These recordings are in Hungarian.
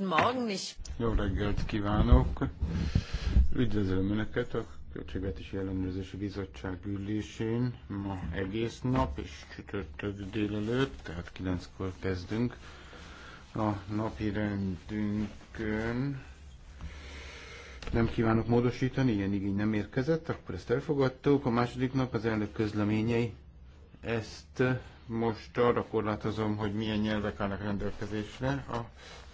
Guten Morgen. Ich... Jó reggelt kívánok! Üdvözlöm Önöket a Költségvetési Ellenőrzési Bizottság ülésén ma egész nap és csütörtök délelőtt, tehát kilenckor kezdünk a napi rendünkön. Nem kívánok módosítani, ilyen igény nem érkezett, akkor ezt elfogadtuk. A második nap az elnök közleményei. Ezt most arra korlátozom, hogy milyen nyelvek állnak rendelkezésre. A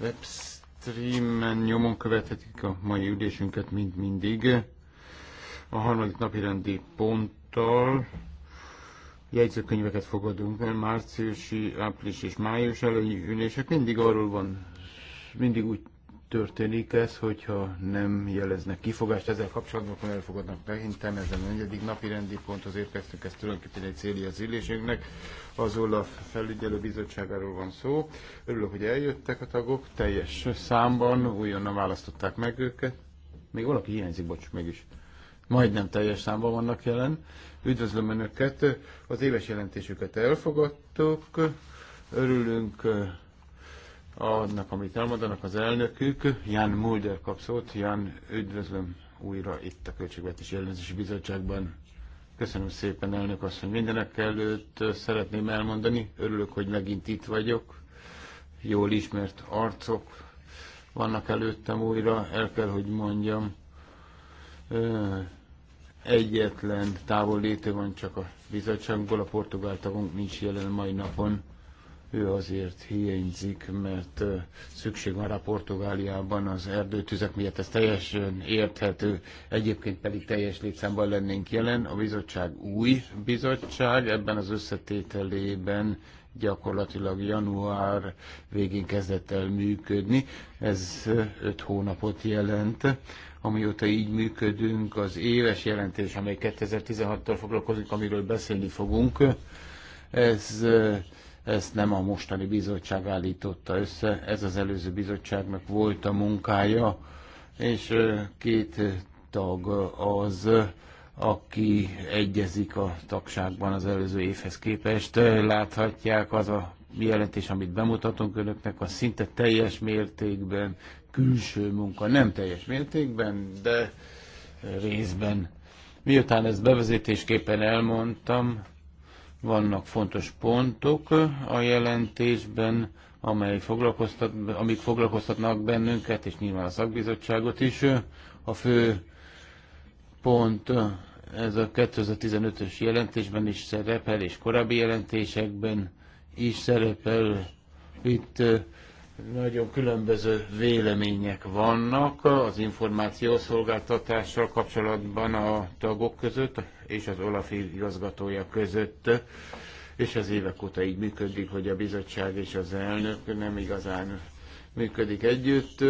websz streamen nyomon követhetik a mai üdésünket, mint mindig. A harmadik napi rendi ponttal jegyzőkönyveket fogadunk el, márciusi, április és május elői ülések. Mindig arról van, mindig úgy történik ez, hogyha nem jeleznek kifogást ezzel kapcsolatban, akkor elfogadnak be. Ezen a negyedik napi rendi ponthoz érkeztünk, ez tulajdonképpen egy célja az ülésünknek. Az Olaf felügyelő bizottságáról van szó. Örülök, hogy eljöttek a tagok, teljes számban, újonnan választották meg őket. Még valaki hiányzik, bocs, mégis. Majdnem teljes számban vannak jelen. Üdvözlöm Önöket! Az éves jelentésüket elfogadtuk. Örülünk annak, amit elmondanak az elnökük. Jan Mulder kap szót. Jan, üdvözlöm újra itt a Költségvetési Ellenőrzési Bizottságban. Köszönöm szépen, elnök asszony. Mindenek előtt szeretném elmondani, örülök, hogy megint itt vagyok. Jól ismert arcok vannak előttem újra, el kell, hogy mondjam. Egyetlen távol van csak a bizottságból, a portugál tagunk nincs jelen mai napon ő azért hiányzik, mert szükség van rá Portugáliában az erdőtüzek miatt, ez teljesen érthető, egyébként pedig teljes létszámban lennénk jelen. A bizottság új bizottság, ebben az összetételében gyakorlatilag január végén kezdett el működni. Ez öt hónapot jelent. Amióta így működünk, az éves jelentés, amely 2016 tól foglalkozik, amiről beszélni fogunk, ez ezt nem a mostani bizottság állította össze, ez az előző bizottságnak volt a munkája, és két tag az, aki egyezik a tagságban az előző évhez képest. Láthatják az a jelentés, amit bemutatunk önöknek, a szinte teljes mértékben külső munka. Nem teljes mértékben, de részben. Miután ezt bevezetésképpen elmondtam, vannak fontos pontok a jelentésben, amely foglalkoztat, amik foglalkoztatnak bennünket, és nyilván a szakbizottságot is. A fő pont ez a 2015-ös jelentésben is szerepel, és korábbi jelentésekben is szerepel. Itt nagyon különböző vélemények vannak az információszolgáltatással kapcsolatban a tagok között és az Olaf igazgatója között, és az évek óta így működik, hogy a bizottság és az elnök nem igazán működik együtt,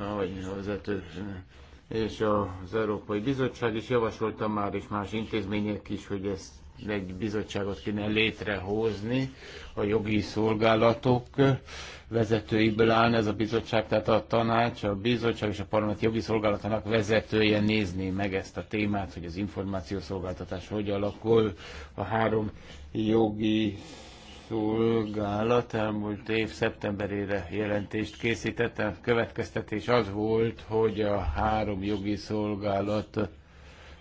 ahogy a vezető és az Európai Bizottság is javasolta már, és más intézmények is, hogy ezt egy bizottságot kéne létrehozni, a jogi szolgálatok vezetőiből állna ez a bizottság, tehát a tanács, a bizottság és a parlament jogi szolgálatának vezetője nézni meg ezt a témát, hogy az információszolgáltatás hogy alakul a három jogi szolgálat elmúlt év szeptemberére jelentést készített. A következtetés az volt, hogy a három jogi szolgálat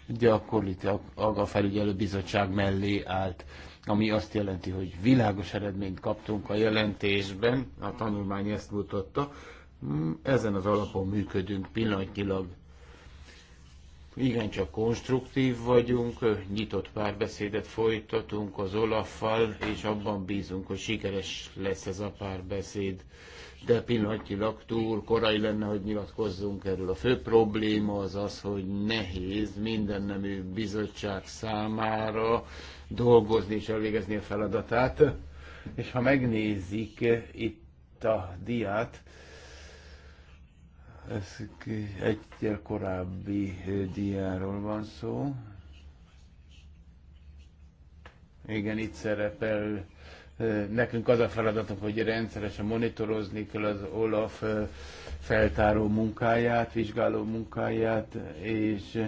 gyakorlatilag a bizottság mellé állt, ami azt jelenti, hogy világos eredményt kaptunk a jelentésben, a tanulmány ezt mutatta, ezen az alapon működünk pillanatilag. Igencsak konstruktív vagyunk, nyitott párbeszédet folytatunk az Olaffal, és abban bízunk, hogy sikeres lesz ez a párbeszéd de pillanatilag túl korai lenne, hogy nyilatkozzunk erről. A fő probléma az az, hogy nehéz minden nemű bizottság számára dolgozni és elvégezni a feladatát. És ha megnézik itt a diát, ez egy korábbi diáról van szó. Igen, itt szerepel Nekünk az a feladatunk, hogy rendszeresen monitorozni kell az OLAF feltáró munkáját, vizsgáló munkáját, és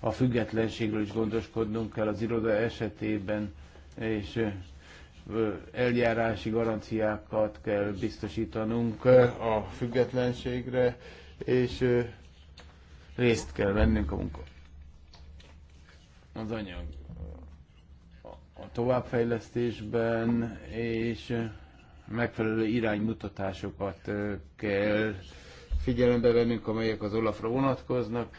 a függetlenségről is gondoskodnunk kell az iroda esetében, és eljárási garanciákat kell biztosítanunk a függetlenségre, és részt kell vennünk a munka. Az anyag a továbbfejlesztésben, és megfelelő iránymutatásokat kell figyelembe vennünk, amelyek az Olafra vonatkoznak.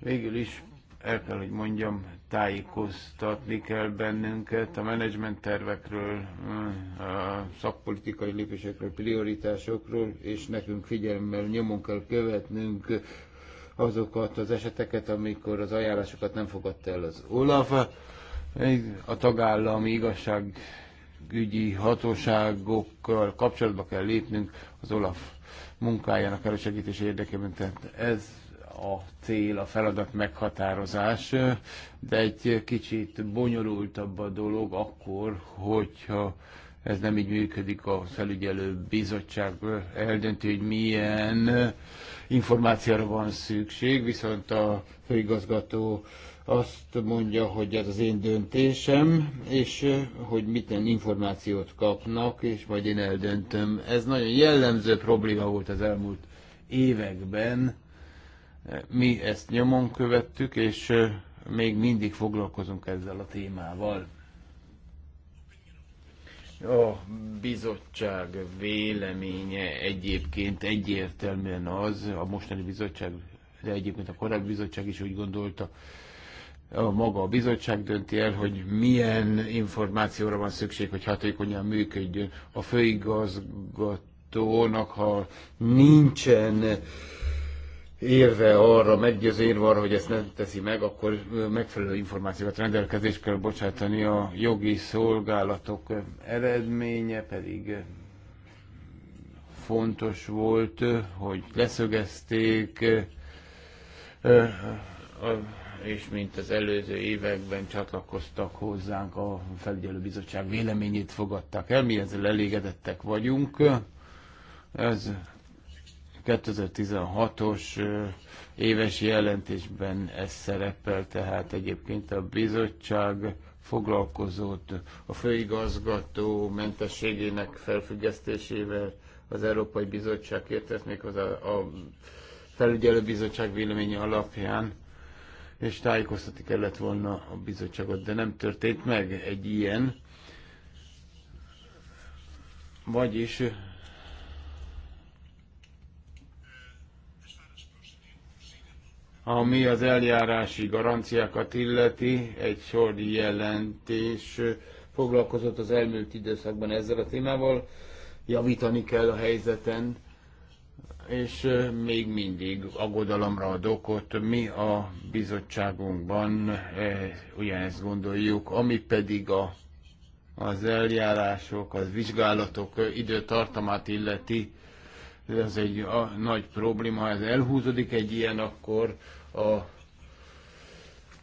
Végül is el kell, hogy mondjam, tájékoztatni kell bennünket a menedzsment tervekről, a szakpolitikai lépésekről, prioritásokról, és nekünk figyelemmel nyomon kell követnünk azokat az eseteket, amikor az ajánlásokat nem fogadta el az Olaf a tagállami igazságügyi hatóságokkal kapcsolatba kell lépnünk az Olaf munkájának elősegítése érdekében. Tehát ez a cél, a feladat meghatározás, de egy kicsit bonyolultabb a dolog akkor, hogyha ez nem így működik, a felügyelő bizottság eldönti, hogy milyen információra van szükség, viszont a főigazgató azt mondja, hogy ez az én döntésem, és hogy miten információt kapnak, és majd én eldöntöm. Ez nagyon jellemző probléma volt az elmúlt években. Mi ezt nyomon követtük, és még mindig foglalkozunk ezzel a témával. A bizottság véleménye egyébként egyértelműen az, a mostani bizottság, de egyébként a korábbi bizottság is úgy gondolta, a maga a bizottság dönti el, hogy milyen információra van szükség, hogy hatékonyan működjön. A főigazgatónak, ha nincsen érve arra, meggyőző érve arra, hogy ezt nem teszi meg, akkor megfelelő információkat rendelkezésre kell bocsátani a jogi szolgálatok eredménye, pedig fontos volt, hogy leszögezték a és mint az előző években csatlakoztak hozzánk, a felügyelőbizottság véleményét fogadták el, mi ezzel elégedettek vagyunk. Ez 2016-os éves jelentésben ez szerepel, tehát egyébként a bizottság foglalkozott a főigazgató mentességének felfüggesztésével, az Európai Bizottság kért ezt az a felügyelőbizottság véleménye alapján és tájékoztatni kellett volna a bizottságot, de nem történt meg egy ilyen. Vagyis ami az eljárási garanciákat illeti, egy sor jelentés foglalkozott az elmúlt időszakban ezzel a témával. Javítani kell a helyzeten, és még mindig aggodalomra ad okot. Mi a bizottságunkban ugyanezt gondoljuk, ami pedig a, az eljárások, az vizsgálatok időtartamát illeti, ez egy a, nagy probléma, ha ez elhúzódik egy ilyen, akkor a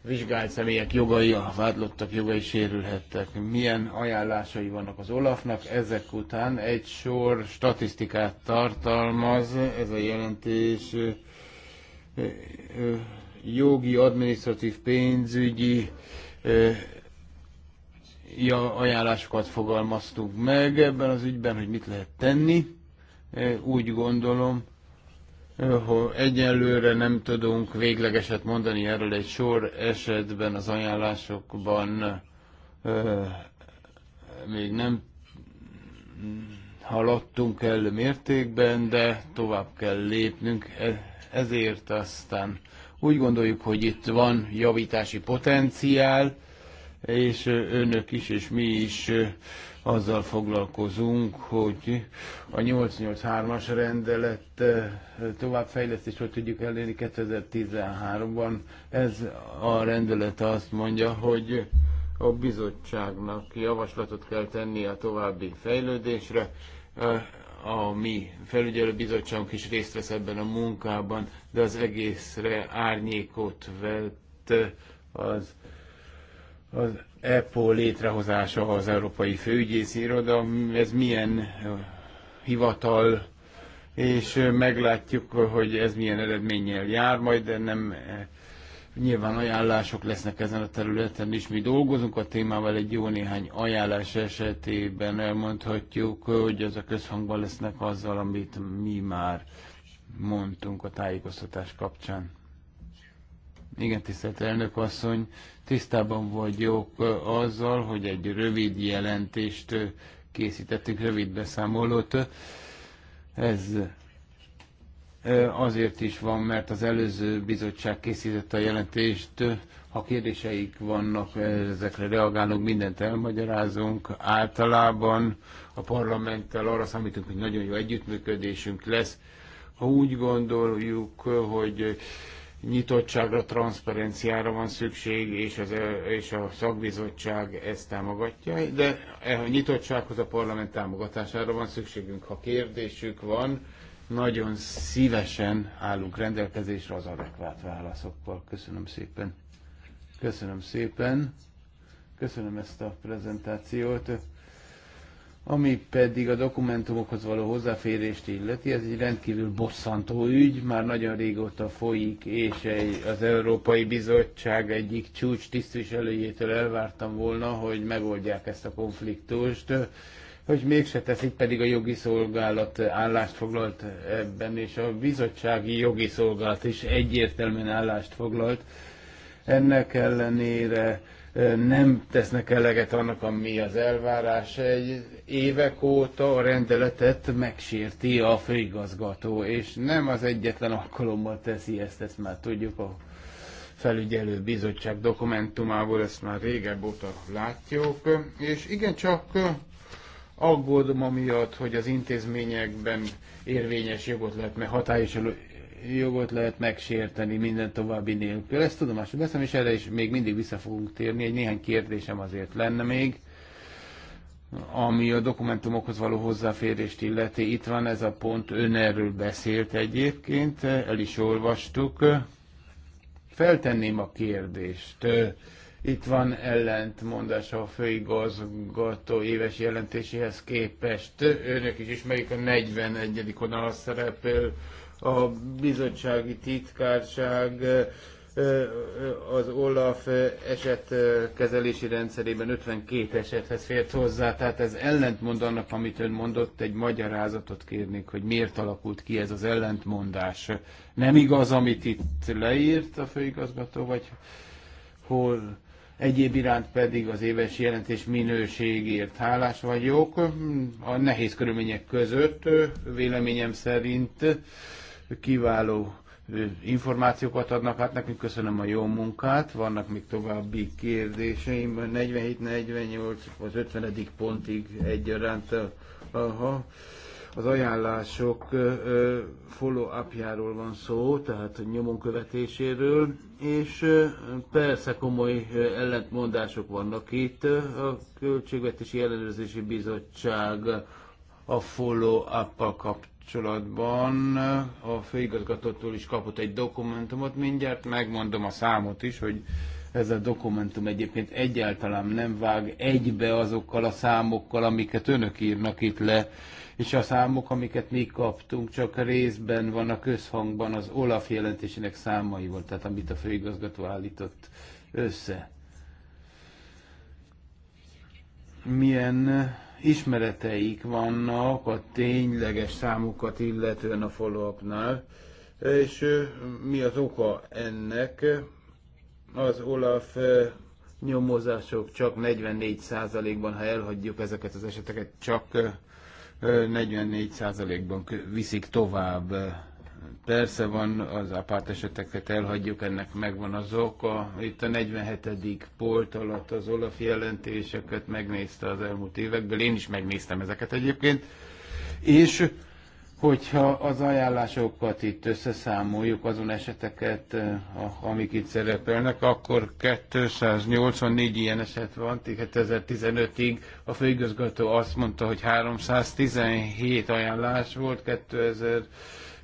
vizsgált személyek jogai, a vádlottak jogai sérülhettek. Milyen ajánlásai vannak az Olafnak? Ezek után egy sor statisztikát tartalmaz ez a jelentés jogi, adminisztratív, pénzügyi ja, ajánlásokat fogalmaztunk meg ebben az ügyben, hogy mit lehet tenni. Úgy gondolom, Egyelőre nem tudunk véglegeset mondani erről egy sor esetben az ajánlásokban még nem haladtunk el mértékben, de tovább kell lépnünk, e, ezért aztán úgy gondoljuk, hogy itt van javítási potenciál, és önök is, és mi is azzal foglalkozunk, hogy a 883-as rendelet eh, továbbfejlesztés, hogy tudjuk elérni 2013-ban. Ez a rendelet azt mondja, hogy a bizottságnak javaslatot kell tenni a további fejlődésre. Eh, a mi felügyelőbizottságunk is részt vesz ebben a munkában, de az egészre árnyékot vett eh, az, az EPO létrehozása az Európai Főügyészi Iroda, ez milyen hivatal, és meglátjuk, hogy ez milyen eredménnyel jár majd, de nem e, nyilván ajánlások lesznek ezen a területen is. Mi dolgozunk a témával egy jó néhány ajánlás esetében, elmondhatjuk, hogy az a közhangban lesznek azzal, amit mi már mondtunk a tájékoztatás kapcsán. Igen, tisztelt elnök asszony, Tisztában vagyok azzal, hogy egy rövid jelentést készítettünk, rövid beszámolót. Ez azért is van, mert az előző bizottság készítette a jelentést. Ha kérdéseik vannak, ezekre reagálunk, mindent elmagyarázunk. Általában a parlamenttel arra számítunk, hogy nagyon jó együttműködésünk lesz. Ha úgy gondoljuk, hogy nyitottságra, transzparenciára van szükség, és, az, és a szakbizottság ezt támogatja, de e, a nyitottsághoz a parlament támogatására van szükségünk. Ha kérdésük van, nagyon szívesen állunk rendelkezésre az adekvát válaszokkal. Köszönöm szépen. Köszönöm szépen. Köszönöm ezt a prezentációt. Ami pedig a dokumentumokhoz való hozzáférést illeti, ez egy rendkívül bosszantó ügy, már nagyon régóta folyik, és egy, az Európai Bizottság egyik csúcs tisztviselőjétől elvártam volna, hogy megoldják ezt a konfliktust, hogy mégse teszik, pedig a jogi szolgálat állást foglalt ebben, és a bizottsági jogi szolgálat is egyértelműen állást foglalt. Ennek ellenére nem tesznek eleget annak, ami az elvárás. Egy évek óta a rendeletet megsérti a főigazgató, és nem az egyetlen alkalommal teszi ezt, ezt már tudjuk a felügyelő bizottság dokumentumából, ezt már régebb óta látjuk, és igen csak aggódom amiatt, hogy az intézményekben érvényes jogot lehetne hatályos jogot lehet megsérteni minden további nélkül. Ezt tudomásul veszem, és erre is még mindig vissza fogunk térni. Egy néhány kérdésem azért lenne még, ami a dokumentumokhoz való hozzáférést illeti. Itt van ez a pont, ön erről beszélt egyébként, el is olvastuk. Feltenném a kérdést. Itt van ellentmondás a főigazgató éves jelentéséhez képest. Önök is ismerik, a 41. oldalon szerepel a bizottsági titkárság az Olaf eset kezelési rendszerében 52 esethez fért hozzá, tehát ez ellentmond annak, amit ön mondott, egy magyarázatot kérnék, hogy miért alakult ki ez az ellentmondás. Nem igaz, amit itt leírt a főigazgató, vagy hol egyéb iránt pedig az éves jelentés minőségért hálás vagyok. A nehéz körülmények között véleményem szerint kiváló információkat adnak át nekünk. Köszönöm a jó munkát. Vannak még további kérdéseim. 47-48 az 50. pontig egyaránt. Aha. Az ajánlások follow-upjáról van szó, tehát nyomon követéséről, és persze komoly ellentmondások vannak itt. A Költségvetési Ellenőrzési Bizottság a follow-up-kal kapcsolatban kapcsolatban a főigazgatótól is kapott egy dokumentumot, mindjárt megmondom a számot is, hogy ez a dokumentum egyébként egyáltalán nem vág egybe azokkal a számokkal, amiket önök írnak itt le, és a számok, amiket mi kaptunk, csak részben van a közhangban az Olaf jelentésének számaival, tehát amit a főigazgató állított össze. Milyen ismereteik vannak a tényleges számokat illetően a follow és mi az oka ennek? Az Olaf nyomozások csak 44%-ban, ha elhagyjuk ezeket az eseteket, csak 44%-ban viszik tovább Persze van, az apárt eseteket elhagyjuk, ennek megvan az oka. Itt a 47. polt alatt az Olaf jelentéseket megnézte az elmúlt évekből, én is megnéztem ezeket egyébként. És hogyha az ajánlásokat itt összeszámoljuk, azon eseteket, eh, amik itt szerepelnek, akkor 284 ilyen eset van 2015-ig. A főigazgató azt mondta, hogy 317 ajánlás volt 2000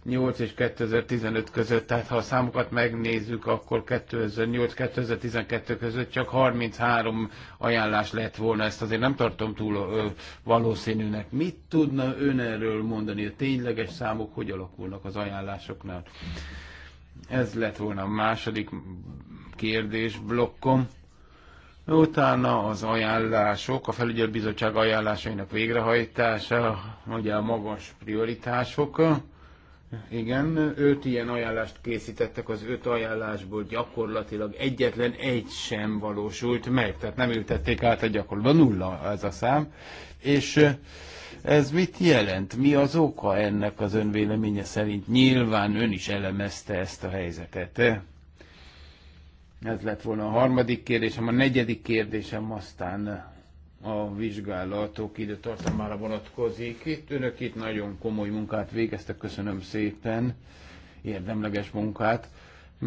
2008 és 2015 között, tehát ha a számokat megnézzük, akkor 2008-2012 között csak 33 ajánlás lett volna, ezt azért nem tartom túl ö, valószínűnek. Mit tudna ön erről mondani, a tényleges számok hogy alakulnak az ajánlásoknál? Ez lett volna a második kérdés blokkom. Utána az ajánlások, a felügyelőbizottság ajánlásainak végrehajtása, ugye a magas prioritások. Igen, öt ilyen ajánlást készítettek, az öt ajánlásból gyakorlatilag egyetlen egy sem valósult meg, tehát nem ültették át a gyakorlatban, nulla ez a szám. És ez mit jelent? Mi az oka ennek az önvéleménye szerint? Nyilván ön is elemezte ezt a helyzetet. Ez lett volna a harmadik kérdésem, a negyedik kérdésem aztán a vizsgálatok időtartamára vonatkozik. Itt önök itt nagyon komoly munkát végeztek, köszönöm szépen, érdemleges munkát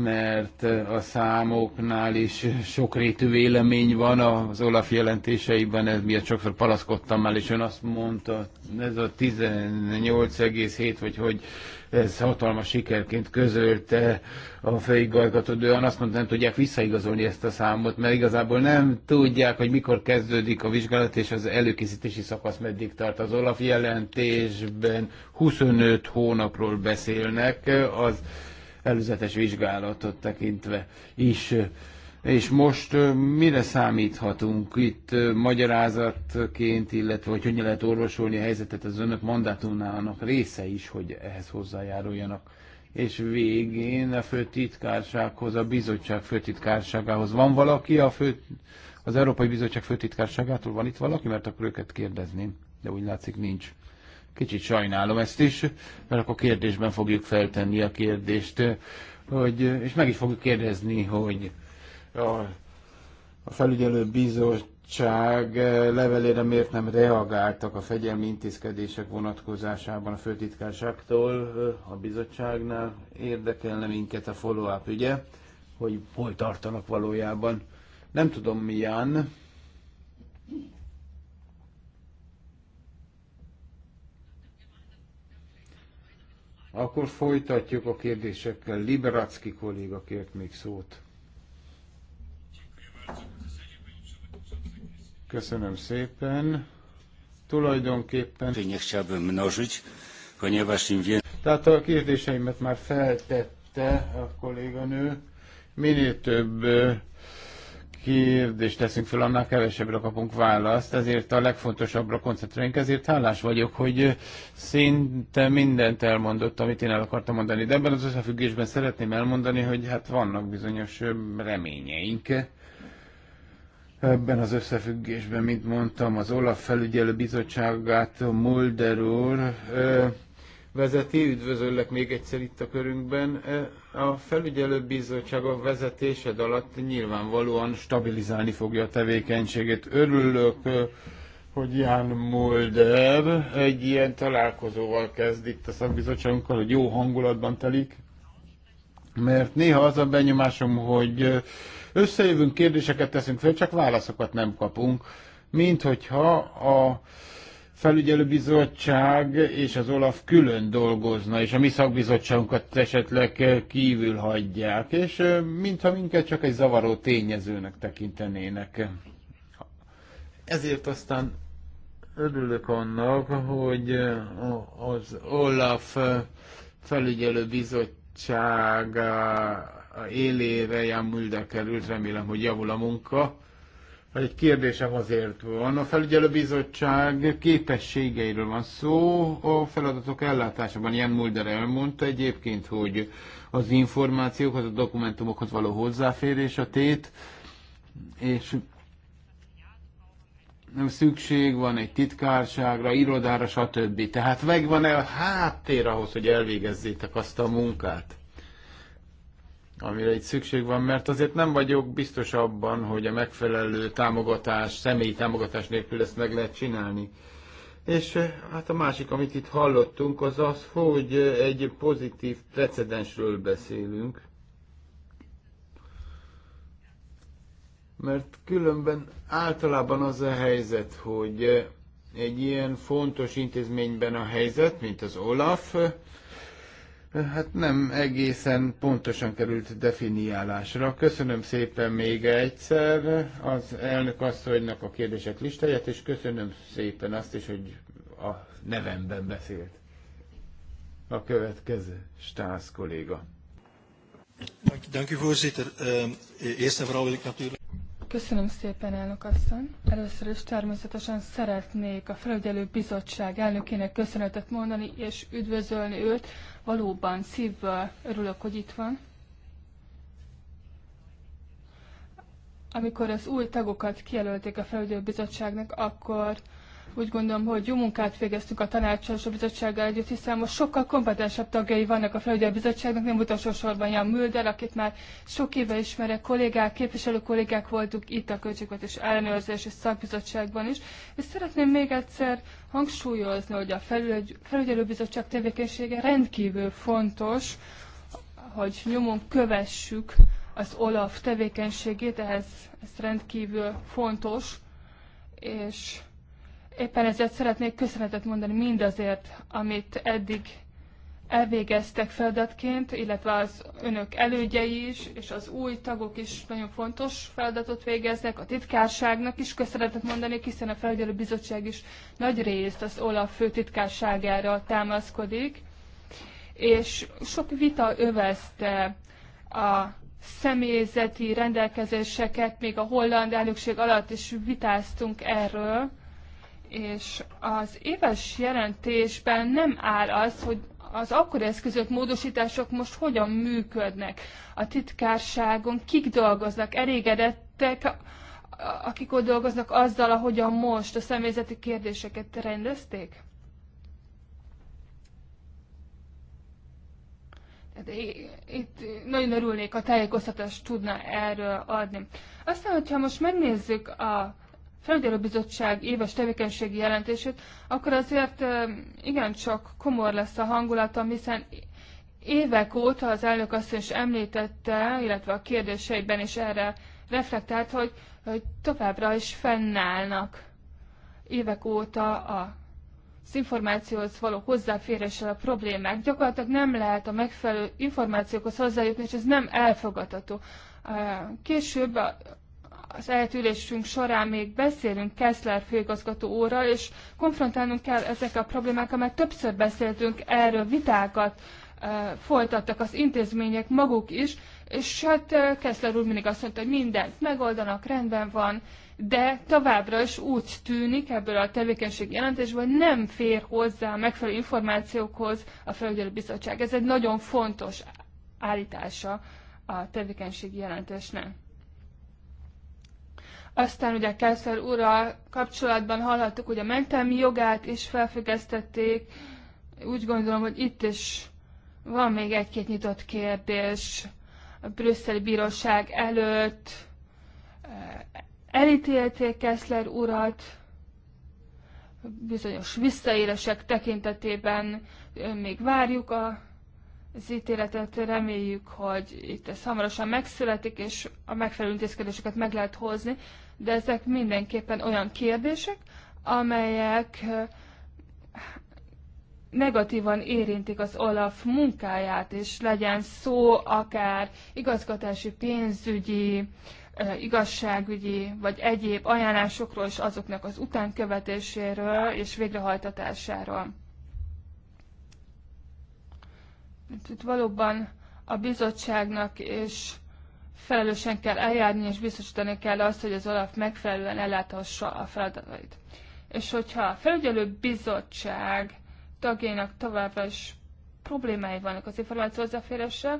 mert a számoknál is sokrétű vélemény van az Olaf jelentéseiben, ez miatt sokszor palaszkodtam már, és ön azt mondta, ez a 18,7, vagy hogy ez hatalmas sikerként közölte a főigazgató, de ön azt mondta, nem tudják visszaigazolni ezt a számot, mert igazából nem tudják, hogy mikor kezdődik a vizsgálat, és az előkészítési szakasz meddig tart. Az Olaf jelentésben 25 hónapról beszélnek, az előzetes vizsgálatot tekintve is. És most mire számíthatunk itt magyarázatként, illetve hogy hogyan lehet orvosolni a helyzetet az önök mandátumának része is, hogy ehhez hozzájáruljanak? És végén a főtitkársághoz, a bizottság főtitkárságához. Van valaki a fő, az Európai Bizottság főtitkárságától? Van itt valaki? Mert akkor őket kérdezném, de úgy látszik nincs. Kicsit sajnálom ezt is, mert akkor kérdésben fogjuk feltenni a kérdést, eh, hogy, eh, és meg is fogjuk kérdezni, hogy a, a felügyelő bizottság eh, levelére miért nem reagáltak a fegyelmi intézkedések vonatkozásában a főtitkárságtól a bizottságnál. Érdekelne minket a follow-up ügye, hogy hol tartanak valójában. Nem tudom, milyen Akkor folytatjuk a kérdésekkel. Liberacki kolléga kért még szót. Köszönöm szépen. Tulajdonképpen... Tehát a kérdéseimet már feltette a kolléganő. Minél több kérdést teszünk fel, annál kevesebbre kapunk választ, ezért a legfontosabbra koncentráljunk, ezért hálás vagyok, hogy szinte mindent elmondott, amit én el akartam mondani, de ebben az összefüggésben szeretném elmondani, hogy hát vannak bizonyos reményeink ebben az összefüggésben, mint mondtam, az Olaf felügyelő bizottságát Mulder úr ö, vezeti, üdvözöllek még egyszer itt a körünkben. A felügyelőbizottság a vezetésed alatt nyilvánvalóan stabilizálni fogja a tevékenységét. Örülök, hogy Ján Mulder egy ilyen találkozóval kezd itt a szakbizottságunkkal, hogy jó hangulatban telik. Mert néha az a benyomásom, hogy összejövünk, kérdéseket teszünk fel, csak válaszokat nem kapunk. Mint hogyha a felügyelőbizottság és az Olaf külön dolgozna, és a mi szakbizottságunkat esetleg kívül hagyják, és mintha minket csak egy zavaró tényezőnek tekintenének. Ezért aztán örülök annak, hogy az Olaf felügyelőbizottság élére Jan Mulder került, remélem, hogy javul a munka egy kérdésem azért van. A felügyelőbizottság képességeiről van szó a feladatok ellátásában. Jan Mulder elmondta egyébként, hogy az információkhoz, a dokumentumokhoz való hozzáférés a tét, és nem szükség van egy titkárságra, irodára, stb. Tehát megvan-e a háttér ahhoz, hogy elvégezzétek azt a munkát? amire itt szükség van, mert azért nem vagyok biztos abban, hogy a megfelelő támogatás, személyi támogatás nélkül ezt meg lehet csinálni. És eh, hát a másik, amit itt hallottunk, az az, hogy eh, egy pozitív precedensről beszélünk. Mert különben általában az a helyzet, hogy eh, egy ilyen fontos intézményben a helyzet, mint az OLAF, hát nem egészen pontosan került definiálásra. Köszönöm szépen még egyszer az elnök asszonynak a kérdések listáját, és köszönöm szépen azt is, hogy a nevemben beszélt. A következő Stász kolléga. Dank u voorzitter. Ehm, eerst en vooral wil ik natuurlijk... Köszönöm szépen, elnök asszony. Először is természetesen szeretnék a felügyelő bizottság elnökének köszönetet mondani, és üdvözölni őt. Valóban szívből örülök, hogy itt van. Amikor az új tagokat kijelölték a felügyelő bizottságnak, akkor úgy gondolom, hogy jó munkát végeztünk a tanácsos és a bizottsággal együtt, hiszen most sokkal kompetensebb tagjai vannak a felügyelő bizottságnak, nem utolsó sorban Jan Mulder, akit már sok éve ismerek, kollégák, képviselő kollégák voltuk itt a Költségvetés Ellenőrzési Szakbizottságban is. És szeretném még egyszer hangsúlyozni, hogy a bizottság tevékenysége rendkívül fontos, hogy nyomon kövessük az OLAF tevékenységét, ehhez ez rendkívül fontos, és Éppen ezért szeretnék köszönetet mondani mindazért, amit eddig elvégeztek feladatként, illetve az önök elődjei is, és az új tagok is nagyon fontos feladatot végeznek, a titkárságnak is köszönetet mondani, hiszen a felügyelő bizottság is nagy részt az OLAF főtitkárságára támaszkodik, és sok vita övezte a személyzeti rendelkezéseket, még a holland elnökség alatt is vitáztunk erről, és az éves jelentésben nem áll az, hogy az akkor eszközött módosítások most hogyan működnek. A titkárságon kik dolgoznak, elégedettek, akik ott dolgoznak azzal, ahogyan most a személyzeti kérdéseket rendezték? Itt nagyon örülnék, a tájékoztatást tudna erről adni. Aztán, hogyha most megnézzük a bizottság éves tevékenységi jelentését, akkor azért igencsak komor lesz a hangulatom, hiszen évek óta az elnök azt is említette, illetve a kérdéseiben is erre reflektált, hogy, hogy továbbra is fennállnak évek óta a az információhoz való hozzáféréssel a problémák. Gyakorlatilag nem lehet a megfelelő információkhoz hozzájutni, és ez nem elfogadható. Később az eltűlésünk során még beszélünk Kessler főigazgató óra, és konfrontálnunk kell ezek a problémákkal, mert többször beszéltünk erről, vitákat e, folytattak az intézmények maguk is, és hát Kessler úr mindig azt mondta, hogy mindent megoldanak, rendben van, de továbbra is úgy tűnik ebből a tevékenység jelentésből, hogy nem fér hozzá megfelelő információkhoz a Felügyelő Bizottság. Ez egy nagyon fontos állítása a tevékenység jelentésnek. Aztán ugye Kászer úrral kapcsolatban hallhattuk, hogy a mentelmi jogát is felfüggesztették. Úgy gondolom, hogy itt is van még egy-két nyitott kérdés a brüsszeli bíróság előtt. Eh, elítélték Kessler urat bizonyos visszaélesek tekintetében. Még várjuk a az ítéletet reméljük, hogy itt ez hamarosan megszületik, és a megfelelő intézkedéseket meg lehet hozni, de ezek mindenképpen olyan kérdések, amelyek negatívan érintik az Olaf munkáját, és legyen szó akár igazgatási, pénzügyi, igazságügyi vagy egyéb ajánlásokról és azoknak az utánkövetéséről és végrehajtatásáról. Itt valóban a bizottságnak és felelősen kell eljárni, és biztosítani kell azt, hogy az Olaf megfelelően ellátassa a feladatait. És hogyha a felügyelő bizottság tagjainak továbbra is problémái vannak az információ hozzáféréssel,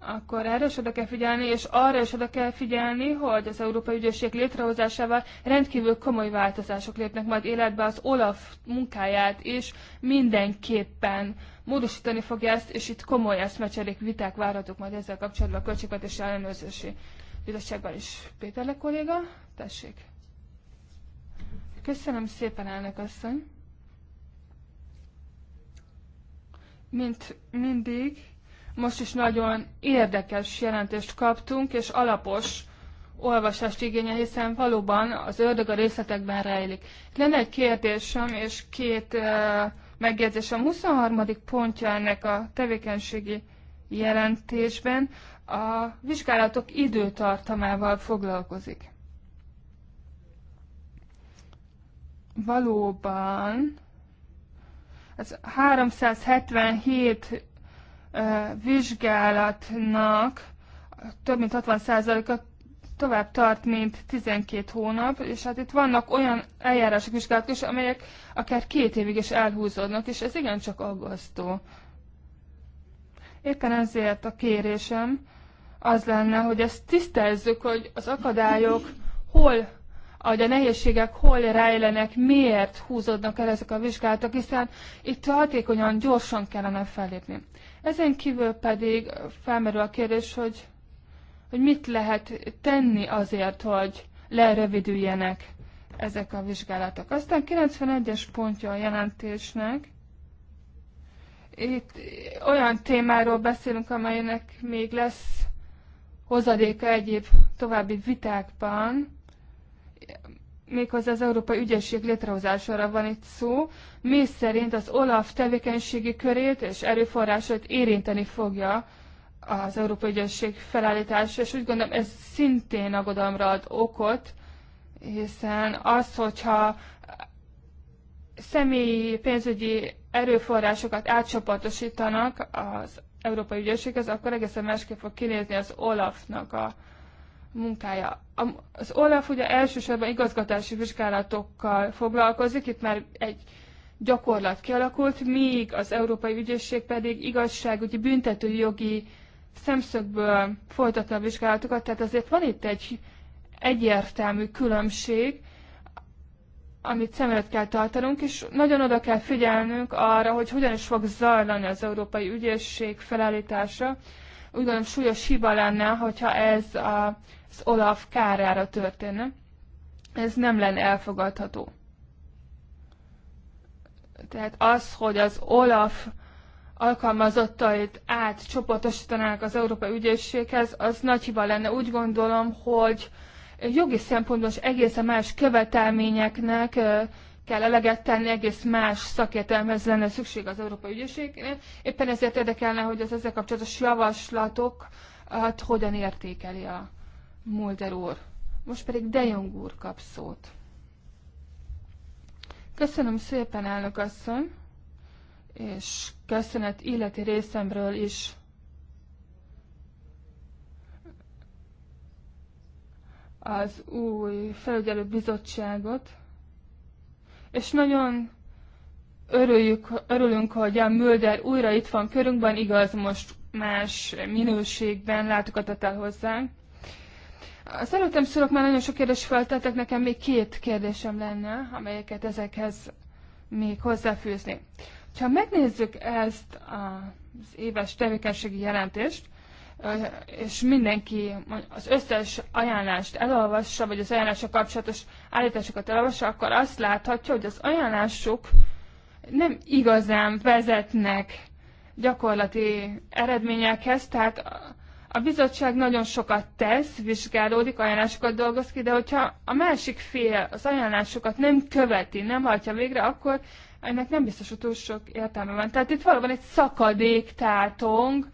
akkor erre is oda kell figyelni, és arra is oda kell figyelni, hogy az Európai Ügyészség létrehozásával rendkívül komoly változások lépnek majd életbe, az OLAF munkáját is mindenképpen uh, módosítani fogja ezt, és itt komoly eszmecserék, viták várhatók majd ezzel kapcsolatban a költségvetési ellenőrzési bizottságban is. Péterle kolléga, tessék. Köszönöm szépen, elnök asszony. Mint mindig, most is nagyon érdekes jelentést kaptunk, és alapos olvasást igénye, hiszen valóban az ördög a részletekben rejlik. Lenne egy kérdésem, és két uh, megjegyzésem 23. pontja ennek a tevékenységi jelentésben a vizsgálatok időtartamával foglalkozik. Valóban az 377 vizsgálatnak több mint 60%-a tovább tart, mint 12 hónap, és hát itt vannak olyan eljárások vizsgálatok is, amelyek akár két évig is elhúzódnak, és ez igencsak aggasztó. Éppen ezért a kérésem az lenne, hogy ezt tisztázzuk, hogy az akadályok hol, vagy a nehézségek hol rejlenek, miért húzódnak el ezek a vizsgálatok, hiszen itt hatékonyan, gyorsan kellene fellépni. Ezen kívül pedig felmerül a kérdés, hogy hogy mit lehet tenni azért, hogy lerövidüljenek ezek a vizsgálatok. Aztán 91-es pontja a jelentésnek. Itt olyan témáról beszélünk, amelynek még lesz hozadéka egyéb további vitákban, méghozzá az Európai Ügyesség létrehozására van itt szó, mi szerint az OLAF tevékenységi körét és erőforrásait érinteni fogja az Európai Ügyesség felállítása, és úgy gondolom, ez szintén aggodalomra ad okot, hiszen az, hogyha személyi pénzügyi erőforrásokat átcsoportosítanak az Európai Ügyészséghez, akkor egészen másképp fog kinézni az Olafnak a munkája. Az Olaf ugye elsősorban igazgatási vizsgálatokkal foglalkozik, itt már egy gyakorlat kialakult, míg az Európai Ügyészség pedig igazságügyi büntetőjogi jogi szemszögből folytatni a vizsgálatokat, tehát azért van itt egy egyértelmű különbség, amit szem előtt kell tartanunk, és nagyon oda kell figyelnünk arra, hogy hogyan is fog zajlani az Európai Ügyészség felállítása. Úgy gondolom súlyos hiba lenne, hogyha ez a, az Olaf kárára történne. Ez nem lenne elfogadható. Tehát az, hogy az Olaf alkalmazottait átcsoportosítanák az Európai Ügyészséghez, az nagy hiba lenne. Úgy gondolom, hogy jogi szempontból is egészen más követelményeknek kell eleget tenni, egész más szakértelmhez lenne szükség az Európai Ügyészségnél. Éppen ezért érdekelne, hogy az ezzel kapcsolatos javaslatok hát hogyan értékeli a Mulder úr. Most pedig De Jong úr kap szót. Köszönöm szépen, elnök asszony, és köszönet illeti részemről is. az új felügyelő bizottságot, és nagyon örüljük, örülünk, hogy a Mölder újra itt van körünkben, igaz, most más minőségben látogatott el hozzánk. Az előttem szülök már nagyon sok kérdés feltettek, nekem még két kérdésem lenne, amelyeket ezekhez még hozzáfűzni. Ha megnézzük ezt az éves tevékenységi jelentést, és mindenki az összes ajánlást elolvassa, vagy az ajánlások kapcsolatos állításokat elolvassa, akkor azt láthatja, hogy az ajánlások nem igazán vezetnek gyakorlati eredményekhez, tehát a bizottság nagyon sokat tesz, vizsgálódik, ajánlásokat dolgoz ki, de hogyha a másik fél az ajánlásokat nem követi, nem hajtja végre, akkor ennek nem biztos, hogy túl sok értelme van. Tehát itt valóban egy szakadék tátong,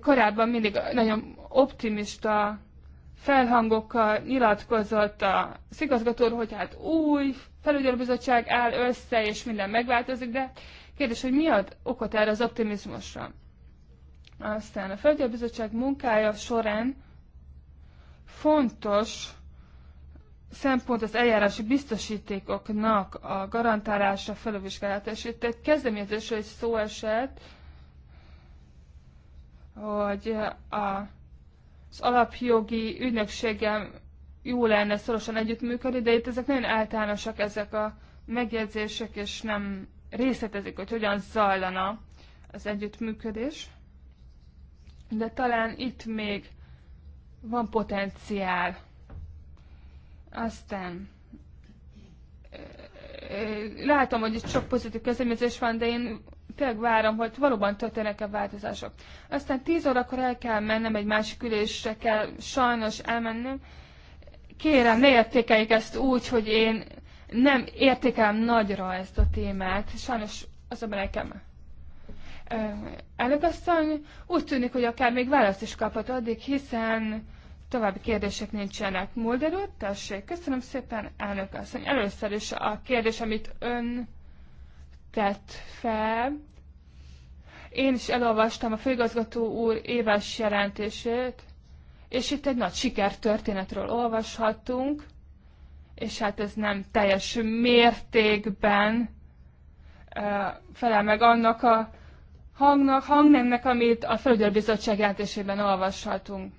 korábban mindig nagyon optimista felhangokkal nyilatkozott az szigazgató, hogy hát új felügyelőbizottság áll össze, és minden megváltozik, de kérdés, hogy mi ad okot erre az optimizmusra? Aztán a felügyelőbizottság munkája során fontos szempont az eljárási biztosítékoknak a garantálása, felülvizsgálata, és itt egy kezdeményezésről egy szó esett, hogy a, az alapjogi ügynökséggel jó lenne szorosan együttműködni, de itt ezek nagyon általánosak ezek a megjegyzések, és nem részletezik, hogy hogyan zajlana az együttműködés. De talán itt még van potenciál aztán látom, hogy itt sok pozitív kezdeményezés van, de én tényleg várom, hogy valóban történnek-e változások. Aztán 10 órakor el kell mennem, egy másik ülésre kell sajnos elmennem. Kérem, ne értékeljék ezt úgy, hogy én nem értékelem nagyra ezt a témát. Sajnos azonban nekem előbb úgy tűnik, hogy akár még választ is kaphat addig, hiszen További kérdések nincsenek. Mulder úr, tessék, köszönöm szépen, elnök asszony. Először is a kérdés, amit ön tett fel. Én is elolvastam a főigazgató úr éves jelentését, és itt egy nagy sikertörténetről olvashatunk, és hát ez nem teljes mértékben felel meg annak a hangnak, hangnemnek, amit a Földőrbizottság jelentésében olvashatunk.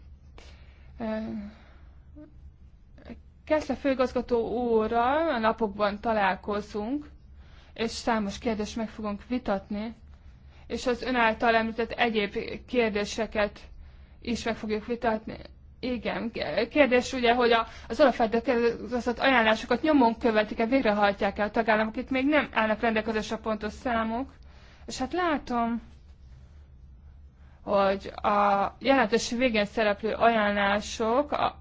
Keszle főgazgató úrral a napokban találkozunk, és számos kérdést meg fogunk vitatni, és az ön által említett egyéb kérdéseket is meg fogjuk vitatni. Igen, kérdés ugye, hogy a, az alapfeltételezett ajánlásokat nyomon követik-e, végrehajtják-e a tagállamok, itt még nem állnak rendelkezésre pontos számok, és hát látom, hogy a jelentős végén szereplő ajánlások, a, a,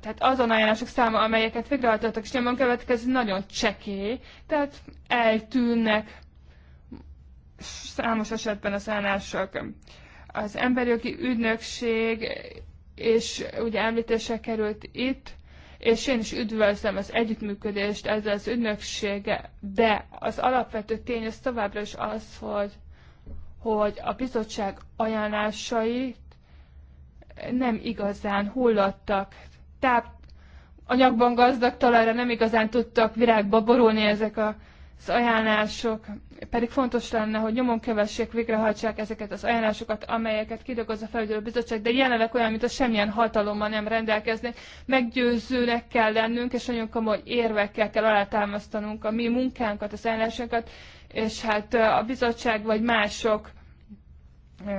tehát azon ajánlások száma, amelyeket végrehajtottak, és nyomon következő nagyon csekély, tehát eltűnnek számos esetben az ajánlások. Az jogi ügynökség, és ugye említése került itt, és én is üdvözlöm az együttműködést ezzel az ügynöksége, de az alapvető tény az továbbra is az, hogy hogy a bizottság ajánlásait nem igazán hullottak. Táp, anyagban gazdag talajra nem igazán tudtak virágba borulni ezek a, az ajánlások, pedig fontos lenne, hogy nyomon kövessék, végrehajtsák ezeket az ajánlásokat, amelyeket kidolgoz a felügyelő bizottság, de jelenleg olyan, mint a semmilyen hatalommal nem rendelkeznek. Meggyőzőnek kell lennünk, és nagyon komoly érvekkel kell alátámasztanunk a mi munkánkat, az ajánlásokat, és hát a bizottság vagy mások sok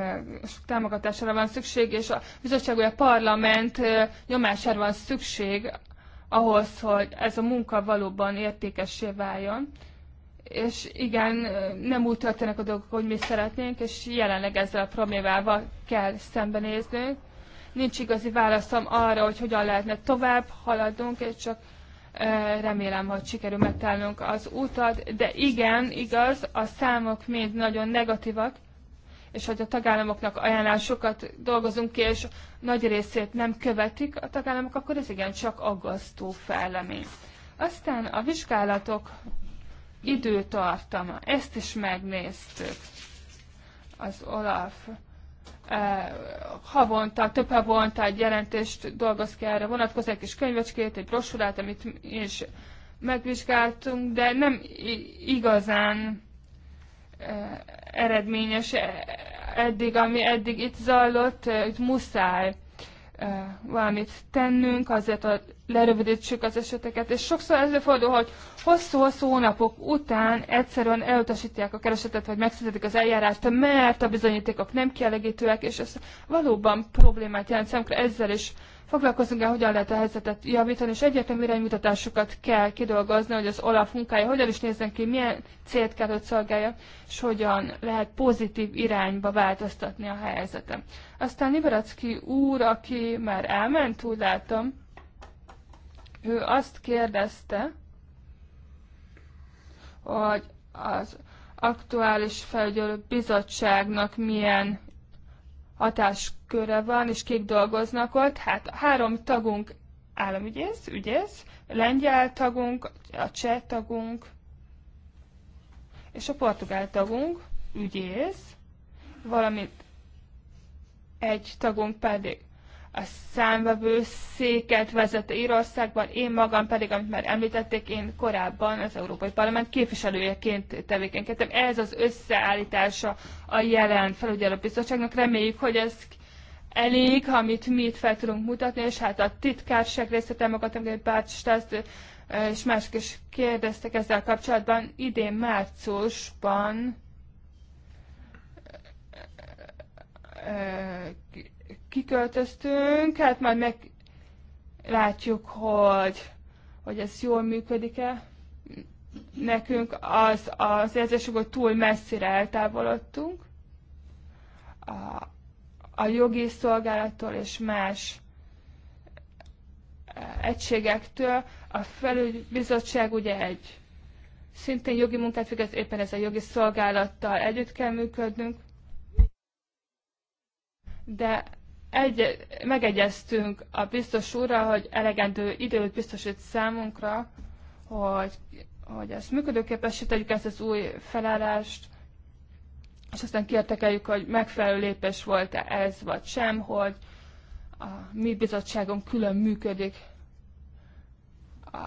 támogatására van szükség, és a bizottság vagy a parlament nyomására van szükség ahhoz, hogy ez a munka valóban értékessé váljon. És igen, nem úgy történnek a dolgok, hogy mi szeretnénk, és jelenleg ezzel a problémával kell szembenéznünk. Nincs igazi válaszom arra, hogy hogyan lehetne tovább haladnunk, és csak remélem, hogy sikerül megtalálnunk az utat, de igen, igaz, a számok mind nagyon negatívak, és hogy a tagállamoknak ajánlásokat dolgozunk ki, és nagy részét nem követik a tagállamok, akkor ez igen csak aggasztó fejlemény. Aztán a vizsgálatok időtartama, ezt is megnéztük. Az Olaf havonta, több havonta egy jelentést dolgoz ki erre vonatkozó, egy kis könyvecskét, egy brossurát, amit is megvizsgáltunk, de nem igazán eredményes e-, eddig, ami eddig itt zajlott, itt muszáj valamit tennünk, azért, a lerövidítsük az eseteket, és sokszor ez fordul, hogy hosszú-hosszú hónapok után egyszerűen elutasítják a keresetet, vagy megszüntetik az eljárást, mert a bizonyítékok nem kielégítőek, és ez valóban problémát jelent szemkre ezzel is foglalkozunk el, hogyan lehet a helyzetet javítani, és egyértelmű iránymutatásokat kell kidolgozni, hogy az OLAF munkája hogyan is nézzen ki, milyen célt kell, hogy szolgálja, és hogyan lehet pozitív irányba változtatni a helyzetet. Aztán Liberacki úr, aki már elment, úgy látom, ő azt kérdezte, hogy az aktuális felügyelő bizottságnak milyen hatásköre van, és kik dolgoznak ott. Hát három tagunk államügyész, ügyész, lengyel tagunk, a cseh tagunk, és a portugál tagunk, ügyész, valamint egy tagunk pedig a számvevőszéket vezet Írországban, én magam pedig, amit már említették, én korábban az Európai Parlament képviselőjeként tevékenykedtem. Ez az összeállítása a jelen felügyelőbizottságnak. Reméljük, hogy ez elég, amit mi itt fel tudunk mutatni, és hát a titkárság részét támogatom, hogy Bács és mások is kérdeztek ezzel kapcsolatban. Idén márciusban kiköltöztünk, hát majd meglátjuk, hogy, hogy ez jól működik-e. Nekünk az, az érzésük, hogy túl messzire eltávolodtunk a, a jogi szolgálattól és más e, egységektől. A felügybizottság ugye egy szintén jogi munkát végez, éppen ez a jogi szolgálattal együtt kell működnünk, de egy, megegyeztünk a biztos úrral, hogy elegendő időt biztosít számunkra, hogy, hogy ezt tegyük, ezt az új felállást, és aztán kértekeljük, hogy megfelelő lépés volt-e ez, vagy sem, hogy a mi bizottságom külön működik. A,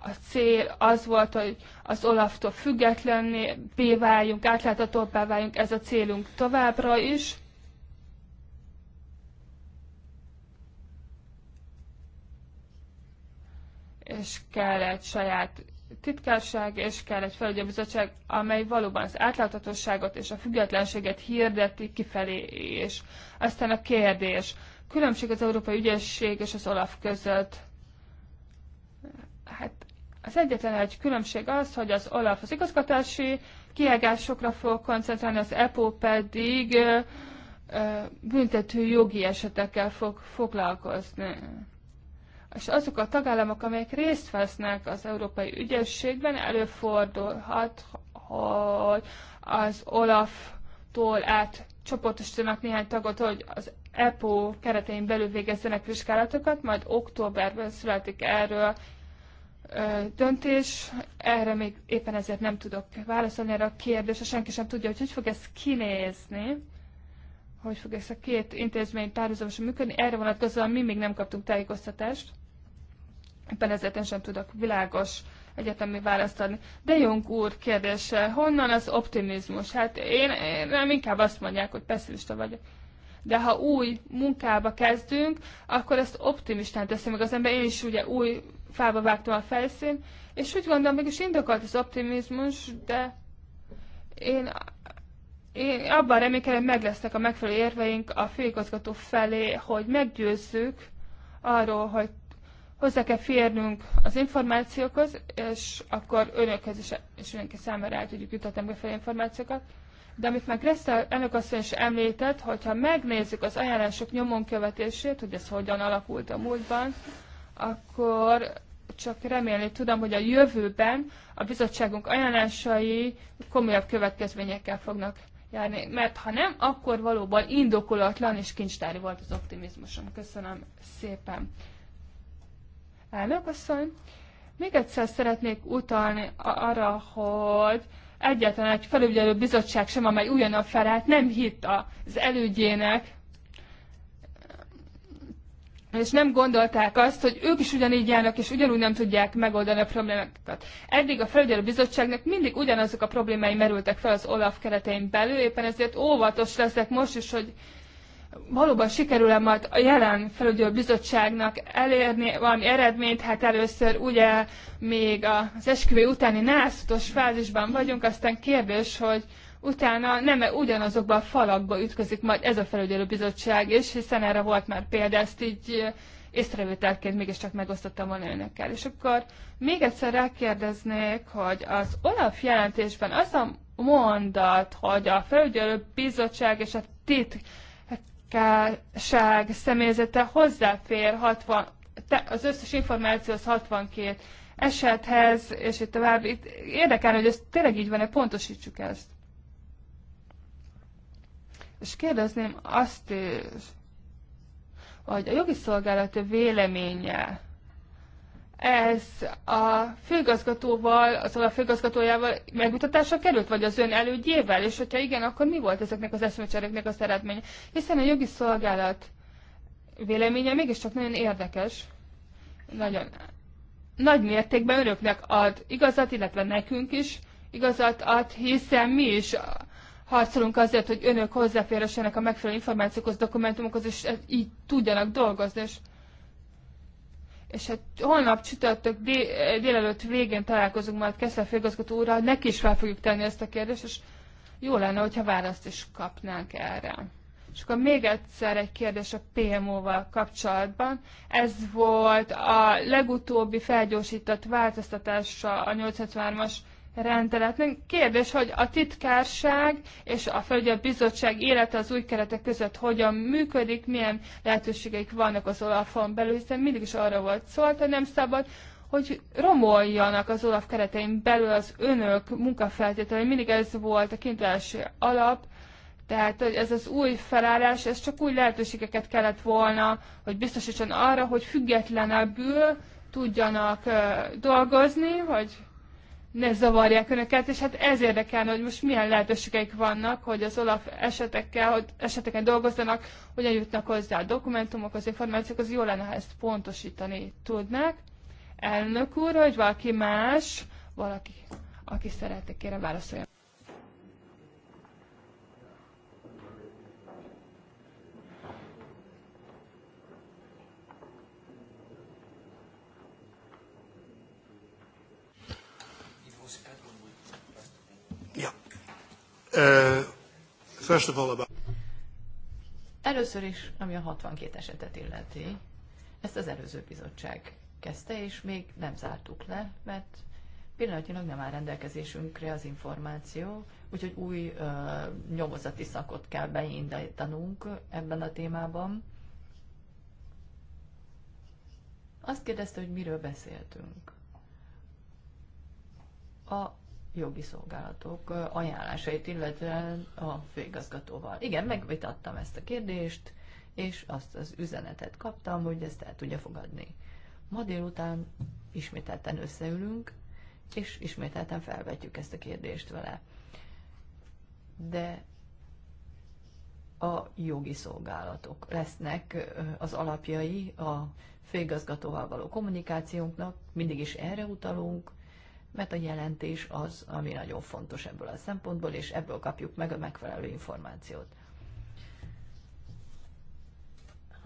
a cél az volt, hogy az Olaftól függetlenné váljunk, átláthatóbbá váljunk, ez a célunk továbbra is és kell egy saját titkárság, és kell egy felügyelőbizottság, amely valóban az átláthatóságot és a függetlenséget hirdeti kifelé, és aztán a kérdés. Különbség az Európai Ügyesség és az OLAF között. Hát az egyetlen egy különbség az, hogy az OLAF az igazgatási kiegásokra fog koncentrálni, az EPO pedig büntető jogi esetekkel fog foglalkozni és azok a tagállamok, amelyek részt vesznek az európai ügyességben, előfordulhat, hogy az Olaf-tól át csoportosítanak néhány tagot, hogy az EPO keretein belül végezzenek vizsgálatokat, majd októberben születik erről döntés. Erre még éppen ezért nem tudok válaszolni erre a kérdésre, senki sem tudja, hogy hogy fog ez kinézni, hogy fog ez a két intézmény párhuzamosan működni. Erre vonatkozóan mi még nem kaptunk tájékoztatást. Éppen ezért én sem tudok világos egyetemi választ adni. De Jung úr kérdése, honnan az optimizmus? Hát én, én nem inkább azt mondják, hogy pessimista vagyok. De ha új munkába kezdünk, akkor ezt optimistán teszi meg az ember. Én is ugye új fába vágtam a felszín, és úgy gondolom, mégis indokolt az optimizmus, de én, én abban reménykedem, meg lesznek a megfelelő érveink a főigazgató felé, hogy meggyőzzük arról, hogy hozzá kell férnünk az információkhoz, és akkor önökhez is, és önök számára el tudjuk jutatni fel információkat. De amit már Kresszel elnök asszony is említett, hogyha megnézzük az ajánlások nyomon követését, hogy ez hogyan alakult a múltban, akkor csak remélni tudom, hogy a jövőben a bizottságunk ajánlásai komolyabb következményekkel fognak járni. Mert ha nem, akkor valóban indokolatlan és kincstári volt az optimizmusom. Köszönöm szépen. Elnök asszony, még egyszer szeretnék utalni arra, hogy egyetlen egy felügyelő bizottság sem, amely újonnan felállt, nem hitt az elődjének, és nem gondolták azt, hogy ők is ugyanígy járnak, és ugyanúgy nem tudják megoldani a problémákat. Eddig a felügyelő bizottságnak mindig ugyanazok a problémái merültek fel az OLAF keretein belül, éppen ezért óvatos leszek most is, hogy valóban sikerül-e majd a jelen felügyelő bizottságnak elérni valami eredményt, hát először ugye még az esküvő utáni nászutos fázisban vagyunk, aztán kérdés, hogy utána nem -e ugyanazokban a falakba ütközik majd ez a felügyelő bizottság is, hiszen erre volt már példa, ezt így észrevételként mégiscsak megosztottam volna önökkel. És akkor még egyszer rákérdeznék, hogy az Olaf jelentésben az a mondat, hogy a felügyelő bizottság és a titk munkásság személyzete hozzáfér 60, az összes információhoz 62 esethez, és itt tovább. Itt érdekel, hogy ez tényleg így van-e, pontosítsuk ezt. És kérdezném azt is, hogy a jogi szolgálat véleménye ez a főgazgatóval, az a főgazgatójával megmutatásra került, vagy az ön elődjével? És hogyha igen, akkor mi volt ezeknek az eszmecsereknek az eredménye? Hiszen a jogi szolgálat véleménye mégiscsak nagyon érdekes, nagyon nagy mértékben önöknek ad igazat, illetve nekünk is igazat ad, hiszen mi is harcolunk azért, hogy önök hozzáférhessenek a megfelelő információkhoz, dokumentumokhoz, és így tudjanak dolgozni. És és hát holnap csütörtök dél, délelőtt végén találkozunk majd Keszler főgazgató úrral, neki is fel fogjuk tenni ezt a kérdést, és jó lenne, hogyha választ is kapnánk erre. És akkor még egyszer egy kérdés a PMO-val kapcsolatban. Ez volt a legutóbbi felgyorsított változtatása a 83 as rendeletnek. Kérdés, hogy a titkárság és a földi Bizottság élete az új keretek között hogyan működik, milyen lehetőségeik vannak az Olafon belül, hiszen mindig is arra volt szó, hogy hát nem szabad, hogy romoljanak az Olaf keretein belül az önök munkafeltételei. Mindig ez volt a kintulási alap, tehát hogy ez az új felállás, ez csak új lehetőségeket kellett volna, hogy biztosítson arra, hogy függetlenebbül tudjanak dolgozni, hogy ne zavarják önöket, és hát ez érdekelne, hogy most milyen lehetőségeik vannak, hogy az Olaf esetekkel, hogy eseteken dolgozzanak, hogyan jutnak hozzá a dokumentumok, az információk, az jó lenne, ha ezt pontosítani tudnák. Elnök úr, hogy valaki más, valaki, aki szeretne, kérem válaszoljon. Uh, first of all about... Először is, ami a 62 esetet illeti, ezt az előző bizottság kezdte, és még nem zártuk le, mert pillanatnyilag nem áll rendelkezésünkre az információ, úgyhogy új uh, nyomozati szakot kell beindítanunk ebben a témában. Azt kérdezte, hogy miről beszéltünk. A jogi szolgálatok ajánlásait, illetően a főigazgatóval. Igen, megvitattam ezt a kérdést, és azt az üzenetet kaptam, hogy ezt el tudja fogadni. Ma délután ismételten összeülünk, és ismételten felvetjük ezt a kérdést vele. De a jogi szolgálatok lesznek az alapjai a főigazgatóval való kommunikációnknak, mindig is erre utalunk, mert a jelentés az, ami nagyon fontos ebből a szempontból, és ebből kapjuk meg a megfelelő információt.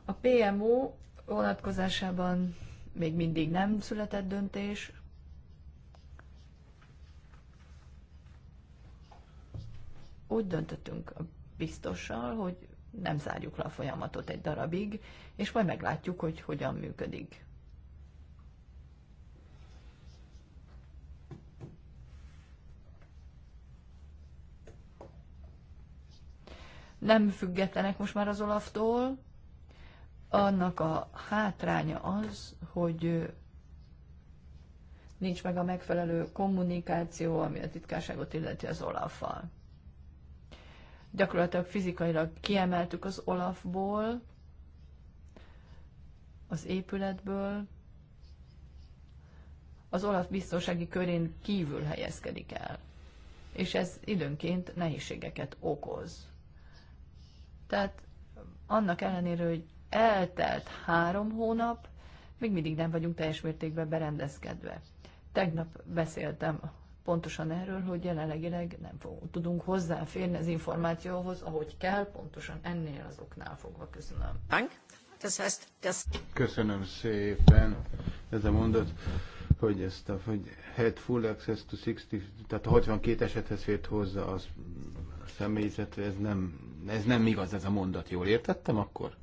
A PMO vonatkozásában még mindig nem született döntés. Úgy döntöttünk biztossal, hogy nem zárjuk le a folyamatot egy darabig, és majd meglátjuk, hogy hogyan működik. nem függetlenek most már az Olaftól. Annak a hátránya az, hogy nincs meg a megfelelő kommunikáció, ami a titkárságot illeti az Olaffal. Gyakorlatilag fizikailag kiemeltük az Olafból, az épületből, az Olaf biztonsági körén kívül helyezkedik el, és ez időnként nehézségeket okoz. Tehát annak ellenére, hogy eltelt három hónap, még mindig nem vagyunk teljes mértékben berendezkedve. Tegnap beszéltem pontosan erről, hogy jelenlegileg nem fogunk, tudunk hozzáférni az információhoz, ahogy kell, pontosan ennél az oknál fogva. Köszönöm. Köszönöm szépen. Ez a mondat, hogy ezt a hogy head full access to 60, tehát 62 esethez fért hozzá az személyzet, ez nem ez nem igaz ez a mondat, jól értettem akkor?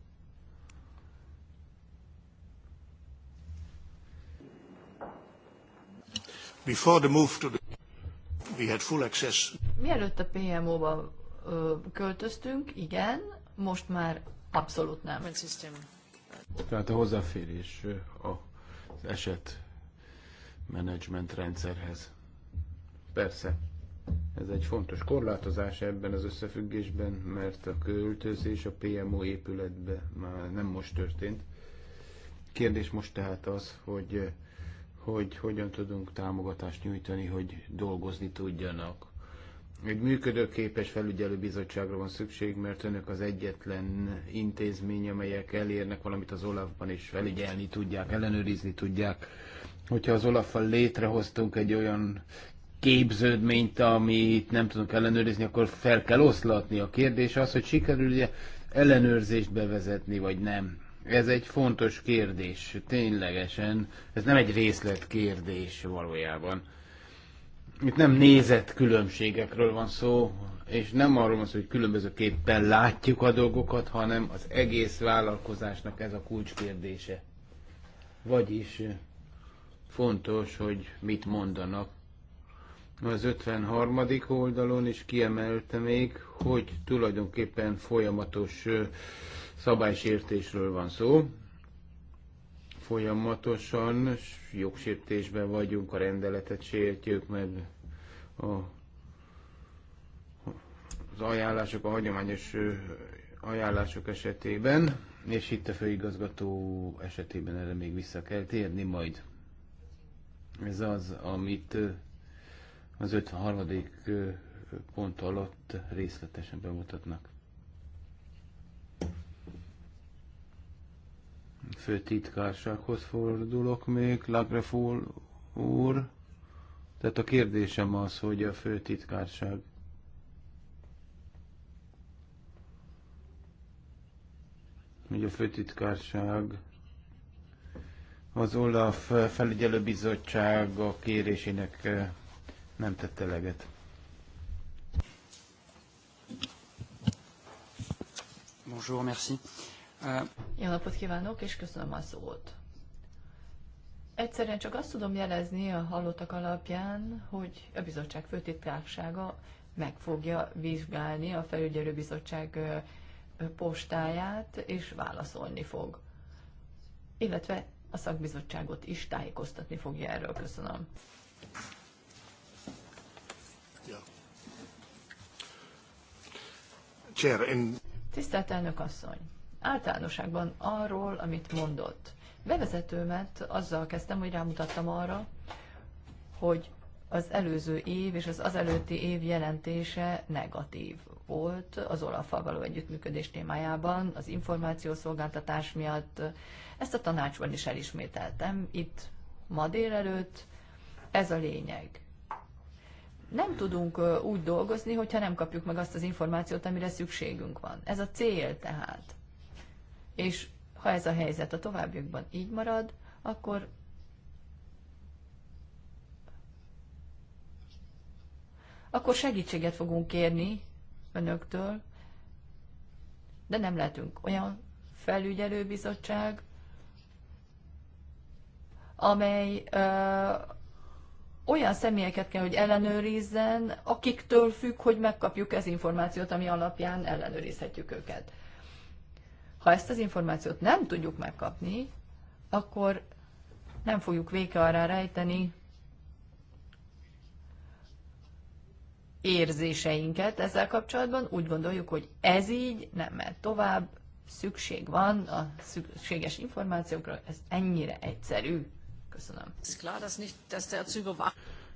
Before the move to the... We had full access. Mielőtt a PMO-ba költöztünk, igen, most már abszolút nem. Tehát a hozzáférés az eset menedzsment rendszerhez. Persze. Ez egy fontos korlátozás ebben az összefüggésben, mert a költözés a PMO épületbe már nem most történt. Kérdés most tehát az, hogy, hogy hogyan tudunk támogatást nyújtani, hogy dolgozni tudjanak. Egy működőképes felügyelőbizottságra van szükség, mert önök az egyetlen intézmény, amelyek elérnek valamit az Olafban, és felügyelni tudják, ellenőrizni tudják. Hogyha az Olaffal létrehoztunk egy olyan képződményt, amit nem tudunk ellenőrizni, akkor fel kell oszlatni. A kérdés az, hogy sikerül-e ellenőrzést bevezetni, vagy nem. Ez egy fontos kérdés, ténylegesen. Ez nem egy részletkérdés valójában. Itt nem nézett különbségekről van szó, és nem arról van szó, hogy különbözőképpen látjuk a dolgokat, hanem az egész vállalkozásnak ez a kulcskérdése. Vagyis fontos, hogy mit mondanak az 53. oldalon is kiemelte még, hogy tulajdonképpen folyamatos szabálysértésről van szó. Folyamatosan jogsértésben vagyunk, a rendeletet sértjük, mert a, az ajánlások, a hagyományos ajánlások esetében, és itt a főigazgató esetében erre még vissza kell térni majd. Ez az, amit az 53. pont alatt részletesen bemutatnak. titkársághoz fordulok még, Lagrefol úr. Tehát a kérdésem az, hogy a titkárság hogy a főtitkárság az Olaf a kérésének nem tette eleget. Bonjour, merci. Uh... Jó napot kívánok, és köszönöm a szót. Egyszerűen csak azt tudom jelezni a hallottak alapján, hogy a bizottság főtitkársága meg fogja vizsgálni a felügyelőbizottság postáját, és válaszolni fog. Illetve a szakbizottságot is tájékoztatni fogja erről. Köszönöm. Chair, Tisztelt elnök asszony! Általánosságban arról, amit mondott. Bevezetőmet azzal kezdtem, hogy rámutattam arra, hogy az előző év és az azelőtti év jelentése negatív volt az olaf való együttműködés témájában, az információszolgáltatás miatt. Ezt a tanácsban is elismételtem itt ma délelőtt. Ez a lényeg nem tudunk úgy dolgozni, hogyha nem kapjuk meg azt az információt, amire szükségünk van. Ez a cél tehát. És ha ez a helyzet a továbbiakban így marad, akkor akkor segítséget fogunk kérni önöktől, de nem lehetünk olyan felügyelőbizottság, amely olyan személyeket kell, hogy ellenőrizzen, akiktől függ, hogy megkapjuk ez információt, ami alapján ellenőrizhetjük őket. Ha ezt az információt nem tudjuk megkapni, akkor nem fogjuk véke arra rejteni érzéseinket ezzel kapcsolatban. Úgy gondoljuk, hogy ez így nem mehet tovább, szükség van a szükséges információkra, ez ennyire egyszerű. Köszönöm.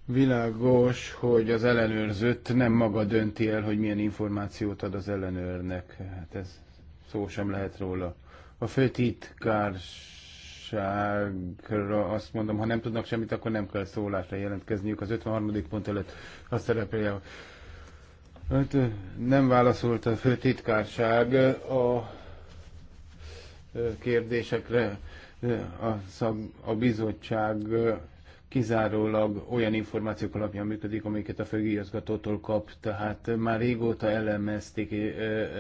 Világos, hogy az ellenőrzött nem maga dönti el, hogy milyen információt ad az ellenőrnek. Hát ez szó sem lehet róla. A főtitkárságra azt mondom, ha nem tudnak semmit, akkor nem kell szólásra jelentkezniük. Az 53. pont előtt azt szerepelje, hát, nem válaszolt a főtitkárság a kérdésekre a, szab, a bizottság kizárólag olyan információk alapján működik, amiket a főigazgatótól kap. Tehát már régóta elemezték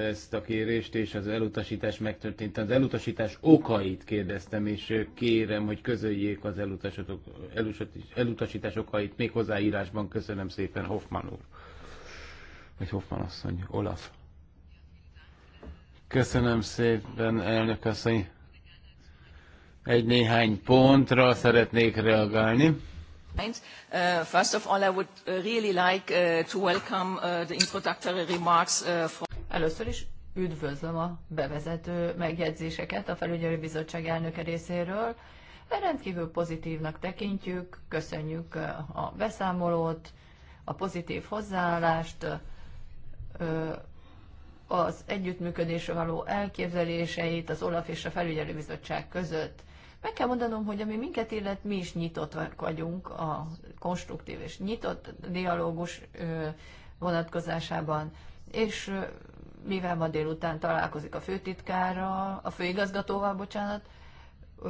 ezt a kérést, és az elutasítás megtörtént. Az elutasítás okait kérdeztem, és kérem, hogy közöljék az elutasítás okait, még hozzáírásban. Köszönöm szépen, Hoffman úr. Vagy Hoffman asszony, Olaf. Köszönöm szépen, elnök asszony. Egy néhány pontra szeretnék reagálni. Uh, first of all, I would uh, really like uh, to welcome the introductory remarks from... Először is üdvözlöm a bevezető megjegyzéseket a felügyelő bizottság elnöke részéről. Rendkívül pozitívnak tekintjük, köszönjük a beszámolót, a pozitív hozzáállást, az együttműködésre való elképzeléseit az OLAF és a felügyelőbizottság között. Meg kell mondanom, hogy ami minket illet, mi is nyitott vagyunk a konstruktív és nyitott dialógus vonatkozásában, és mivel ma délután találkozik a főtitkárral, a főigazgatóval, bocsánat,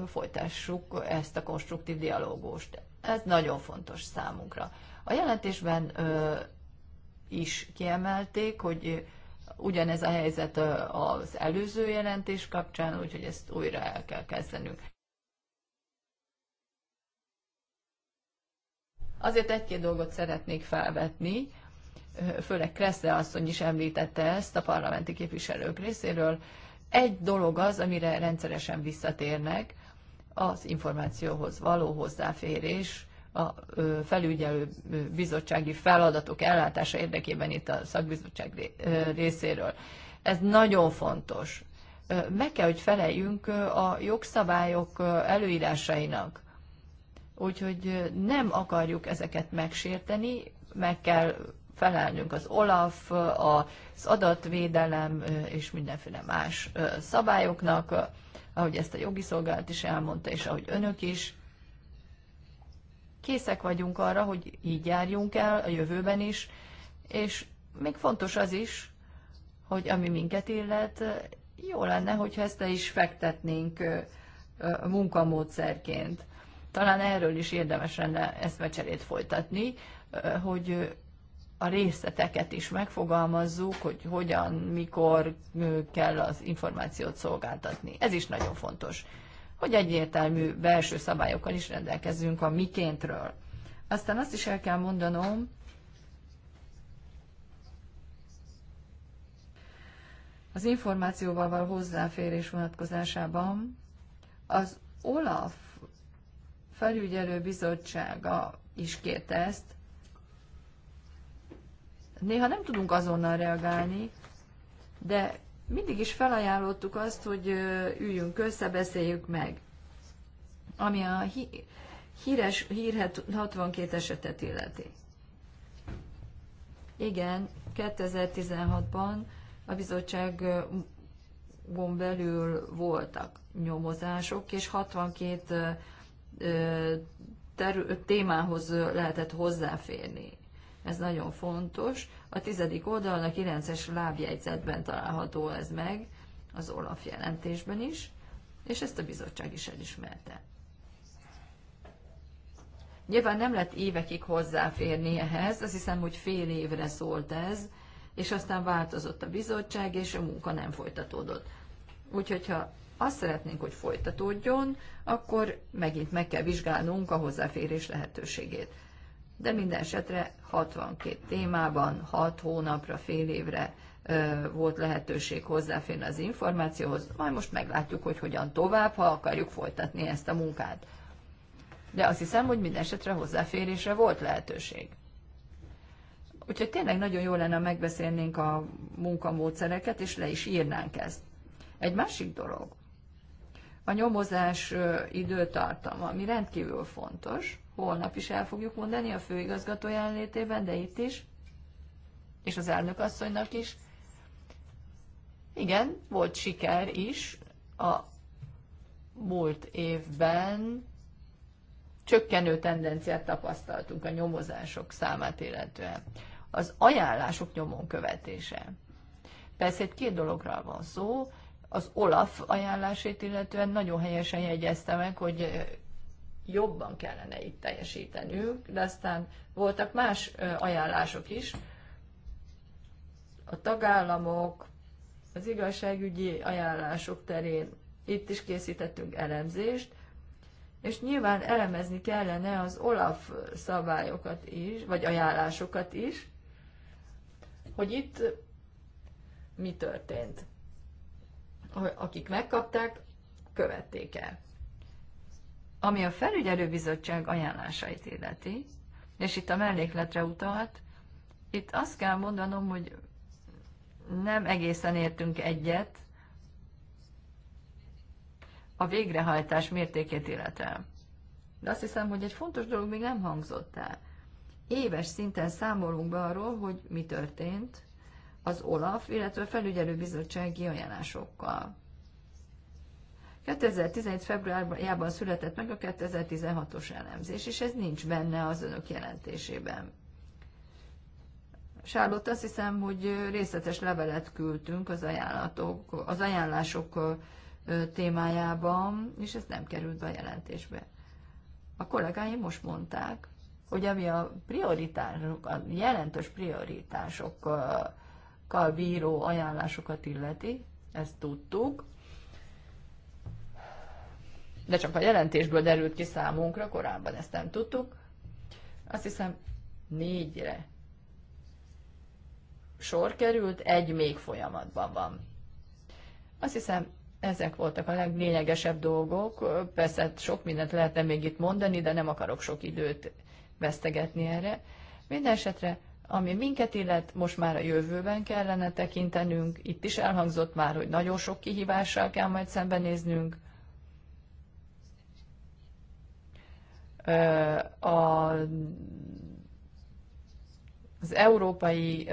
folytassuk ezt a konstruktív dialógust. Ez nagyon fontos számunkra. A jelentésben ö, is kiemelték, hogy ugyanez a helyzet az előző jelentés kapcsán, úgyhogy ezt újra el kell kezdenünk. Azért egy-két dolgot szeretnék felvetni, főleg Kressle asszony is említette ezt a parlamenti képviselők részéről. Egy dolog az, amire rendszeresen visszatérnek, az információhoz való hozzáférés, a felügyelő bizottsági feladatok ellátása érdekében itt a szakbizottság részéről. Ez nagyon fontos. Meg kell, hogy feleljünk a jogszabályok előírásainak. Úgyhogy nem akarjuk ezeket megsérteni, meg kell felelnünk az OLAF, az adatvédelem és mindenféle más szabályoknak, ahogy ezt a jogi szolgálat is elmondta, és ahogy önök is. Készek vagyunk arra, hogy így járjunk el a jövőben is, és még fontos az is, hogy ami minket illet, jó lenne, hogyha ezt le is fektetnénk munkamódszerként. Talán erről is érdemes lenne eszmecserét folytatni, hogy a részleteket is megfogalmazzuk, hogy hogyan, mikor kell az információt szolgáltatni. Ez is nagyon fontos, hogy egyértelmű belső szabályokkal is rendelkezzünk a mikéntről. Aztán azt is el kell mondanom, az információval való hozzáférés vonatkozásában az OLAF felügyelő bizottsága is kérte ezt. Néha nem tudunk azonnal reagálni, de mindig is felajánlottuk azt, hogy üljünk össze, beszéljük meg. Ami a híres, hírhet 62 esetet illeti. Igen, 2016-ban a bizottságon belül voltak nyomozások, és 62 témához lehetett hozzáférni. Ez nagyon fontos. A tizedik oldalon a kilences lábjegyzetben található ez meg, az Olaf jelentésben is, és ezt a bizottság is elismerte. Nyilván nem lett évekig hozzáférni ehhez, azt hiszem, hogy fél évre szólt ez, és aztán változott a bizottság, és a munka nem folytatódott. Úgyhogy ha azt szeretnénk, hogy folytatódjon, akkor megint meg kell vizsgálnunk a hozzáférés lehetőségét. De minden esetre 62 témában, 6 hónapra, fél évre volt lehetőség hozzáférni az információhoz, majd most meglátjuk, hogy hogyan tovább, ha akarjuk folytatni ezt a munkát. De azt hiszem, hogy minden esetre hozzáférésre volt lehetőség. Úgyhogy tényleg nagyon jó lenne, ha megbeszélnénk a munkamódszereket, és le is írnánk ezt. Egy másik dolog, a nyomozás időtartama, ami rendkívül fontos, holnap is el fogjuk mondani a főigazgató jelenlétében, de itt is, és az elnökasszonynak is. Igen, volt siker is a múlt évben, csökkenő tendenciát tapasztaltunk a nyomozások számát illetően. Az ajánlások nyomon követése. Persze itt két dologról van szó, az Olaf ajánlásait illetően nagyon helyesen jegyezte meg, hogy jobban kellene itt teljesíteniük, de aztán voltak más ajánlások is. A tagállamok, az igazságügyi ajánlások terén itt is készítettünk elemzést, és nyilván elemezni kellene az OLAF szabályokat is, vagy ajánlásokat is, hogy itt mi történt akik megkapták, követték el. Ami a felügyelőbizottság ajánlásait illeti, és itt a mellékletre utalt, itt azt kell mondanom, hogy nem egészen értünk egyet a végrehajtás mértékét illetve. De azt hiszem, hogy egy fontos dolog még nem hangzott el. Éves szinten számolunk be arról, hogy mi történt, az OLAF, illetve a felügyelőbizottsági ajánlásokkal. 2017. februárjában született meg a 2016-os elemzés, és ez nincs benne az önök jelentésében. Sárlott, azt hiszem, hogy részletes levelet küldtünk az, ajánlatok, az ajánlások témájában, és ez nem került be a jelentésbe. A kollégáim most mondták, hogy ami a prioritások, a jelentős prioritások hatásokkal bíró ajánlásokat illeti, ezt tudtuk, de csak a jelentésből derült ki számunkra, korábban ezt nem tudtuk. Azt hiszem négyre sor került, egy még folyamatban van. Azt hiszem, ezek voltak a leglényegesebb dolgok. Persze sok mindent lehetne még itt mondani, de nem akarok sok időt vesztegetni erre. Minden esetre ami minket illet, most már a jövőben kellene tekintenünk, itt is elhangzott már, hogy nagyon sok kihívással kell majd szembenéznünk. az európai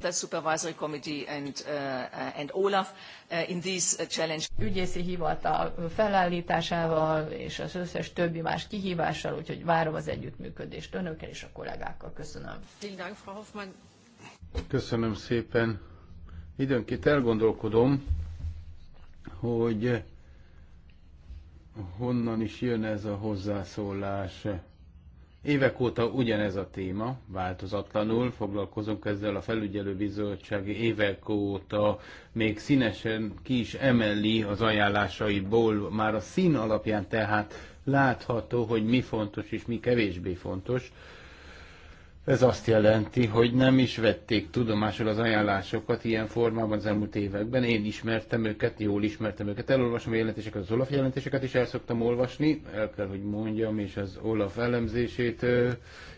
The Supervisory Committee and, uh, uh, and Olaf uh, in these uh, challenge. Ügyészi hivatal felállításával és az összes többi más kihívással, úgyhogy várom az együttműködést önökkel és a kollégákkal. Köszönöm. Köszönöm szépen. Időnként elgondolkodom, hogy honnan is jön ez a hozzászólás. Évek óta ugyanez a téma, változatlanul foglalkozunk ezzel a felügyelőbizottság évek óta még színesen ki is emeli az ajánlásaiból, már a szín alapján tehát látható, hogy mi fontos és mi kevésbé fontos ez azt jelenti, hogy nem is vették tudomásul az ajánlásokat ilyen formában az elmúlt években. Én ismertem őket, jól ismertem őket. Elolvasom a jelentéseket, az Olaf jelentéseket is el szoktam olvasni. El kell, hogy mondjam, és az Olaf elemzését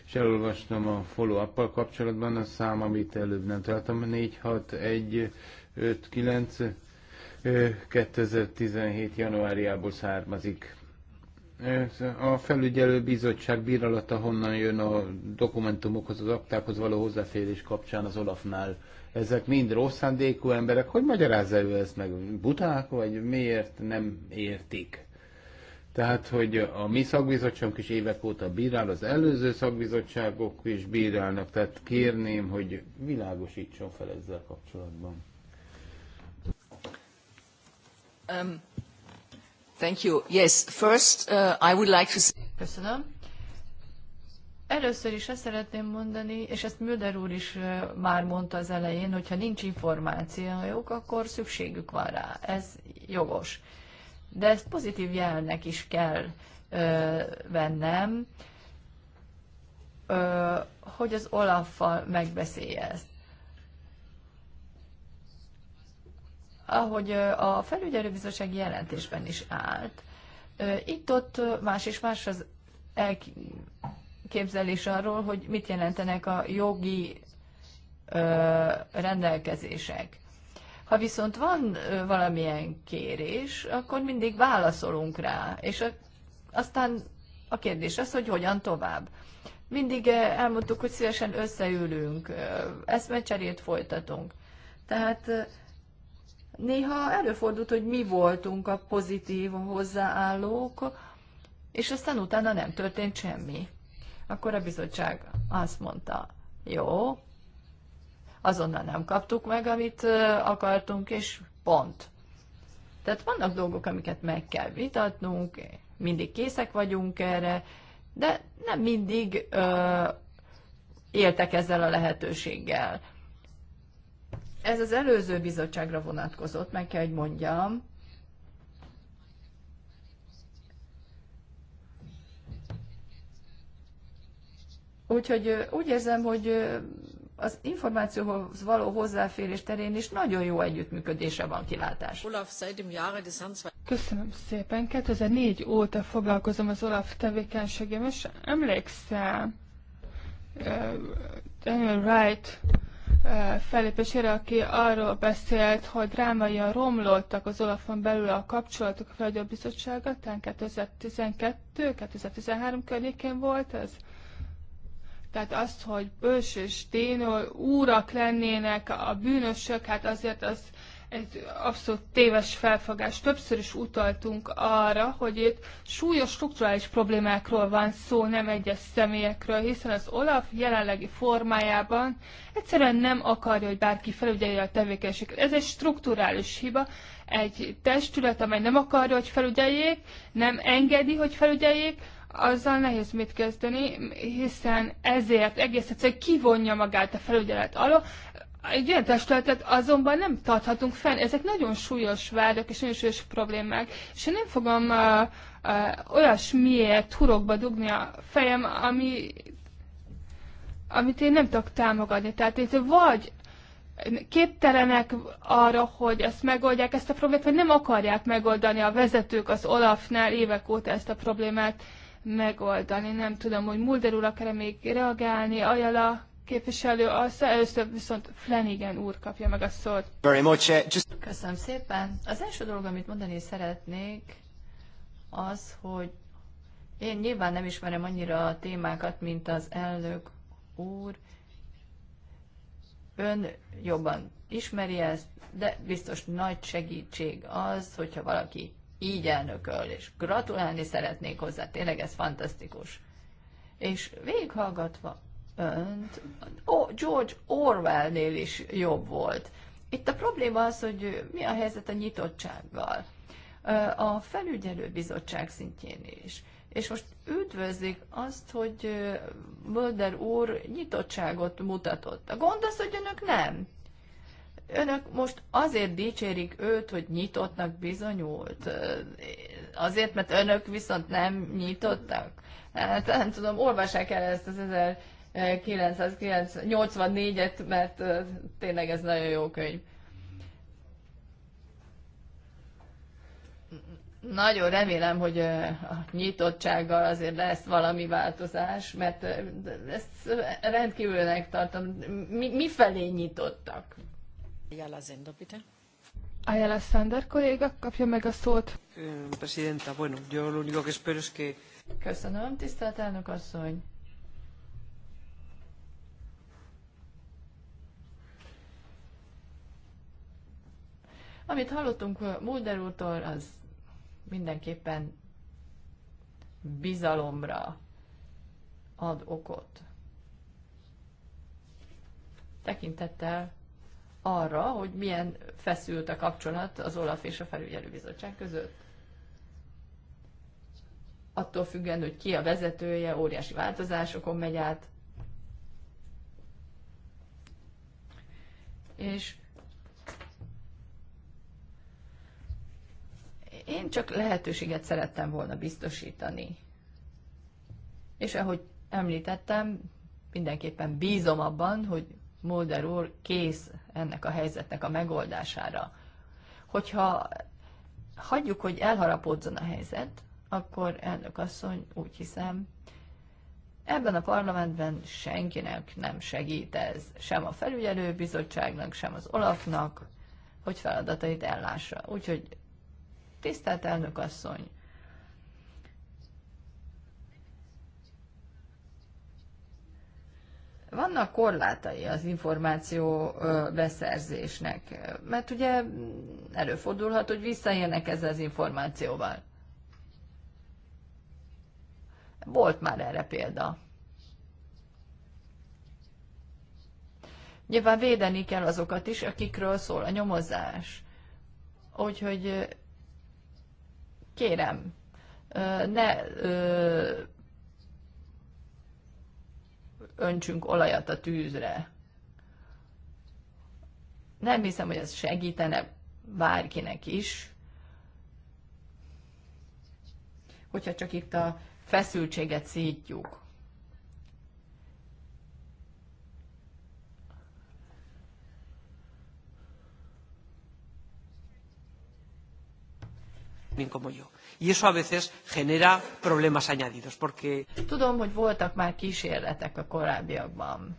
és elolvastam a follow-up-pal kapcsolatban a szám, amit előbb nem találtam. 4, 6, 1, 5, 9, 2017. januárjából származik a felügyelő bizottság bírálata honnan jön a dokumentumokhoz, az aktákhoz való hozzáférés kapcsán az Olafnál. Ezek mind rossz szándékú emberek. Hogy magyarázza ő ezt meg? Buták, vagy miért nem értik? Tehát, hogy a mi szakbizottságunk is évek óta bírál, az előző szakbizottságok is bírálnak, tehát kérném, hogy világosítson fel ezzel kapcsolatban. Um, Thank you. Yes, first uh, I would like to... Köszönöm. Először is ezt szeretném mondani, és ezt Müller úr is uh, már mondta az elején, hogyha nincs információjuk, akkor szükségük van rá. Ez jogos. De ezt pozitív jelnek is kell ö, uh, vennem, ö, uh, hogy az Olaffal megbeszélje ezt. ahogy a felügyelőbizottsági jelentésben is állt, itt-ott más és más az elképzelés arról, hogy mit jelentenek a jogi rendelkezések. Ha viszont van valamilyen kérés, akkor mindig válaszolunk rá, és aztán a kérdés az, hogy hogyan tovább. Mindig elmondtuk, hogy szívesen összeülünk, eszmecserét folytatunk. Tehát Néha előfordult, hogy mi voltunk a pozitív hozzáállók, és aztán utána nem történt semmi. Akkor a bizottság azt mondta, jó, azonnal nem kaptuk meg, amit akartunk, és pont. Tehát vannak dolgok, amiket meg kell vitatnunk, mindig készek vagyunk erre, de nem mindig ö, éltek ezzel a lehetőséggel. Ez az előző bizottságra vonatkozott, meg kell, hogy mondjam. Úgyhogy úgy érzem, hogy az információhoz való hozzáférés terén is nagyon jó együttműködése van kilátás. Köszönöm szépen. 2004 óta foglalkozom az Olaf tevékenységem, és emlékszel, Daniel Wright fellépésére, aki arról beszélt, hogy drámaian romlottak az Olafon belül a kapcsolatok a Felügyelő Bizottsága, tehát 2012-2013 környékén volt ez. Tehát azt, hogy Bős és Dénol úrak lennének a bűnösök, hát azért az egy abszolút téves felfogás. Többször is utaltunk arra, hogy itt súlyos strukturális problémákról van szó, nem egyes személyekről, hiszen az OLAF jelenlegi formájában egyszerűen nem akarja, hogy bárki felügyelje a tevékenységet. Ez egy strukturális hiba, egy testület, amely nem akarja, hogy felügyeljék, nem engedi, hogy felügyeljék, azzal nehéz mit kezdeni, hiszen ezért egész egyszerűen kivonja magát a felügyelet alól, egy ilyen testületet azonban nem tarthatunk fenn. Ezek nagyon súlyos vádok és nagyon súlyos problémák, és én nem fogom uh, uh, olyasmiért hurokba dugni a fejem, ami, amit én nem tudok támogatni. Tehát itt vagy képtelenek arra, hogy ezt megoldják, ezt a problémát, vagy nem akarják megoldani a vezetők az Olafnál évek óta ezt a problémát megoldani. Nem tudom, hogy Mulder úr akar -e még reagálni, Ajala képviselő asszony, először viszont Flanagan úr kapja meg a szót. Very much, eh, just... Köszönöm szépen. Az első dolog, amit mondani szeretnék, az, hogy én nyilván nem ismerem annyira a témákat, mint az elnök úr. Ön jobban ismeri ezt, de biztos nagy segítség az, hogyha valaki így elnököl, és gratulálni szeretnék hozzá, tényleg ez fantasztikus. És végighallgatva önt, George Orwellnél is jobb volt. Itt a probléma az, hogy mi a helyzet a nyitottsággal. A bizottság szintjén is. És most üdvözlik azt, hogy Bölder úr nyitottságot mutatott. A gond az, hogy önök nem. Önök most azért dicsérik őt, hogy nyitottnak bizonyult. Azért, mert önök viszont nem nyitottak. Hát nem tudom, olvassák el ezt az 984-et, mert tényleg ez nagyon jó könyv. Nagyon remélem, hogy a nyitottsággal azért lesz valami változás, mert ezt rendkívülnek tartom. Mi, felé nyitottak? Jala Zendo, A Ayala Sander kolléga, kapja meg a szót. Presidenta, bueno, yo lo único que espero es que... Köszönöm, tisztelt elnök asszony. Amit hallottunk Mulder úrtól, az mindenképpen bizalomra ad okot. Tekintettel arra, hogy milyen feszült a kapcsolat az Olaf és a felügyelőbizottság között. Attól függően, hogy ki a vezetője, óriási változásokon megy át. És Én csak lehetőséget szerettem volna biztosítani. És ahogy említettem, mindenképpen bízom abban, hogy Mulder úr kész ennek a helyzetnek a megoldására. Hogyha hagyjuk, hogy elharapódzon a helyzet, akkor elnök asszony, úgy hiszem, ebben a parlamentben senkinek nem segít ez, sem a felügyelőbizottságnak, sem az Olafnak, hogy feladatait ellássa. Úgyhogy Tisztelt elnök asszony! Vannak korlátai az információ beszerzésnek, mert ugye előfordulhat, hogy visszaélnek ezzel az információval. Volt már erre példa. Nyilván védeni kell azokat is, akikről szól a nyomozás. Úgyhogy kérem, ne öntsünk olajat a tűzre. Nem hiszem, hogy ez segítene bárkinek is, hogyha csak itt a feszültséget szítjuk. como yo. Y eso a veces genera problemas añadidos, porque... Tudom, hogy voltak már kísérletek a korábbiakban,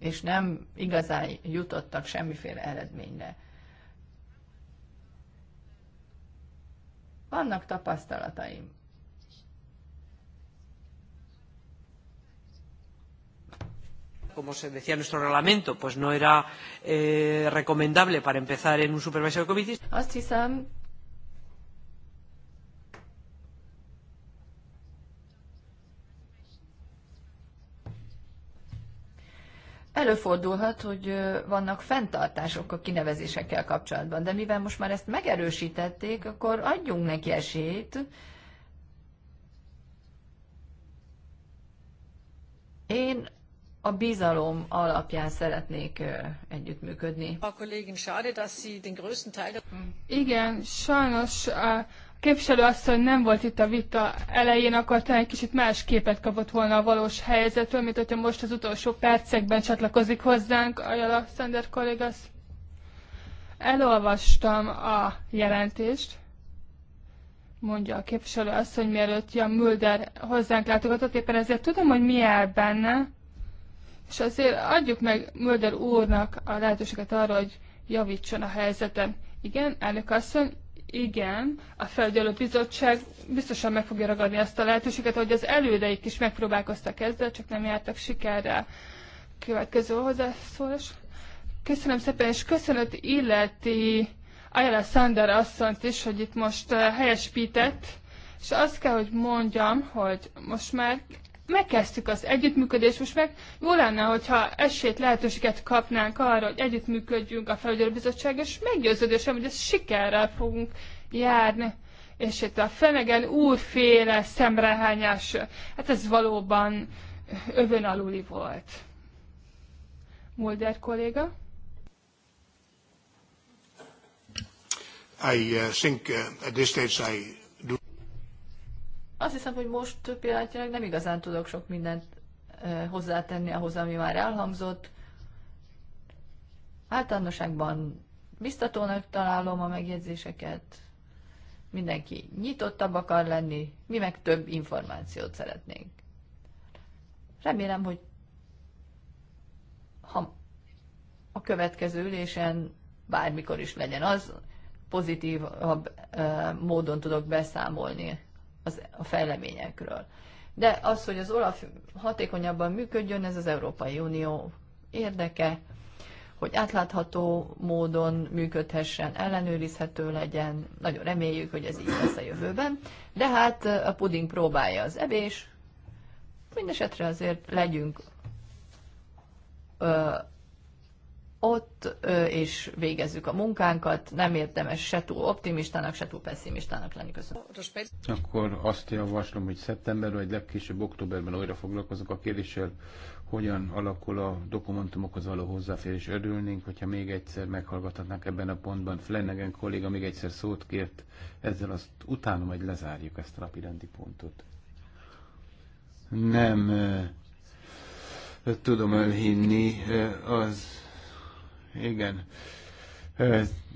és nem igazán jutottak semmiféle eredményre. Vannak tapasztalataim. como se decía en nuestro reglamento, pues no era eh, recomendable para empezar en un supervisor committee. Azt hiszem, Előfordulhat, hogy vannak fenntartások a kinevezésekkel kapcsolatban, de mivel most már ezt megerősítették, akkor adjunk neki esélyt, Én a bizalom alapján szeretnék együttműködni. Igen, sajnos a képviselő asszony nem volt itt a vita elején, akkor talán egy kicsit más képet kapott volna a valós helyzetről, mint hogyha most az utolsó percekben csatlakozik hozzánk Ajala Szender kollégasz. Elolvastam a jelentést, mondja a képviselő asszony, mielőtt Jan Mulder hozzánk látogatott, éppen ezért tudom, hogy mi áll benne, és azért adjuk meg Mulder úrnak a lehetőséget arra, hogy javítson a helyzeten. Igen, elnök asszony, igen, a felügyelő bizottság biztosan meg fogja ragadni ezt a lehetőséget, hogy az elődeik is megpróbálkoztak ezzel, csak nem jártak sikerrel. Következő hozzászólás. Köszönöm szépen, és köszönet illeti Ayala Sander asszonyt is, hogy itt most eh, helyespített, és azt kell, hogy mondjam, hogy most már megkezdtük az együttműködést, most meg jó lenne, hogyha esélyt, lehetőséget kapnánk arra, hogy együttműködjünk a felügyelőbizottság, és meggyőződésem, hogy ez sikerrel fogunk járni. És itt a Fenegen úrféle szemrehányás, hát ez valóban övön aluli volt. Mulder kolléga? I uh, think uh, at this stage I azt hiszem, hogy most pillanatnyilag nem igazán tudok sok mindent hozzátenni ahhoz, ami már elhangzott. Általánosságban biztatónak találom a megjegyzéseket, mindenki nyitottabb akar lenni, mi meg több információt szeretnénk. Remélem, hogy ha a következő ülésen bármikor is legyen az, pozitívabb módon tudok beszámolni az, a fejleményekről. De az, hogy az OLAF hatékonyabban működjön, ez az Európai Unió érdeke, hogy átlátható módon működhessen, ellenőrizhető legyen. Nagyon reméljük, hogy ez így lesz a jövőben. De hát a puding próbálja az evés. Mindenesetre azért legyünk ö, ott, és végezzük a munkánkat. Nem érdemes se túl optimistának, se túl pessimistának lenni. Köszönöm. Akkor azt javaslom, hogy szeptemberben, vagy legkésőbb októberben újra foglalkozok a kérdéssel, hogyan alakul a dokumentumokhoz való hozzáférés. Örülnénk, hogyha még egyszer meghallgathatnánk ebben a pontban. Flanagan kolléga még egyszer szót kért, ezzel azt utána majd lezárjuk ezt a napirendi pontot. Nem tudom elhinni az igen.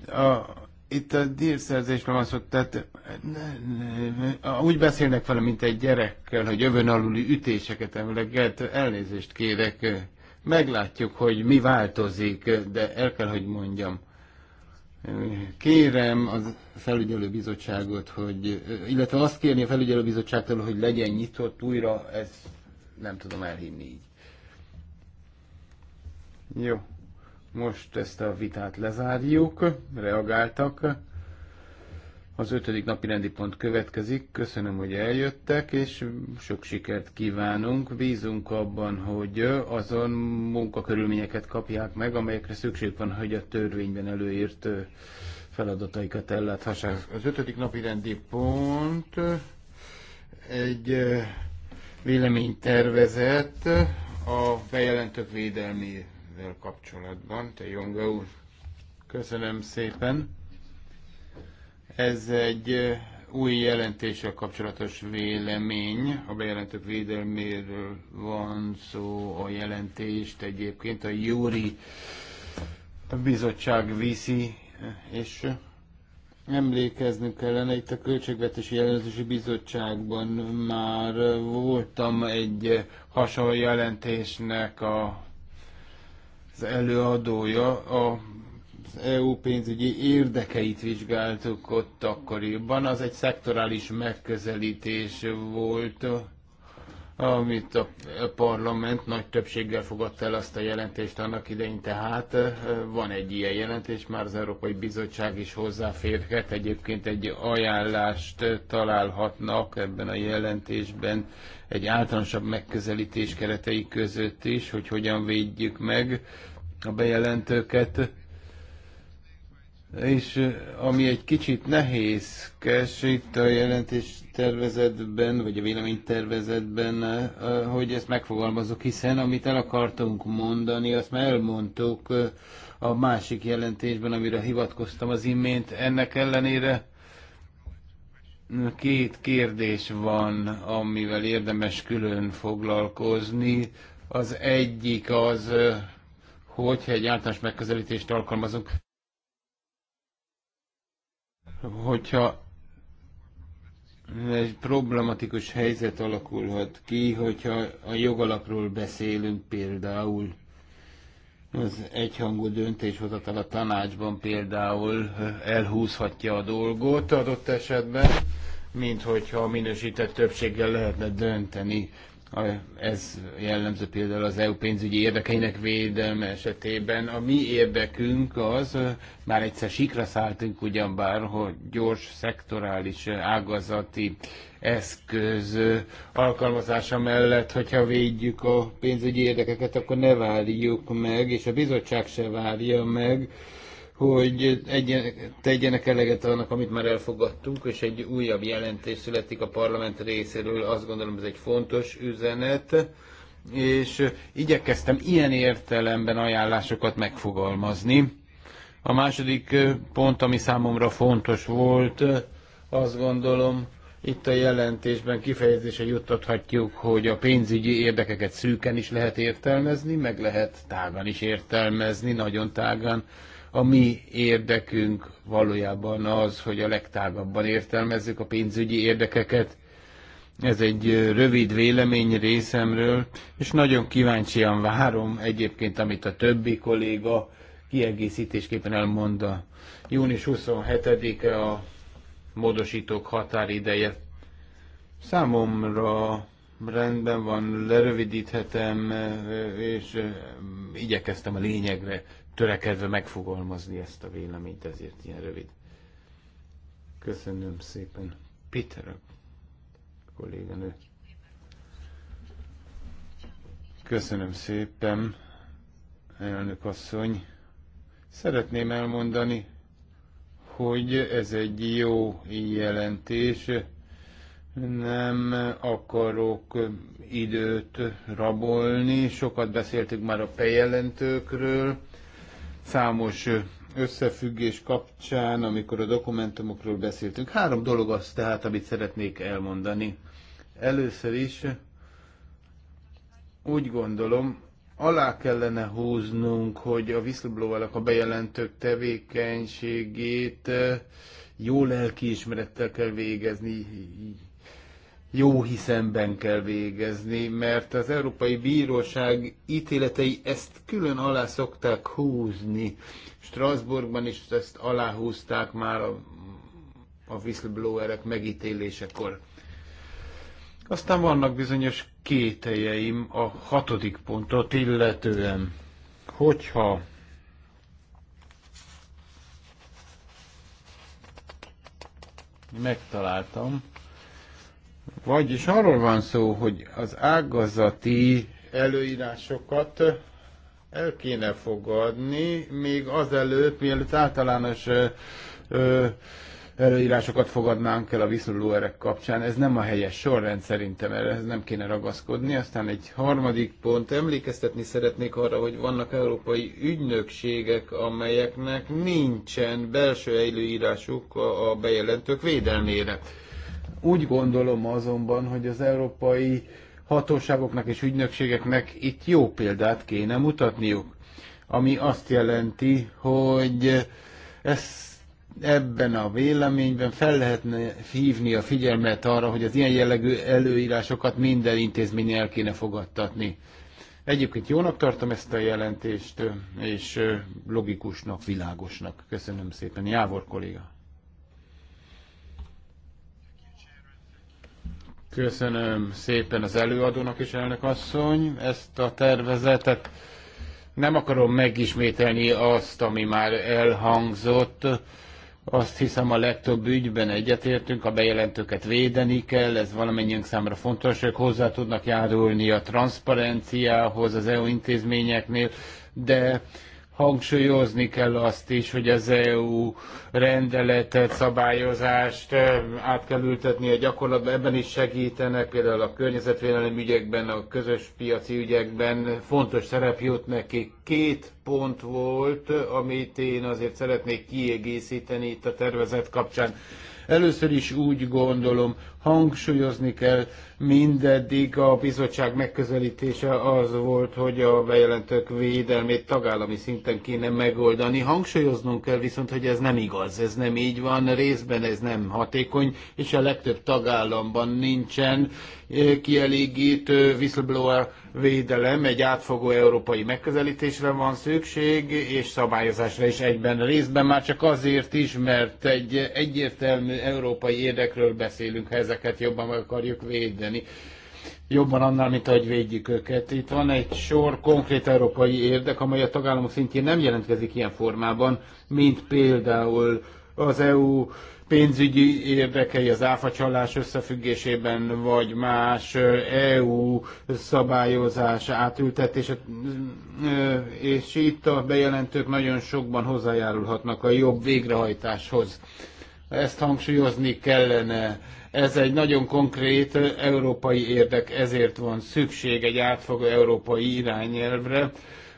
A, itt a dírszerzésről van szó, tehát ne, ne, úgy beszélnek vele, mint egy gyerekkel, hogy övön aluli ütéseket emleget, elnézést kérek, meglátjuk, hogy mi változik, de el kell, hogy mondjam. Kérem az felügyelőbizottságot, hogy, illetve azt kérni a felügyelőbizottságtól, hogy legyen nyitott újra, ezt nem tudom elhinni így. Jó. Most ezt a vitát lezárjuk, reagáltak. Az ötödik napi rendi pont következik. Köszönöm, hogy eljöttek, és sok sikert kívánunk. Bízunk abban, hogy azon munkakörülményeket kapják meg, amelyekre szükség van, hogy a törvényben előírt feladataikat elláthassák. Az ötödik napi rendi pont egy véleménytervezet a bejelentők védelméről ezzel kapcsolatban. Te Jonga úr, köszönöm szépen. Ez egy új jelentéssel kapcsolatos vélemény. A bejelentők védelméről van szó a jelentést. Egyébként a Júri bizottság viszi, és emlékeznünk kellene, itt a Költségvetési jelentési Bizottságban már voltam egy hasonló jelentésnek a az előadója, a az e EU pénzügyi érdekeit vizsgáltuk ott akkoriban. Az egy szektorális megközelítés volt, amit a parlament nagy többséggel fogadta el azt a jelentést annak idején, tehát van egy ilyen jelentés, már az Európai Bizottság is hozzáférhet, egyébként egy ajánlást találhatnak ebben a jelentésben, egy általánosabb megközelítés keretei között is, hogy hogyan védjük meg a bejelentőket. És ami egy kicsit nehézkes itt a jelentés tervezetben, vagy a véleménytervezetben, hogy ezt megfogalmazok, hiszen amit el akartunk mondani, azt már elmondtuk a másik jelentésben, amire hivatkoztam az imént. Ennek ellenére Két kérdés van, amivel érdemes külön foglalkozni. Az egyik az, hogyha egy általános megközelítést alkalmazunk, hogyha egy problematikus helyzet alakulhat ki, hogyha a jogalapról beszélünk például, az egyhangú döntéshozatal a tanácsban például elhúzhatja a dolgot adott esetben, mint hogyha minősített többséggel lehetne dönteni. Ez jellemző például az EU pénzügyi érdekeinek védelme esetében. A mi érdekünk az, már egyszer sikra szálltunk ugyanbár, hogy gyors, szektorális, ágazati eszköz alkalmazása mellett, hogyha védjük a pénzügyi érdekeket, akkor ne várjuk meg, és a bizottság se várja meg, hogy tegyenek eleget annak, amit már elfogadtunk, és egy újabb jelentés születik a parlament részéről. Azt gondolom, ez egy fontos üzenet, és igyekeztem ilyen értelemben ajánlásokat megfogalmazni. A második pont, ami számomra fontos volt, azt gondolom, itt a jelentésben kifejezése juttathatjuk, hogy a pénzügyi érdekeket szűken is lehet értelmezni, meg lehet tágan is értelmezni, nagyon tágan. A mi érdekünk valójában az, hogy a legtágabban értelmezzük a pénzügyi érdekeket. Ez egy rövid vélemény részemről, és nagyon kíváncsian várom egyébként, amit a többi kolléga kiegészítésképpen elmond a június 27-e a módosítók határideje. Számomra rendben van, lerövidíthetem, és igyekeztem a lényegre törekedve megfogalmazni ezt a véleményt, ezért ilyen rövid. Köszönöm szépen. Peter, a kolléganő. Köszönöm szépen, elnök asszony. Szeretném elmondani, hogy ez egy jó jelentés. Nem akarok időt rabolni. Sokat beszéltük már a bejelentőkről számos összefüggés kapcsán, amikor a dokumentumokról beszéltünk. Három dolog az tehát, amit szeretnék elmondani. Először is úgy gondolom, alá kellene húznunk, hogy a whistleblower a bejelentők tevékenységét jó lelkiismerettel kell végezni, jó hiszemben kell végezni, mert az Európai Bíróság ítéletei ezt külön alá szokták húzni. Strasbourgban is ezt aláhúzták már a, a whistleblowerek megítélésekor. Aztán vannak bizonyos kételjeim a hatodik pontot illetően, hogyha megtaláltam, vagyis arról van szó, hogy az ágazati előírásokat el kéne fogadni, még azelőtt, mielőtt általános ö, ö, előírásokat fogadnánk el a erek kapcsán. Ez nem a helyes sorrend szerintem, ez nem kéne ragaszkodni. Aztán egy harmadik pont, emlékeztetni szeretnék arra, hogy vannak európai ügynökségek, amelyeknek nincsen belső előírásuk a bejelentők védelmére. Úgy gondolom azonban, hogy az európai hatóságoknak és ügynökségeknek itt jó példát kéne mutatniuk, ami azt jelenti, hogy ez ebben a véleményben fel lehetne hívni a figyelmet arra, hogy az ilyen jellegű előírásokat minden intézmény el kéne fogadtatni. Egyébként jónak tartom ezt a jelentést, és logikusnak, világosnak. Köszönöm szépen. Jávor kolléga. Köszönöm szépen az előadónak is, elnök asszony, ezt a tervezetet. Nem akarom megismételni azt, ami már elhangzott. Azt hiszem a legtöbb ügyben egyetértünk, a bejelentőket védeni kell, ez valamennyiünk számára fontos, ők hozzá tudnak járulni a transzparenciához az EU intézményeknél, de hangsúlyozni kell azt is, hogy az EU rendeletet, szabályozást eh, át kell ültetni a gyakorlatba, ebben is segítenek, például a környezetvédelmi ügyekben, a közös piaci ügyekben fontos szerep jut neki. Két pont volt, amit én azért szeretnék kiegészíteni itt a tervezet kapcsán. Először is úgy gondolom, hangsúlyozni kell, mindeddig a bizottság megközelítése az volt, hogy a bejelentők védelmét tagállami szinten kéne megoldani. Hangsúlyoznunk kell viszont, hogy ez nem igaz, ez nem így van, részben ez nem hatékony, és a legtöbb tagállamban nincsen eh, kielégítő whistleblower védelem, egy átfogó európai megközelítésre van szükség, és szabályozásra is egyben részben, már csak azért is, mert egy egyértelmű európai érdekről beszélünk, ha ez ezeket jobban meg akarjuk védeni. Jobban annál, mint ahogy védjük őket. Itt van egy sor konkrét európai érdek, amely a tagállamok szintjén nem jelentkezik ilyen formában, mint például az EU pénzügyi érdekei az áfacsalás összefüggésében, vagy más EU szabályozás átültetés, és itt a bejelentők nagyon sokban hozzájárulhatnak a jobb végrehajtáshoz. Ezt hangsúlyozni kellene ez egy nagyon konkrét európai érdek, ezért van szükség egy átfogó európai irányelvre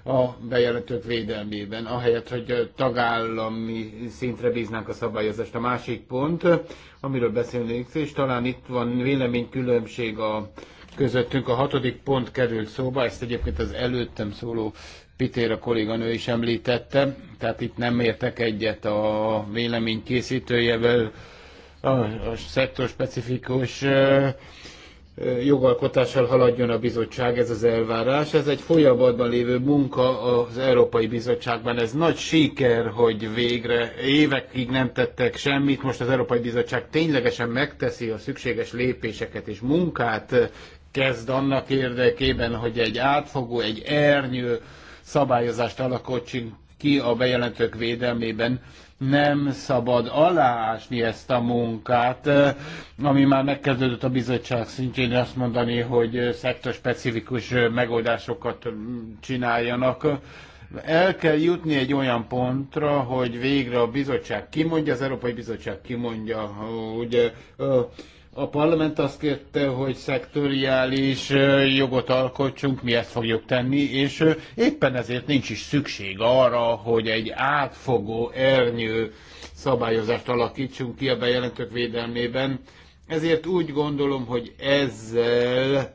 a bejelentők védelmében, ahelyett, hogy tagállami szintre bíznánk a szabályozást. A másik pont, amiről beszélnék, és talán itt van véleménykülönbség a közöttünk, a hatodik pont került szóba, ezt egyébként az előttem szóló Pitér a kolléganő is említette, tehát itt nem értek egyet a vélemény készítőjevel, a, a szektor specifikus jogalkotással haladjon a bizottság, ez az elvárás. Ez egy folyamatban lévő munka az Európai Bizottságban. Ez nagy siker, hogy végre évekig nem tettek semmit. Most az Európai Bizottság ténylegesen megteszi a szükséges lépéseket és munkát kezd annak érdekében, hogy egy átfogó, egy ernyő szabályozást alakítsunk ki a bejelentők védelmében nem szabad aláásni ezt a munkát, ami már megkezdődött a bizottság szintjén, azt mondani, hogy szektorspecifikus megoldásokat csináljanak. El kell jutni egy olyan pontra, hogy végre a bizottság kimondja, az Európai Bizottság kimondja, hogy a parlament azt kérte, hogy szektoriális jogot alkotsunk, mi ezt fogjuk tenni, és éppen ezért nincs is szükség arra, hogy egy átfogó ernyő szabályozást alakítsunk ki a bejelentők védelmében. Ezért úgy gondolom, hogy ezzel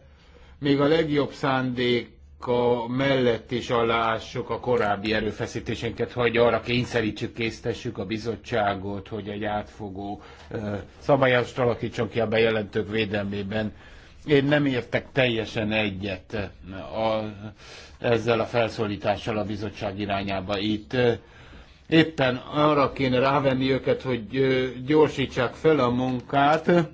még a legjobb szándék a mellett is alássuk a korábbi erőfeszítésünket, hogy arra kényszerítsük, késztessük a bizottságot, hogy egy átfogó szabályást alakítson ki a bejelentők védelmében. Én nem értek teljesen egyet a, ezzel a felszólítással a bizottság irányába itt. Éppen arra kéne rávenni őket, hogy gyorsítsák fel a munkát,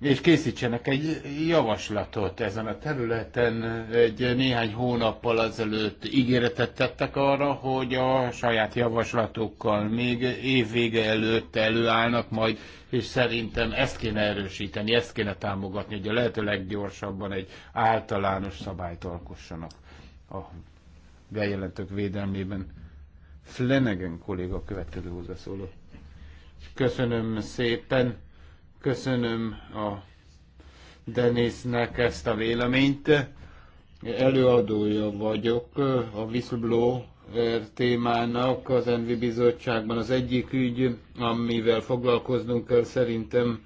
és készítsenek egy javaslatot ezen a területen. Egy néhány hónappal azelőtt ígéretet tettek arra, hogy a saját javaslatokkal még évvége előtt előállnak majd, és szerintem ezt kéne erősíteni, ezt kéne támogatni, hogy a lehető leggyorsabban egy általános szabályt alkossanak a bejelentők védelmében. Flanagan kolléga következő hozzászóló. Köszönöm szépen Köszönöm a Denisnek ezt a véleményt. Előadója vagyok a whistleblower témának az Envi Bizottságban. Az egyik ügy, amivel foglalkoznunk kell szerintem,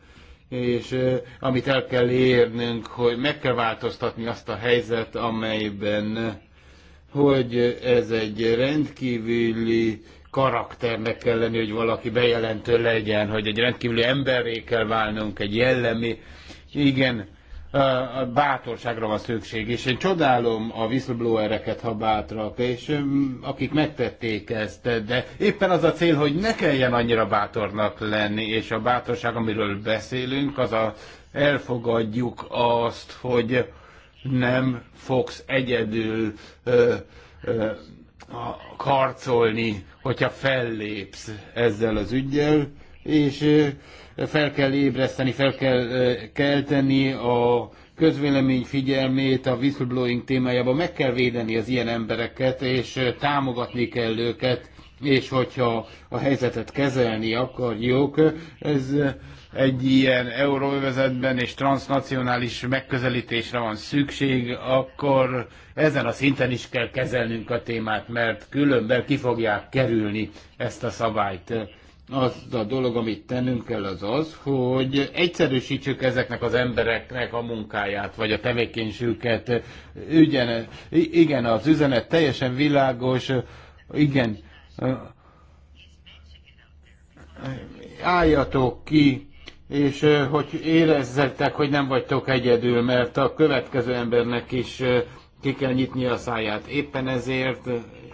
és eh, amit el kell érnünk, hogy meg kell változtatni azt a helyzet, amelyben hogy ez egy rendkívüli karakternek kell lenni, hogy valaki bejelentő legyen, hogy egy rendkívüli emberré kell válnunk, egy jellemi. Igen, a bátorságra van szükség, és én csodálom a whistleblowereket, ha bátrak, és akik megtették ezt, de éppen az a cél, hogy ne kelljen annyira bátornak lenni, és a bátorság, amiről beszélünk, az a elfogadjuk azt, hogy nem fogsz egyedül ö, ö, karcolni hogyha fellépsz ezzel az ügyel, és fel kell ébreszteni, fel kell kelteni a közvélemény figyelmét a whistleblowing témájában, meg kell védeni az ilyen embereket, és támogatni kell őket, és hogyha a helyzetet kezelni akarjuk, ez egy ilyen euróövezetben és transnacionális megközelítésre van szükség, akkor ezen a szinten is kell kezelnünk a témát, mert különben ki fogják kerülni ezt a szabályt. Az a dolog, amit tennünk kell, az az, hogy egyszerűsítsük ezeknek az embereknek a munkáját, vagy a tevékenységüket. Ügyen, igen, az üzenet teljesen világos, igen, álljatok ki és hogy érezzetek, hogy nem vagytok egyedül, mert a következő embernek is ki kell nyitni a száját. Éppen ezért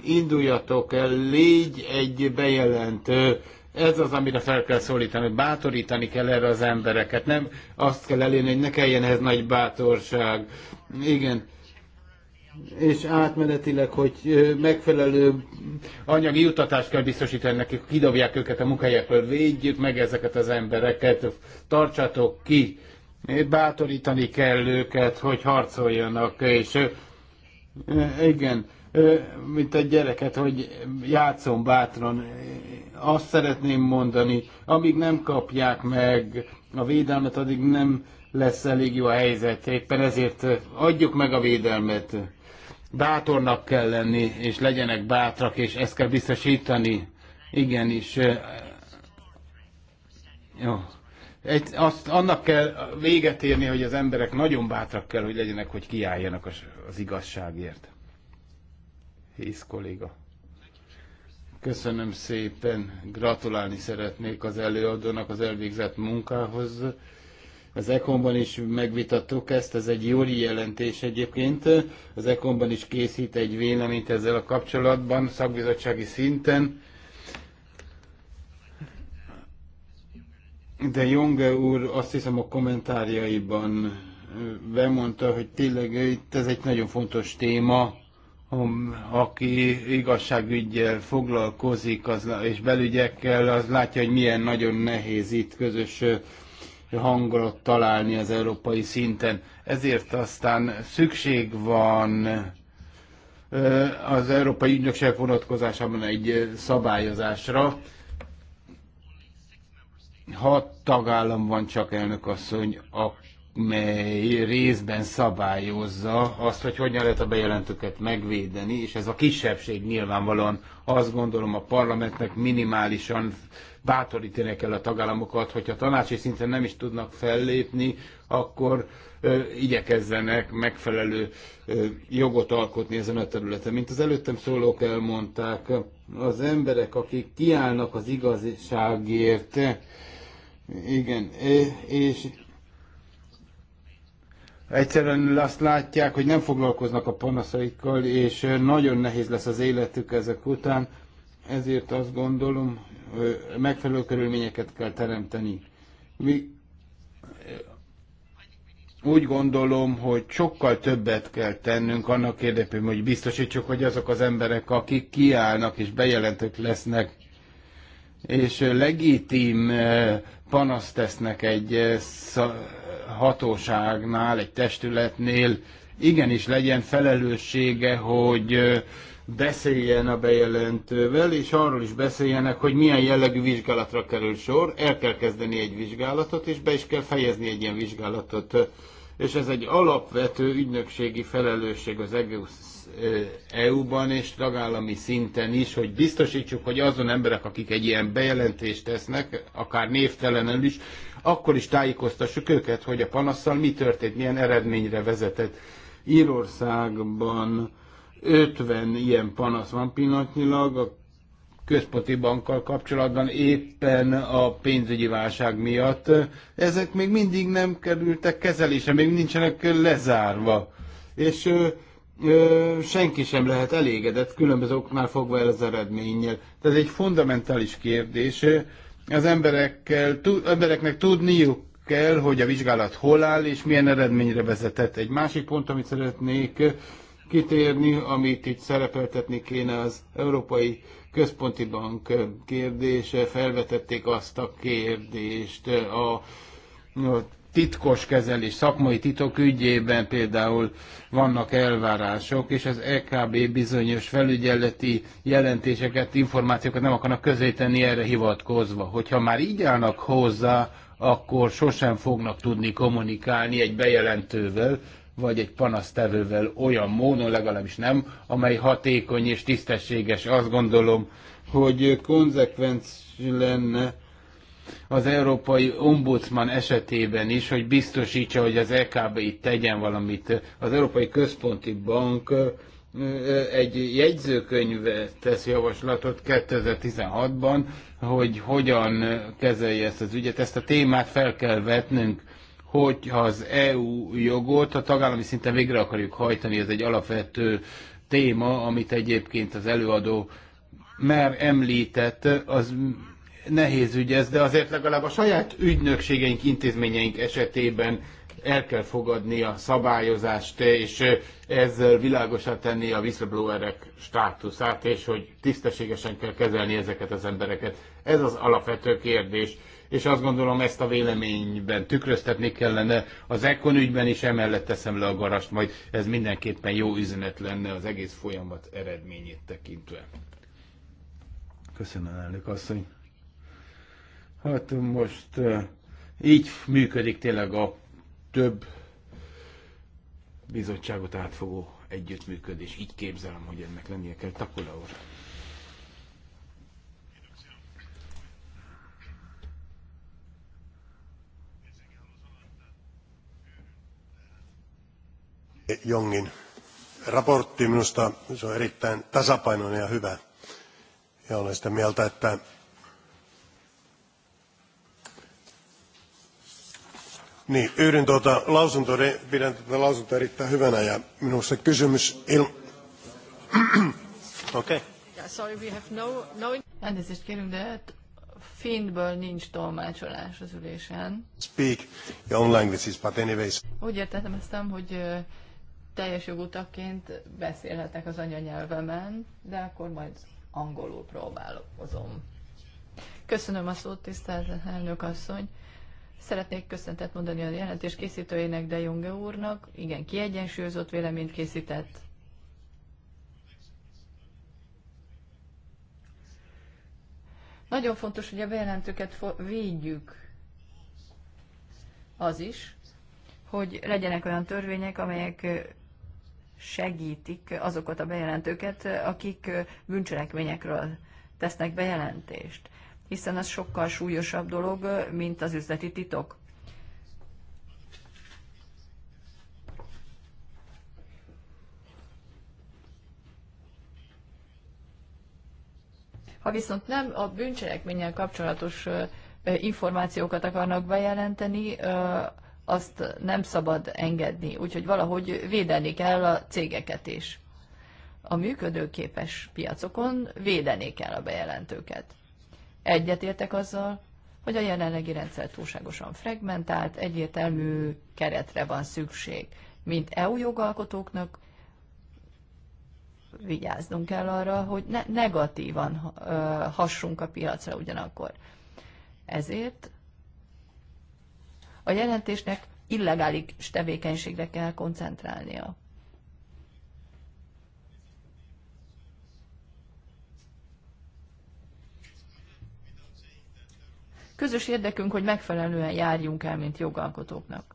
induljatok el, légy egy bejelentő, ez az, amire fel kell szólítani, bátorítani kell erre az embereket, nem azt kell elérni, hogy ne kelljen ez nagy bátorság. Igen, és átmenetileg, hogy megfelelő anyagi jutatást kell biztosítani nekik, kidobják őket a munkahelyekről, védjük meg ezeket az embereket, tartsatok ki, bátorítani kell őket, hogy harcoljanak, és igen, mint egy gyereket, hogy játszom bátran. Azt szeretném mondani, amíg nem kapják meg a védelmet, addig nem lesz elég jó a helyzet. Éppen ezért adjuk meg a védelmet bátornak kell lenni, és legyenek bátrak, és ezt kell biztosítani. és Jó. Egy, azt, annak kell véget érni, hogy az emberek nagyon bátrak kell, hogy legyenek, hogy kiálljanak az, az igazságért. Hisz kolléga. Köszönöm szépen, gratulálni szeretnék az előadónak az elvégzett munkához. Az Ekonban is megvitattuk ezt, ez egy júli jelentés egyébként. Az Ekonban is készít egy véleményt ezzel a kapcsolatban, szakbizottsági szinten. De Jonge úr azt hiszem a kommentárjaiban bemondta, hogy tényleg itt ez egy nagyon fontos téma, aki igazságügyel foglalkozik az, és belügyekkel, az látja, hogy milyen nagyon nehéz itt közös hangot találni az európai szinten. Ezért aztán szükség van az Európai Ügynökség vonatkozásában egy szabályozásra. Hat tagállam van csak elnökasszony, amely részben szabályozza azt, hogy hogyan lehet a bejelentőket megvédeni, és ez a kisebbség nyilvánvalóan azt gondolom a parlamentnek minimálisan bátorítani kell a tagállamokat, hogyha tanácsi szinten nem is tudnak fellépni, akkor ö, igyekezzenek megfelelő ö, jogot alkotni ezen a területen. Mint az előttem szólók elmondták, az emberek, akik kiállnak az igazságért, igen, és egyszerűen azt látják, hogy nem foglalkoznak a panaszaikkal, és nagyon nehéz lesz az életük ezek után ezért azt gondolom, megfelelő körülményeket kell teremteni. Mi, úgy gondolom, hogy sokkal többet kell tennünk annak érdekében, hogy biztosítsuk, hogy azok az emberek, akik kiállnak és bejelentők lesznek, és legitim panaszt tesznek egy hatóságnál, egy testületnél, igenis legyen felelőssége, hogy beszéljen a bejelentővel, és arról is beszéljenek, hogy milyen jellegű vizsgálatra kerül sor. El kell kezdeni egy vizsgálatot, és be is kell fejezni egy ilyen vizsgálatot. És ez egy alapvető ügynökségi felelősség az eh, EU-ban és tagállami szinten is, hogy biztosítsuk, hogy azon emberek, akik egy ilyen bejelentést tesznek, akár névtelenül is, akkor is tájékoztassuk őket, hogy a panasszal mi történt, milyen eredményre vezetett. Írországban 50 ilyen panasz van pillanatnyilag a központi bankkal kapcsolatban éppen a pénzügyi válság miatt. Ezek még mindig nem kerültek kezelése, még nincsenek lezárva. És ö, ö, senki sem lehet elégedett különböző oknál fogva el az eredménnyel. Tehát egy fundamentális kérdés. Az emberekkel, tu, embereknek tudniuk kell, hogy a vizsgálat hol áll, és milyen eredményre vezetett. Egy másik pont, amit szeretnék kitérni, amit itt szerepeltetni kéne az Európai Központi Bank kérdése. Felvetették azt a kérdést a, a titkos kezelés, szakmai titok ügyében például vannak elvárások, és az EKB bizonyos felügyeleti jelentéseket, információkat nem akarnak közéteni erre hivatkozva. Hogyha már így állnak hozzá, akkor sosem fognak tudni kommunikálni egy bejelentővel, vagy egy panasztevővel olyan módon, legalábbis nem, amely hatékony és tisztességes. Azt gondolom, hogy konzekvenc lenne az európai ombudsman esetében is, hogy biztosítsa, hogy az EKB itt tegyen valamit. Az Európai Központi Bank egy jegyzőkönyve tesz javaslatot 2016-ban, hogy hogyan kezelje ezt az ügyet. Ezt a témát fel kell vetnünk hogy az EU jogot a tagállami szinten végre akarjuk hajtani, ez egy alapvető téma, amit egyébként az előadó már említett, az nehéz ügy ez, de azért legalább a saját ügynökségeink, intézményeink esetében el kell fogadni a szabályozást, és ezzel világosá tenni a whistleblowerek státuszát, és hogy tisztességesen kell kezelni ezeket az embereket. Ez az alapvető kérdés és azt gondolom ezt a véleményben tükröztetni kellene. Az Econ ügyben is emellett teszem le a garast, majd ez mindenképpen jó üzenet lenne az egész folyamat eredményét tekintve. Köszönöm, elnök asszony. Hát most így működik tényleg a több bizottságot átfogó együttműködés. Így képzelem, hogy ennek lennie kell. Takula úr. Jongin raportti. Minusta se on erittäin tasapainoinen ja hyvä. Ja olen sitä mieltä, että Niin, yhdyn tuota lausuntoa, pidän tätä lausuntoa erittäin hyvänä ja minusta kysymys il... Okei. Okay. Sorry, we have no, no... Hát nincs az Speak your own languages, but anyways. Úgy értettem, hogy teljes jogutaként beszélhetek az anyanyelvemen, de akkor majd angolul próbálkozom. Köszönöm a szót, tisztelt elnök asszony. Szeretnék köszöntet mondani a jelentés készítőjének, de Junge úrnak. Igen, kiegyensúlyozott véleményt készített. Nagyon fontos, hogy a bejelentőket védjük. Az is, hogy legyenek olyan törvények, amelyek segítik azokat a bejelentőket, akik bűncselekményekről tesznek bejelentést, hiszen az sokkal súlyosabb dolog, mint az üzleti titok. Ha viszont nem a bűncselekménnyel kapcsolatos információkat akarnak bejelenteni, azt nem szabad engedni, úgyhogy valahogy védeni kell a cégeket is. A működőképes piacokon védeni kell a bejelentőket. Egyetértek azzal, hogy a jelenlegi rendszer túlságosan fragmentált, egyértelmű keretre van szükség. Mint EU jogalkotóknak vigyáznunk kell arra, hogy ne negatívan hassunk a piacra ugyanakkor. Ezért a jelentésnek illegális tevékenységre kell koncentrálnia. Közös érdekünk, hogy megfelelően járjunk el, mint jogalkotóknak.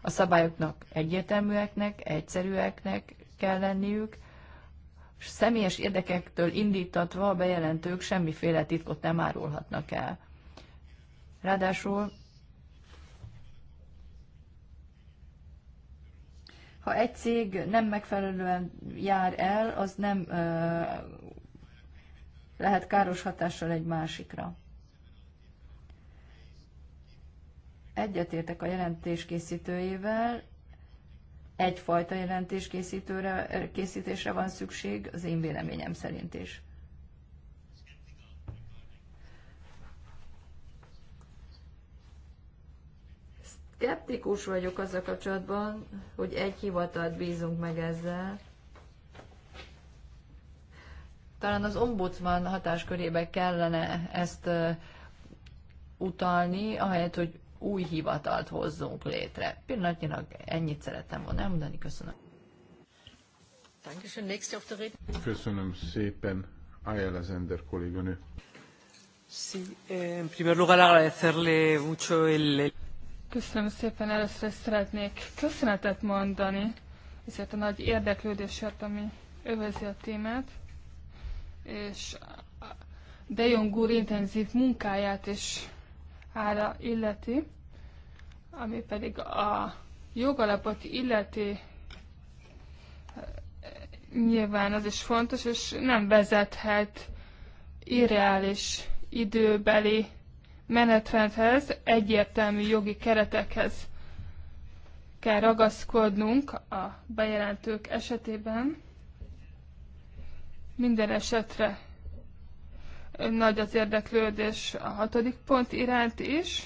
A szabályoknak egyértelműeknek, egyszerűeknek kell lenniük, és személyes érdekektől indítatva a bejelentők semmiféle titkot nem árulhatnak el. Ráadásul Ha egy cég nem megfelelően jár el, az nem lehet káros hatással egy másikra. Egyetértek a jelentés egyfajta jelentés készítésre van szükség, az én véleményem szerint is. Skeptikus vagyok a kapcsolatban, hogy egy hivatalt bízunk meg ezzel. Talán az ombudsman hatáskörébe kellene ezt utalni, ahelyett, hogy új hivatalt hozzunk létre. Pillanatnyilag ennyit szerettem volna elmondani. Köszönöm. Köszönöm szépen. Ayala Zender kolléganő. Sí, eh, en primer lugar agradecerle mucho el... Köszönöm szépen, először is szeretnék köszönetet mondani, ezért a nagy érdeklődésért, ami övezi a témát, és De Jong úr intenzív munkáját is ára illeti, ami pedig a jogalapot illeti, nyilván az is fontos, és nem vezethet irreális időbeli menetrendhez, egyértelmű jogi keretekhez kell ragaszkodnunk a bejelentők esetében. Minden esetre nagy az érdeklődés a hatodik pont iránt is.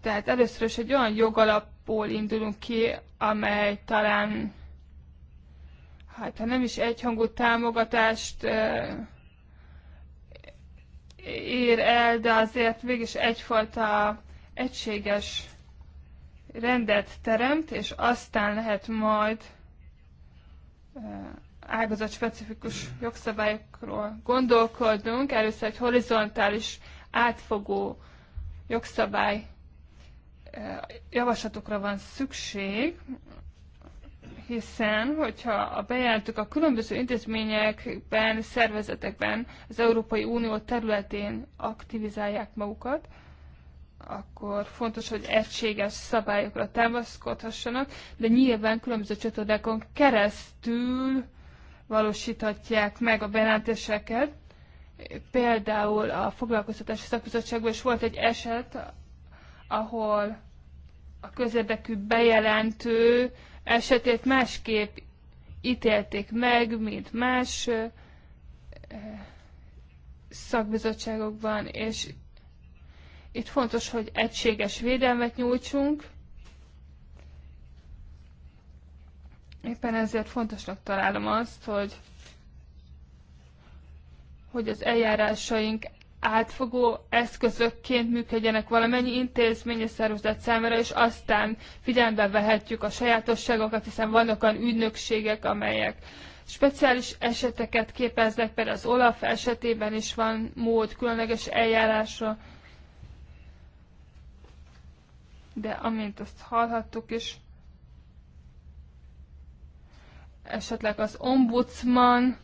Tehát először is egy olyan jogalapból indulunk ki, amely talán, hát ha nem is egyhangú támogatást ér el, de azért mégis egyfajta egységes rendet teremt, és aztán lehet majd specifikus jogszabályokról gondolkodnunk. Először egy horizontális, átfogó jogszabály javaslatokra van szükség, hiszen hogyha bejelentők a különböző intézményekben, szervezetekben, az Európai Unió területén aktivizálják magukat, akkor fontos, hogy egységes szabályokra támaszkodhassanak, de nyilván különböző csatornákon keresztül valósíthatják meg a bejelentéseket. Például a foglalkoztatási szakbizottságban is volt egy eset, ahol a közérdekű bejelentő esetét másképp ítélték meg, mint más szakbizottságokban, és itt fontos, hogy egységes védelmet nyújtsunk. Éppen ezért fontosnak találom azt, hogy, hogy az eljárásaink átfogó eszközökként működjenek valamennyi intézményi szervezet számára, és aztán figyelembe vehetjük a sajátosságokat, hiszen vannak olyan ügynökségek, amelyek speciális eseteket képeznek, például az OLAF esetében is van mód különleges eljárásra, de amint azt hallhattuk is, esetleg az ombudsman,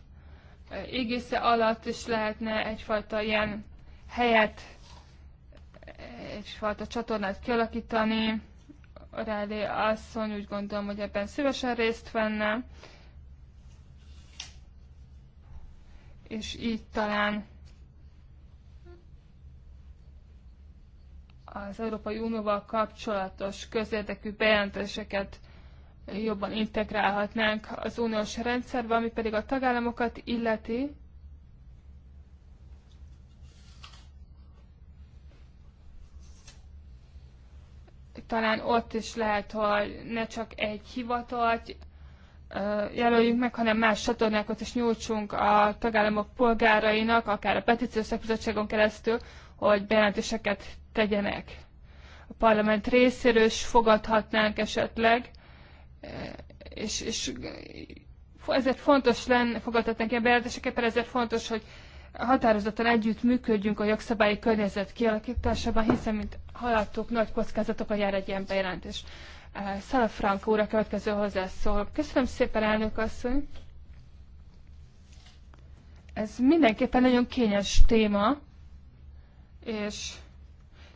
égésze alatt is lehetne egyfajta ilyen helyet, egyfajta csatornát kialakítani. Ráli asszony úgy gondolom, hogy ebben szívesen részt venne, és így talán az Európai Unióval kapcsolatos közérdekű bejelentéseket jobban integrálhatnánk az uniós rendszerbe, ami pedig a tagállamokat illeti. Talán ott is lehet, hogy ne csak egy hivatalt jelöljünk meg, hanem más csatornákat is nyújtsunk a tagállamok polgárainak, akár a petíciós szakbizottságon keresztül, hogy bejelentéseket tegyenek. A parlament részéről is fogadhatnánk esetleg és, és ezért fontos lenne, fogadhatnánk ilyen bejelentéseket, ezért fontos, hogy határozottan együtt működjünk a jogszabályi környezet kialakításában, hiszen, mint hallottuk, nagy kockázatokkal jár egy ilyen bejelentés. Eh, Szala Frank úr a következő hozzászól. Köszönöm szépen, elnök asszony! Ez mindenképpen nagyon kényes téma, és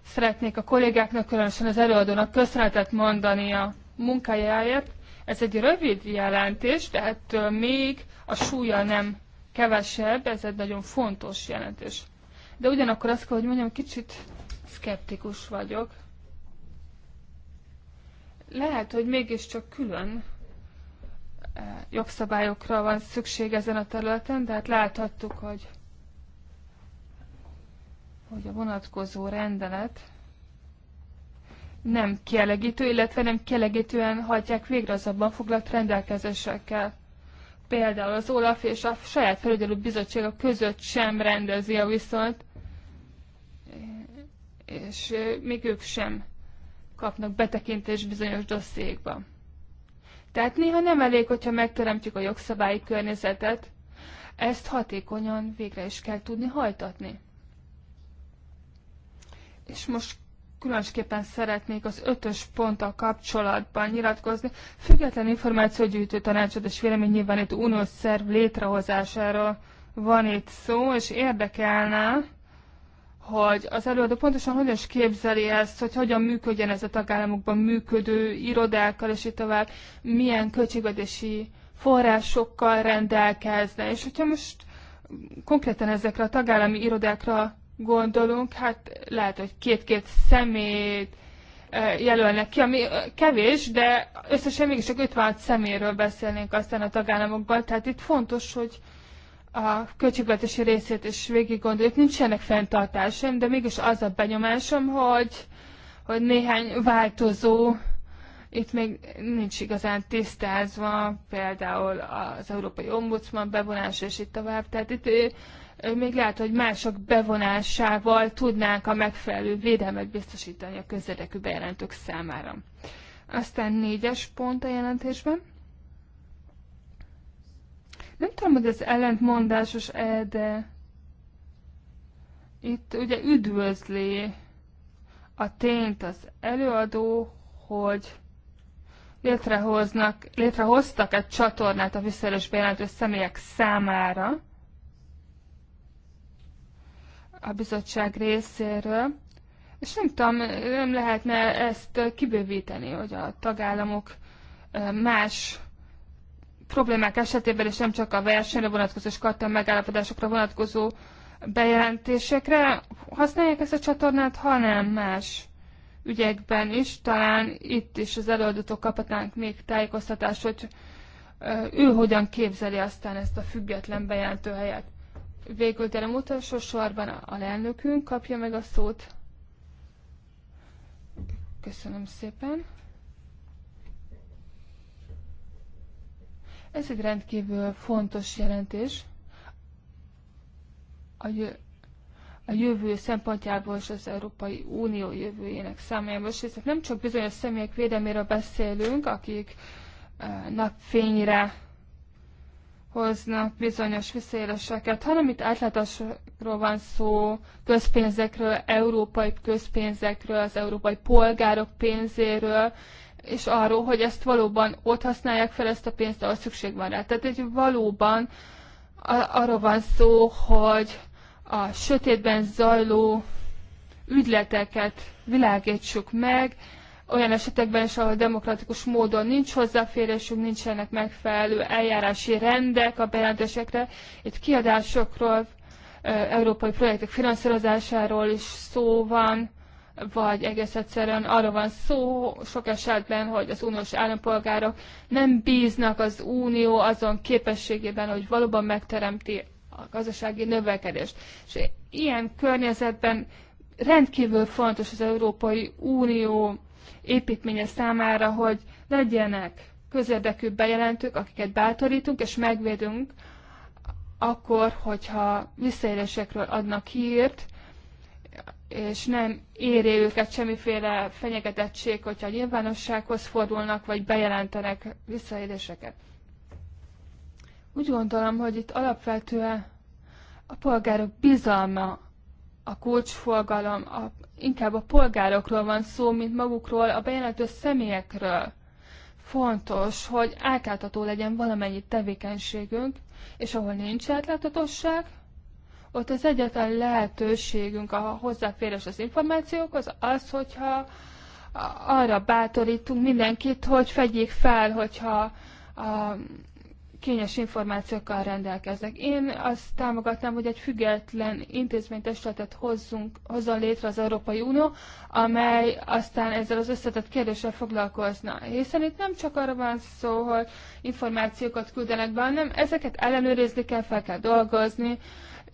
szeretnék a kollégáknak, különösen az előadónak köszönetet mondani a munkájáért, ez egy rövid jelentés, tehát még a súlya nem kevesebb, ez egy nagyon fontos jelentés. De ugyanakkor azt kell, hogy mondjam, kicsit szkeptikus vagyok. Lehet, hogy mégiscsak külön jogszabályokra van szükség ezen a területen, de hát láthattuk, hogy, hogy a vonatkozó rendelet nem kielegítő, illetve nem kielegítően hagyják végre az abban foglalt rendelkezésekkel. Például az Olaf és a saját felügyelő bizottsága között sem rendezi a viszont, és még ők sem kapnak betekintést bizonyos dosszékba. Tehát néha nem elég, hogyha megteremtjük a jogszabályi környezetet, ezt hatékonyan végre is kell tudni hajtatni. És most különösképpen szeretnék az ötös ponttal kapcsolatban nyilatkozni. Független információgyűjtő tanácsod és itt uniós szerv létrehozásáról van itt szó, és érdekelne, hogy az előadó pontosan hogyan is képzeli ezt, hogy hogyan működjen ez a tagállamokban működő irodákkal, és így tovább, milyen költségvetési forrásokkal rendelkezne. És hogyha most konkrétan ezekre a tagállami irodákra gondolunk, hát lehet, hogy két-két szemét jelölnek ki, ami kevés, de összesen mégis csak 56 szeméről beszélnénk aztán a tagállamokban, tehát itt fontos, hogy a költségvetési részét is végig gondoljuk. Nincsenek fenntartásaim, de mégis az a benyomásom, hogy, hogy néhány változó itt még nincs igazán tisztázva, például az Európai Ombudsman bevonása és itt tovább. Tehát itt még lehet, hogy mások bevonásával tudnánk a megfelelő védelmet biztosítani a közérdekű bejelentők számára. Aztán négyes pont a jelentésben. Nem tudom, hogy ez ellentmondásos-e, de itt ugye üdvözli a tényt az előadó, hogy létrehoznak, létrehoztak egy csatornát a visszaélős bejelentő személyek számára, a bizottság részéről, és nem tudom, nem lehetne ezt kibővíteni, hogy a tagállamok más problémák esetében, és nem csak a versenyre vonatkozó és kattam megállapodásokra vonatkozó bejelentésekre használják ezt a csatornát, hanem más ügyekben is. Talán itt is az előadótól kaphatnánk még tájékoztatást, hogy ő hogyan képzeli aztán ezt a független bejelentő helyet. Végül, de nem utolsó sorban a lelnökünk kapja meg a szót. Köszönöm szépen. Ez egy rendkívül fontos jelentés. A, a jövő szempontjából és az Európai Unió jövőjének számájából, és nem csak bizonyos személyek védelméről beszélünk, akik eh, napfényre hoznak bizonyos visszaéléseket, hanem itt átlátásról van szó, közpénzekről, európai közpénzekről, az európai polgárok pénzéről, és arról, hogy ezt valóban ott használják fel ezt a pénzt, ahol szükség van rá. Tehát egy valóban arról van szó, hogy a sötétben zajló ügyleteket világítsuk meg, olyan esetekben is, ahol demokratikus módon nincs hozzáférésünk, nincsenek megfelelő eljárási rendek a bejelentésekre. Itt kiadásokról, európai projektek finanszírozásáról is szó van, vagy egész egyszerűen arról van szó sok esetben, hogy az uniós állampolgárok nem bíznak az unió azon képességében, hogy valóban megteremti a gazdasági növekedést. És ilyen környezetben rendkívül fontos az Európai Unió építménye számára, hogy legyenek közérdekű bejelentők, akiket bátorítunk és megvédünk, akkor, hogyha visszaélésekről adnak hírt, és nem éri őket semmiféle fenyegetettség, hogyha a nyilvánossághoz fordulnak, vagy bejelentenek visszaéléseket. Úgy gondolom, hogy itt alapvetően a polgárok bizalma a kulcsforgalom, a, inkább a polgárokról van szó, mint magukról, a bejelentő személyekről. Fontos, hogy átlátható legyen valamennyi tevékenységünk, és ahol nincs átláthatóság, ott az egyetlen lehetőségünk a hozzáférés az információkhoz az, hogyha arra bátorítunk mindenkit, hogy fedjék fel, hogyha a, kényes információkkal rendelkeznek. Én azt támogatnám, hogy egy független intézménytestületet hozzunk, hozzon létre az Európai Unió, amely aztán ezzel az összetett kérdéssel foglalkozna. Hiszen itt nem csak arra van szó, hogy információkat küldenek be, hanem ezeket ellenőrizni kell, fel kell dolgozni,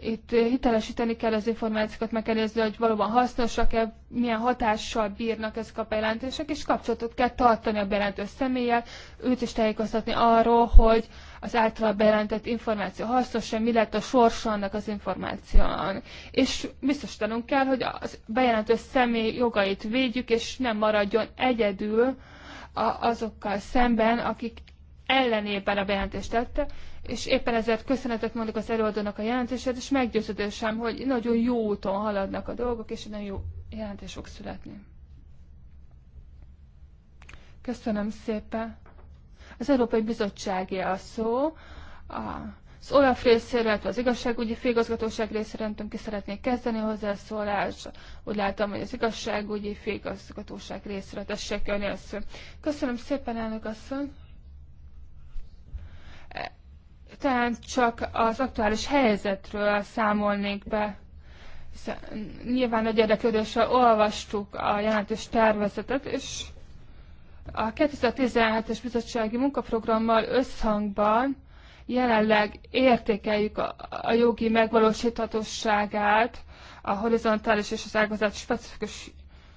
itt hitelesíteni kell az információkat, meg kell nézni, hogy valóban hasznosak-e, milyen hatással bírnak ezek a bejelentések, és kapcsolatot kell tartani a bejelentő személlyel, őt is tájékoztatni arról, hogy az általa bejelentett információ hasznos mi lett a sorsa annak az információnak. És biztosítanunk kell, hogy az bejelentő személy jogait védjük, és nem maradjon egyedül a, azokkal szemben, akik ellenében a bejelentést tette, és éppen ezért köszönetet mondok az előadónak a jelentését, és meggyőződésem, hogy nagyon jó úton haladnak a dolgok, és nagyon jó jelentés fog születni. Köszönöm szépen! Az Európai Bizottságé a szó, az OLAF részéről, illetve az igazságügyi főigazgatóság részéről, nem ki szeretnék kezdeni a hozzászólás. Úgy látom, hogy az igazságügyi főigazgatóság részéről tessék jönni a szó. Köszönöm szépen, elnök asszony! Talán csak az aktuális helyzetről számolnék be hiszen nyilván nagy érdeklődéssel olvastuk a jelentős tervezetet, és a 2017-es bizottsági munkaprogrammal összhangban jelenleg értékeljük a, a jogi megvalósíthatóságát a horizontális és az ágazat specifikus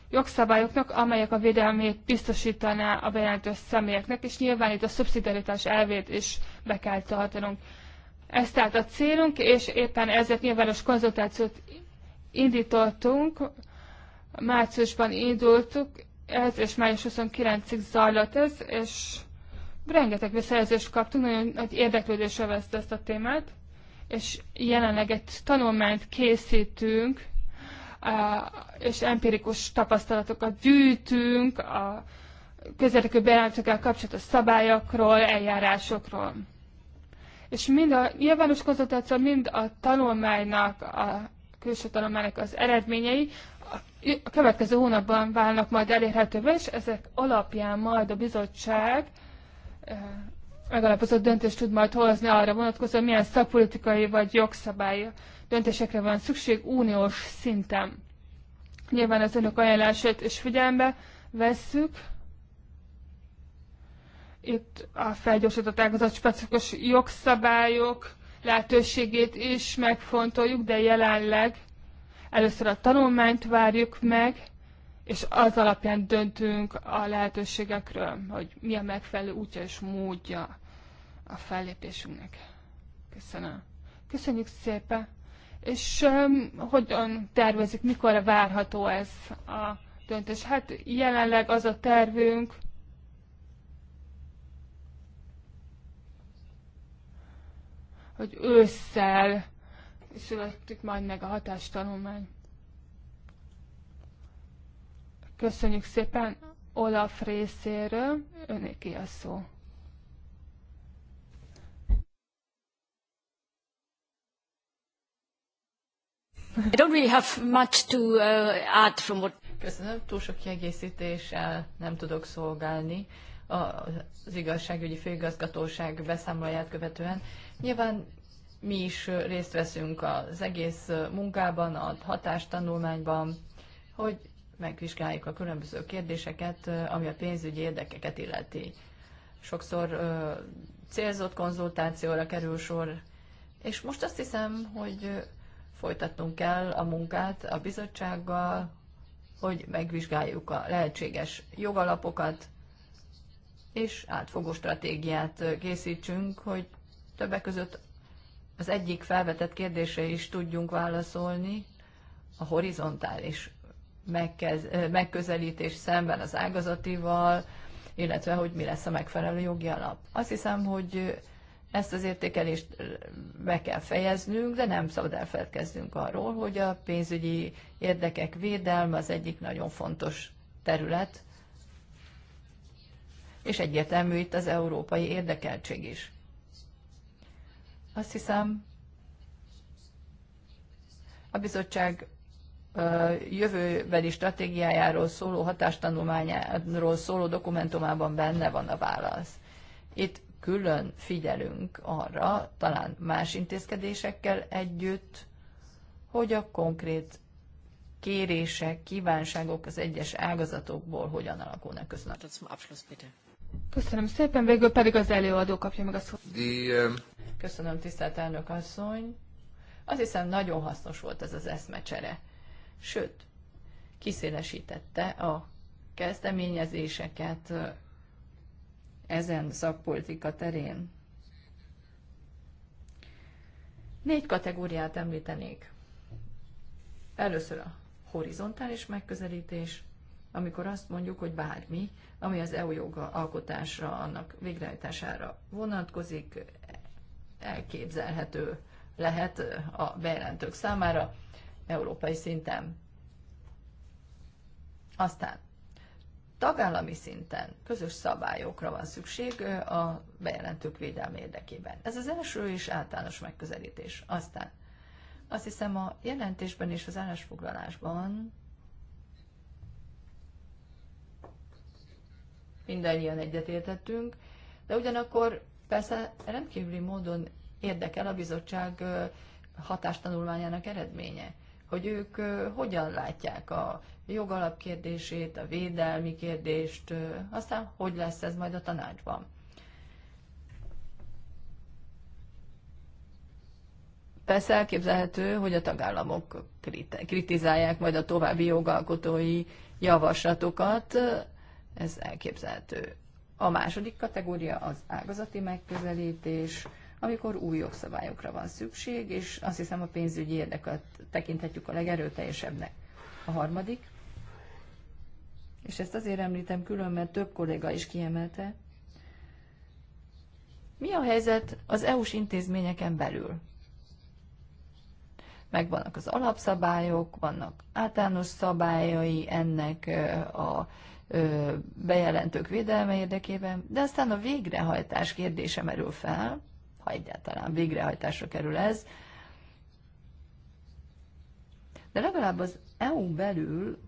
jogszabályoknak, amelyek a védelmét biztosítaná a bejelentős személyeknek, és nyilván itt a szubszidiaritás elvét is be kell tartanunk. Ez tehát a célunk, és éppen ezért nyilvános konzultációt indítottunk, márciusban indultuk, ez, és május 29-ig zajlott ez, és rengeteg visszajelzést kaptunk, nagyon nagy érdeklődésre veszt ezt a témát, és jelenleg egy tanulmányt készítünk, és empirikus tapasztalatokat gyűjtünk a közérdekű bejelentőkkel kapcsolatos szabályokról, eljárásokról. És mind a nyilvános konzultáció, mind a tanulmánynak, a külső tanulmánynak az eredményei a következő hónapban válnak majd elérhetővé, és ezek alapján majd a bizottság eh, megalapozott döntést tud majd hozni arra vonatkozóan, milyen szakpolitikai vagy jogszabályi döntésekre van szükség uniós szinten. Nyilván az önök ajánlását is figyelembe vesszük. Itt a felgyorsított ágazat specifikus jogszabályok lehetőségét is megfontoljuk, de jelenleg Először a tanulmányt várjuk meg, és az alapján döntünk a lehetőségekről, hogy mi a megfelelő útja és módja a fellépésünknek. Köszönöm. Köszönjük szépen. És um, hogyan tervezik, mikor várható ez a döntés? Hát jelenleg az a tervünk, hogy ősszel születik majd meg a hatástanulmány. Köszönjük szépen Olaf részéről, önéki a szó. I don't really have much to uh, add from what... Köszönöm, túl sok kiegészítéssel nem tudok szolgálni az igazságügyi főigazgatóság beszámolóját követően. Nyilván mi is részt veszünk az egész munkában, a hatástanulmányban, hogy megvizsgáljuk a különböző kérdéseket, ami a pénzügyi érdekeket illeti. Sokszor célzott konzultációra kerül sor, és most azt hiszem, hogy folytatnunk kell a munkát a bizottsággal, hogy megvizsgáljuk a lehetséges jogalapokat, és átfogó stratégiát készítsünk, hogy többek között az egyik felvetett kérdése is tudjunk válaszolni, a horizontális megkez, megközelítés szemben az ágazatival, illetve hogy mi lesz a megfelelő jogi alap. Azt hiszem, hogy ezt az értékelést be kell fejeznünk, de nem szabad elfeledkeznünk arról, hogy a pénzügyi érdekek védelme az egyik nagyon fontos terület, és egyértelmű itt az európai érdekeltség is. Azt hiszem, a bizottság jövőbeli stratégiájáról szóló hatástanulmányáról szóló dokumentumában benne van a válasz. Itt külön figyelünk arra, talán más intézkedésekkel együtt, hogy a konkrét kérések, kívánságok az egyes ágazatokból hogyan alakulnak. Köszönöm. Köszönöm szépen, végül pedig az előadó kapja meg a szót. Um, Köszönöm, tisztelt elnök asszony. Azt hiszem, nagyon hasznos volt ez az eszmecsere. Sőt, kiszélesítette a kezdeményezéseket uh, ezen szakpolitika terén. Négy kategóriát említenék. Először a horizontális megközelítés, amikor azt mondjuk, hogy bármi, ami az EU joga alkotásra, annak végrehajtására vonatkozik, elképzelhető lehet a bejelentők számára európai szinten. Aztán tagállami szinten közös szabályokra van szükség a bejelentők védelme érdekében. Ez az első és általános megközelítés. Aztán azt hiszem a jelentésben és az állásfoglalásban mindannyian egyetértettünk, de ugyanakkor persze rendkívüli módon érdekel a bizottság hatástanulmányának eredménye, hogy ők hogyan látják a jogalap kérdését, a védelmi kérdést, aztán hogy lesz ez majd a tanácsban. Persze elképzelhető, hogy a tagállamok kritizálják majd a további jogalkotói javaslatokat, ez elképzelhető. A második kategória az ágazati megközelítés, amikor új jogszabályokra van szükség, és azt hiszem a pénzügyi érdeket tekinthetjük a legerőteljesebbnek. A harmadik, és ezt azért említem külön, mert több kolléga is kiemelte, mi a helyzet az EU-s intézményeken belül? Megvannak az alapszabályok, vannak általános szabályai ennek a bejelentők védelme érdekében, de aztán a végrehajtás kérdése merül fel, ha egyáltalán végrehajtásra kerül ez, de legalább az EU belül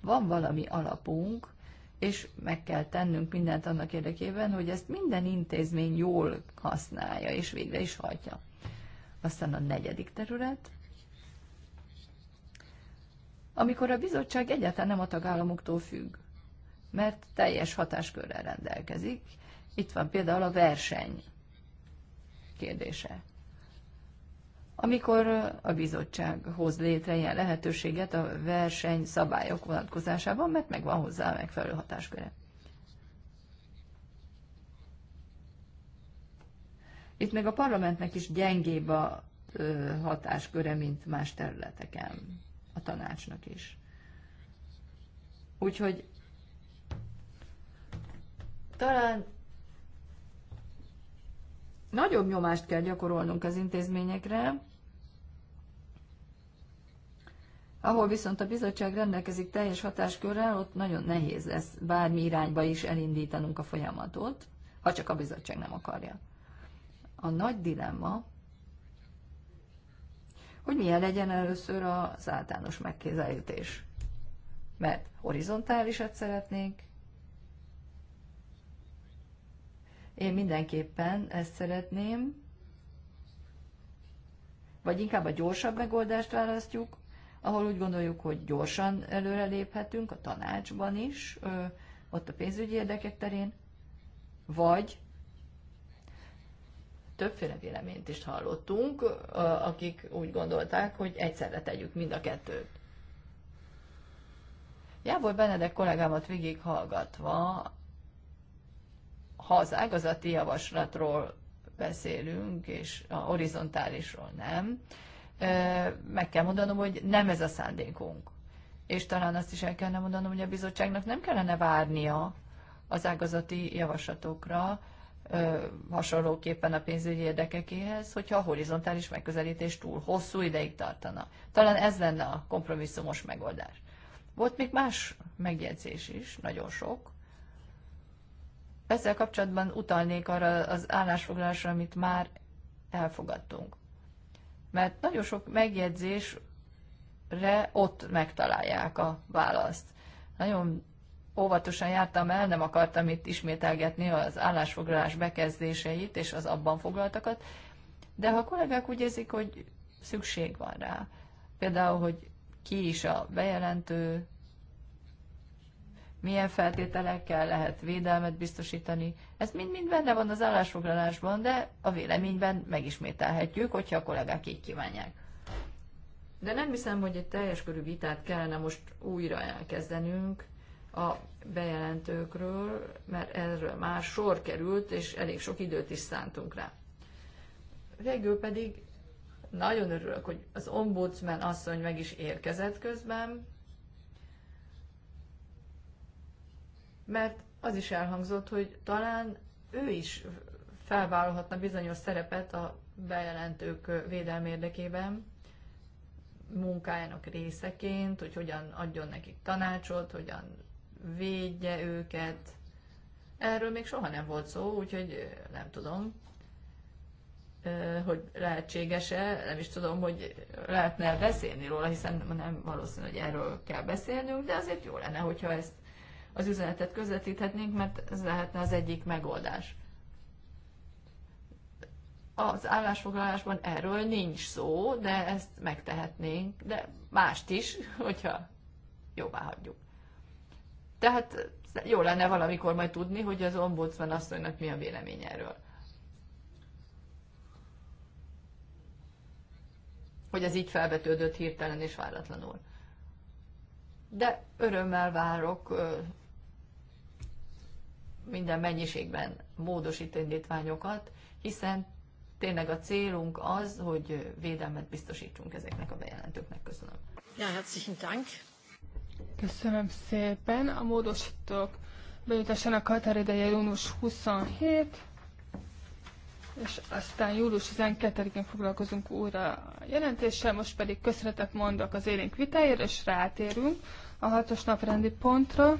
van valami alapunk, és meg kell tennünk mindent annak érdekében, hogy ezt minden intézmény jól használja és végre is hajtja. Aztán a negyedik terület, amikor a bizottság egyáltalán nem a tagállamoktól függ mert teljes hatáskörrel rendelkezik. Itt van például a verseny kérdése. Amikor a bizottság hoz létre ilyen lehetőséget a verseny szabályok vonatkozásában, mert megvan hozzá a megfelelő hatásköre. Itt még a parlamentnek is gyengébb a hatásköre, mint más területeken, a tanácsnak is. Úgyhogy talán nagyobb nyomást kell gyakorolnunk az intézményekre, ahol viszont a bizottság rendelkezik teljes hatáskörrel, ott nagyon nehéz lesz bármi irányba is elindítanunk a folyamatot, ha csak a bizottság nem akarja. A nagy dilemma, hogy milyen legyen először az általános megkézelítés. Mert horizontálisat szeretnénk, Én mindenképpen ezt szeretném, vagy inkább a gyorsabb megoldást választjuk, ahol úgy gondoljuk, hogy gyorsan előreléphetünk a tanácsban is, ott a pénzügyi érdekek terén, vagy többféle véleményt is hallottunk, akik úgy gondolták, hogy egyszerre tegyük mind a kettőt. Jábor Benedek kollégámat végighallgatva ha az ágazati javaslatról beszélünk, és a horizontálisról nem, meg kell mondanom, hogy nem ez a szándékunk. És talán azt is el kellene mondanom, hogy a bizottságnak nem kellene várnia az ágazati javaslatokra, hasonlóképpen a pénzügyi érdekekéhez, hogyha a horizontális megközelítés túl hosszú ideig tartana. Talán ez lenne a kompromisszumos megoldás. Volt még más megjegyzés is, nagyon sok. Ezzel kapcsolatban utalnék arra az állásfoglalásra, amit már elfogadtunk. Mert nagyon sok megjegyzésre ott megtalálják a választ. Nagyon óvatosan jártam el, nem akartam itt ismételgetni az állásfoglalás bekezdéseit és az abban foglaltakat, de ha a kollégák úgy érzik, hogy szükség van rá, például, hogy ki is a bejelentő, milyen feltételekkel lehet védelmet biztosítani. Ez mind-mind benne van az állásfoglalásban, de a véleményben megismételhetjük, hogyha a kollégák így kívánják. De nem hiszem, hogy egy teljes körű vitát kellene most újra elkezdenünk a bejelentőkről, mert erről már sor került, és elég sok időt is szántunk rá. Végül pedig nagyon örülök, hogy az ombudsman asszony meg is érkezett közben, mert az is elhangzott, hogy talán ő is felvállalhatna bizonyos szerepet a bejelentők védelmi érdekében, munkájának részeként, hogy hogyan adjon nekik tanácsot, hogyan védje őket. Erről még soha nem volt szó, úgyhogy nem tudom, hogy lehetséges-e, nem is tudom, hogy lehetne beszélni róla, hiszen nem valószínű, hogy erről kell beszélnünk, de azért jó lenne, hogyha ezt az üzenetet közvetíthetnénk, mert ez lehetne az egyik megoldás. Az állásfoglalásban erről nincs szó, de ezt megtehetnénk, de mást is, hogyha jobbá hagyjuk. Tehát jó lenne valamikor majd tudni, hogy az ombudsman asszonynak mi a vélemény erről. Hogy ez így felvetődött hirtelen és váratlanul. De örömmel várok minden mennyiségben módosít indítványokat, hiszen tényleg a célunk az, hogy védelmet biztosítsunk ezeknek a bejelentőknek. Köszönöm. Ja, herzlichen Dank. Köszönöm szépen. A módosítók bejutásának határideje június 27, és aztán július 12-én foglalkozunk újra a jelentéssel, most pedig köszönetet mondok az élénk vitáért, és rátérünk a hatos naprendi pontra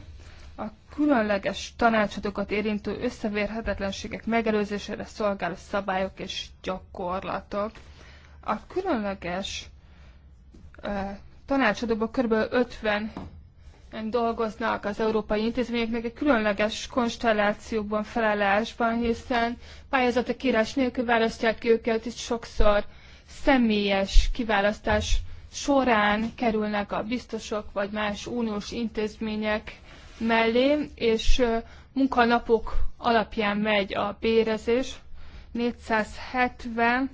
a különleges tanácsadókat érintő összevérhetetlenségek megelőzésére szolgáló szabályok és gyakorlatok. A különleges e, tanácsadóban kb. 50 dolgoznak az európai intézményeknek egy különleges konstellációban, felállásban, hiszen pályázati kírás nélkül választják ki őket, és sokszor személyes kiválasztás során kerülnek a biztosok vagy más uniós intézmények mellé, és munkanapok alapján megy a bérezés, 470-től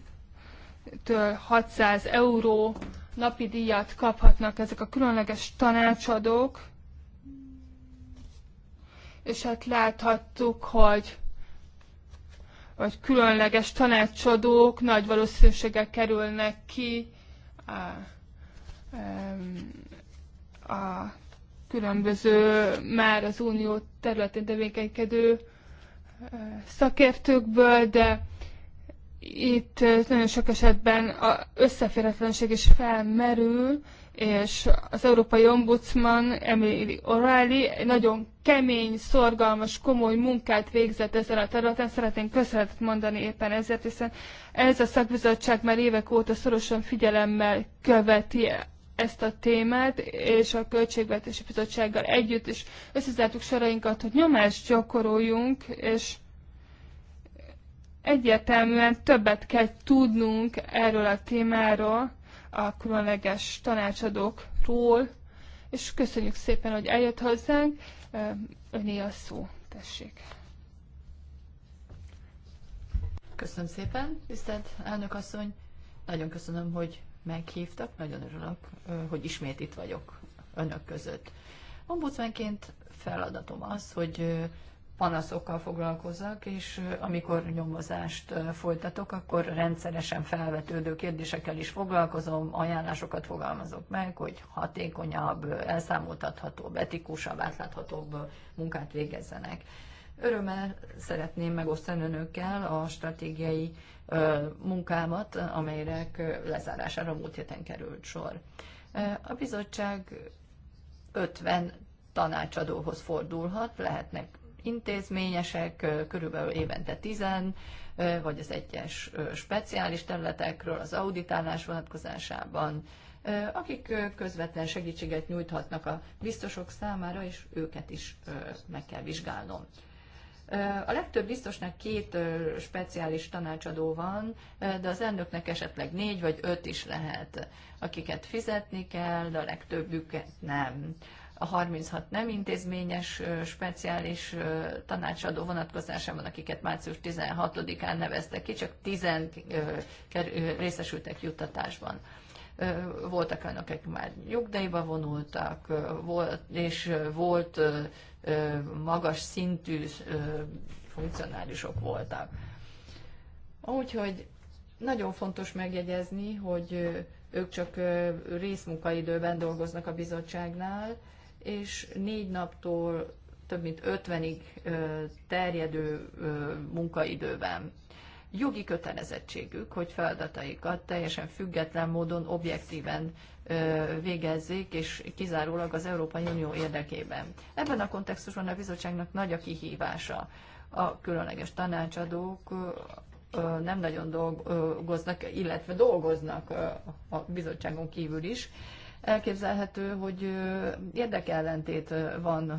600 euró napi díjat kaphatnak ezek a különleges tanácsadók, és hát láthattuk, hogy vagy különleges tanácsadók nagy valószínűséggel kerülnek ki a, a, a különböző már az unió területén tevékenykedő eh, szakértőkből, de itt eh, nagyon sok esetben a összeférhetetlenség is felmerül, és az Európai Ombudsman Emily O'Reilly egy nagyon kemény, szorgalmas, komoly munkát végzett ezen a területen. Szeretném köszönetet mondani éppen ezért, hiszen ez a szakbizottság már évek óta szorosan figyelemmel követi ezt a témát, és a Költségvetési Bizottsággal együtt, és összezártuk sorainkat, hogy nyomást gyakoroljunk, és egyértelműen többet kell tudnunk erről a témáról, a különleges tanácsadókról, és köszönjük szépen, hogy eljött hozzánk. Öné a szó, tessék. Köszönöm szépen, tisztelt elnök asszony. Nagyon köszönöm, hogy meghívtak. Nagyon örülök, hogy ismét itt vagyok önök között. Ombudsmanként feladatom az, hogy panaszokkal foglalkozzak, és amikor nyomozást folytatok, akkor rendszeresen felvetődő kérdésekkel is foglalkozom, ajánlásokat fogalmazok meg, hogy hatékonyabb, elszámoltathatóbb, etikusabb, átláthatóbb munkát végezzenek. Örömmel szeretném megosztani önökkel a stratégiai munkámat, amelynek lezárására múlt héten került sor. A bizottság 50 tanácsadóhoz fordulhat, lehetnek intézményesek, körülbelül évente 10, vagy az egyes speciális területekről, az auditálás vonatkozásában, akik közvetlen segítséget nyújthatnak a biztosok számára, és őket is meg kell vizsgálnom. A legtöbb biztosnak két speciális tanácsadó van, de az elnöknek esetleg négy vagy öt is lehet, akiket fizetni kell, de a legtöbbüket nem. A 36 nem intézményes speciális tanácsadó vonatkozásában, akiket március 16-án neveztek ki, csak 10 részesültek juttatásban voltak olyanok, akik már nyugdíjba vonultak, volt, és volt magas szintű funkcionálisok voltak. Úgyhogy nagyon fontos megjegyezni, hogy ők csak részmunkaidőben dolgoznak a bizottságnál, és négy naptól több mint 50-ig terjedő munkaidőben jogi kötelezettségük, hogy feladataikat teljesen független módon, objektíven végezzék, és kizárólag az Európai Unió érdekében. Ebben a kontextusban a bizottságnak nagy a kihívása. A különleges tanácsadók nem nagyon dolgoznak, illetve dolgoznak a bizottságon kívül is, elképzelhető, hogy érdekellentét van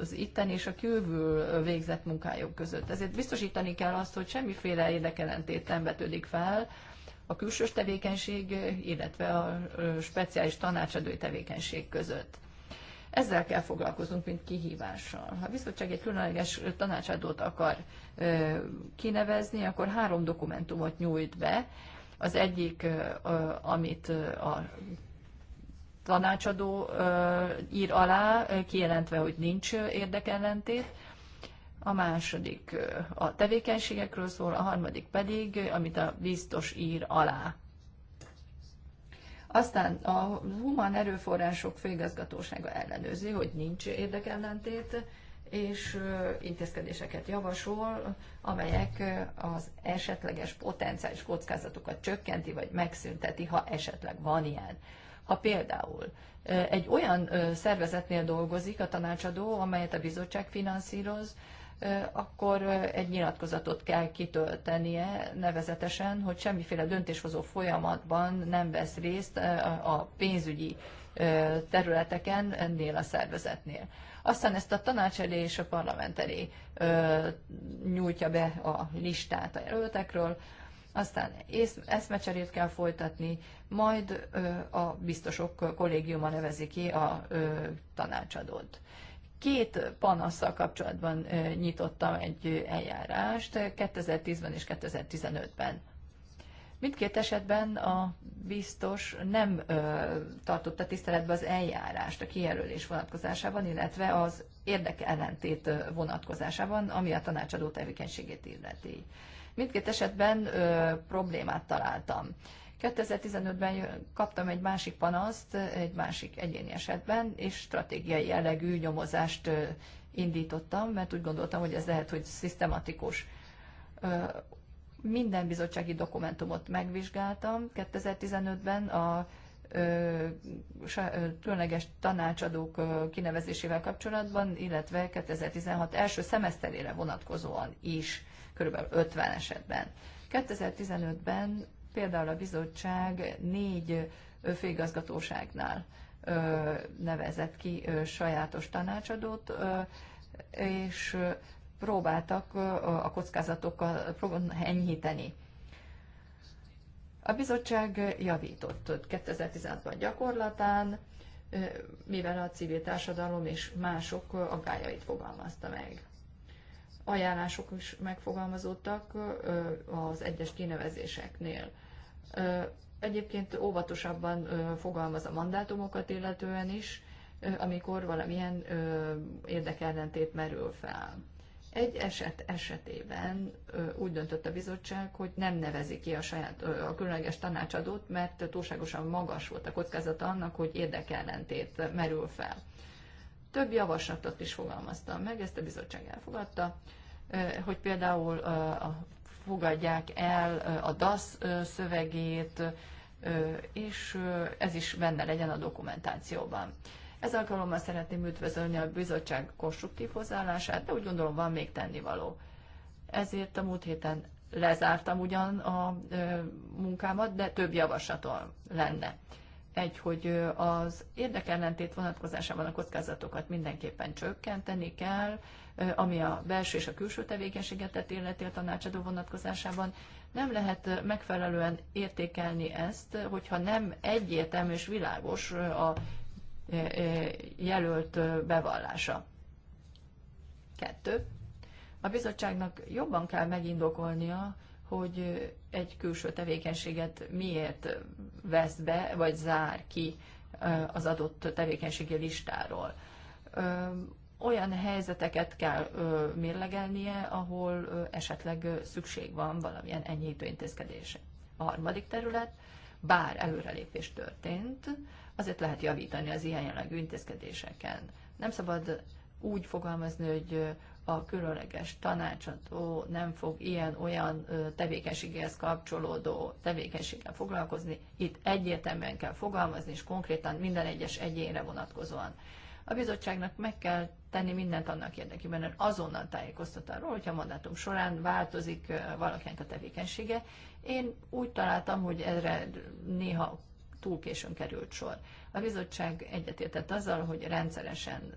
az itten és a külvül végzett munkájuk között. Ezért biztosítani kell azt, hogy semmiféle érdekellentét nem vetődik fel a külsős tevékenység, illetve a speciális tanácsadói tevékenység között. Ezzel kell foglalkoznunk, mint kihívással. Ha a bizottság egy különleges tanácsadót akar ö, kinevezni, akkor három dokumentumot nyújt be. Az egyik, ö, amit a tanácsadó ír alá, kijelentve, hogy nincs érdekellentét. A második a tevékenységekről szól, a harmadik pedig, amit a biztos ír alá. Aztán a Human Erőforrások Főigazgatósága ellenőrzi, hogy nincs érdekellentét, és intézkedéseket javasol, amelyek az esetleges potenciális kockázatokat csökkenti, vagy megszünteti, ha esetleg van ilyen. Ha például egy olyan szervezetnél dolgozik a tanácsadó, amelyet a bizottság finanszíroz, akkor egy nyilatkozatot kell kitöltenie, nevezetesen, hogy semmiféle döntéshozó folyamatban nem vesz részt a pénzügyi területeken ennél a szervezetnél. Aztán ezt a tanács elé és a parlament elé nyújtja be a listát a jelöltekről, aztán ész, eszmecserét kell folytatni, majd ö, a biztosok kollégiuma nevezi ki a ö, tanácsadót. Két panaszsal kapcsolatban ö, nyitottam egy eljárást 2010-ben és 2015-ben. Mindkét esetben a biztos nem ö, tartotta tiszteletbe az eljárást a kijelölés vonatkozásában, illetve az érdekellentét vonatkozásában, ami a tanácsadó tevékenységét illeti. Mindkét esetben ö, problémát találtam. 2015-ben kaptam egy másik panaszt, egy másik egyéni esetben, és stratégiai jellegű nyomozást indítottam, mert úgy gondoltam, hogy ez lehet, hogy szisztematikus. Minden bizottsági dokumentumot megvizsgáltam 2015-ben a különleges tanácsadók kinevezésével kapcsolatban, illetve 2016 első szemeszterére vonatkozóan is kb. 50 esetben. 2015-ben például a bizottság négy főigazgatóságnál nevezett ki sajátos tanácsadót, és próbáltak a kockázatokkal enyhíteni. A bizottság javított 2016-ban gyakorlatán, mivel a civil társadalom és mások aggájait fogalmazta meg ajánlások is megfogalmazódtak az egyes kinevezéseknél. Egyébként óvatosabban fogalmaz a mandátumokat illetően is, amikor valamilyen érdekellentét merül fel. Egy eset esetében úgy döntött a bizottság, hogy nem nevezi ki a, saját, a különleges tanácsadót, mert túlságosan magas volt a kockázata annak, hogy érdekellentét merül fel. Több javaslatot is fogalmaztam meg, ezt a bizottság elfogadta, hogy például fogadják el a DASZ szövegét, és ez is benne legyen a dokumentációban. Ez alkalommal szeretném üdvözölni a bizottság konstruktív hozzáállását, de úgy gondolom van még tennivaló. Ezért a múlt héten lezártam ugyan a munkámat, de több javaslatom lenne egy, hogy az érdekellentét vonatkozásában a kockázatokat mindenképpen csökkenteni kell, ami a belső és a külső tevékenységet illeti a tanácsadó vonatkozásában. Nem lehet megfelelően értékelni ezt, hogyha nem egyértelmű és világos a jelölt bevallása. Kettő. A bizottságnak jobban kell megindokolnia, hogy egy külső tevékenységet miért vesz be, vagy zár ki az adott tevékenységi listáról. Olyan helyzeteket kell mérlegelnie, ahol esetleg szükség van valamilyen enyhítő intézkedése. A harmadik terület, bár előrelépés történt, azért lehet javítani az ilyen jellegű intézkedéseken. Nem szabad úgy fogalmazni, hogy a különleges tanácsadó nem fog ilyen-olyan tevékenységhez kapcsolódó tevékenységgel foglalkozni. Itt egyértelműen kell fogalmazni, és konkrétan minden egyes egyénre vonatkozóan. A bizottságnak meg kell tenni mindent annak érdekében, hogy azonnal tájékoztat arról, hogyha a mandátum során változik valakinek a tevékenysége. Én úgy találtam, hogy erre néha túl későn került sor. A bizottság egyetértett azzal, hogy rendszeresen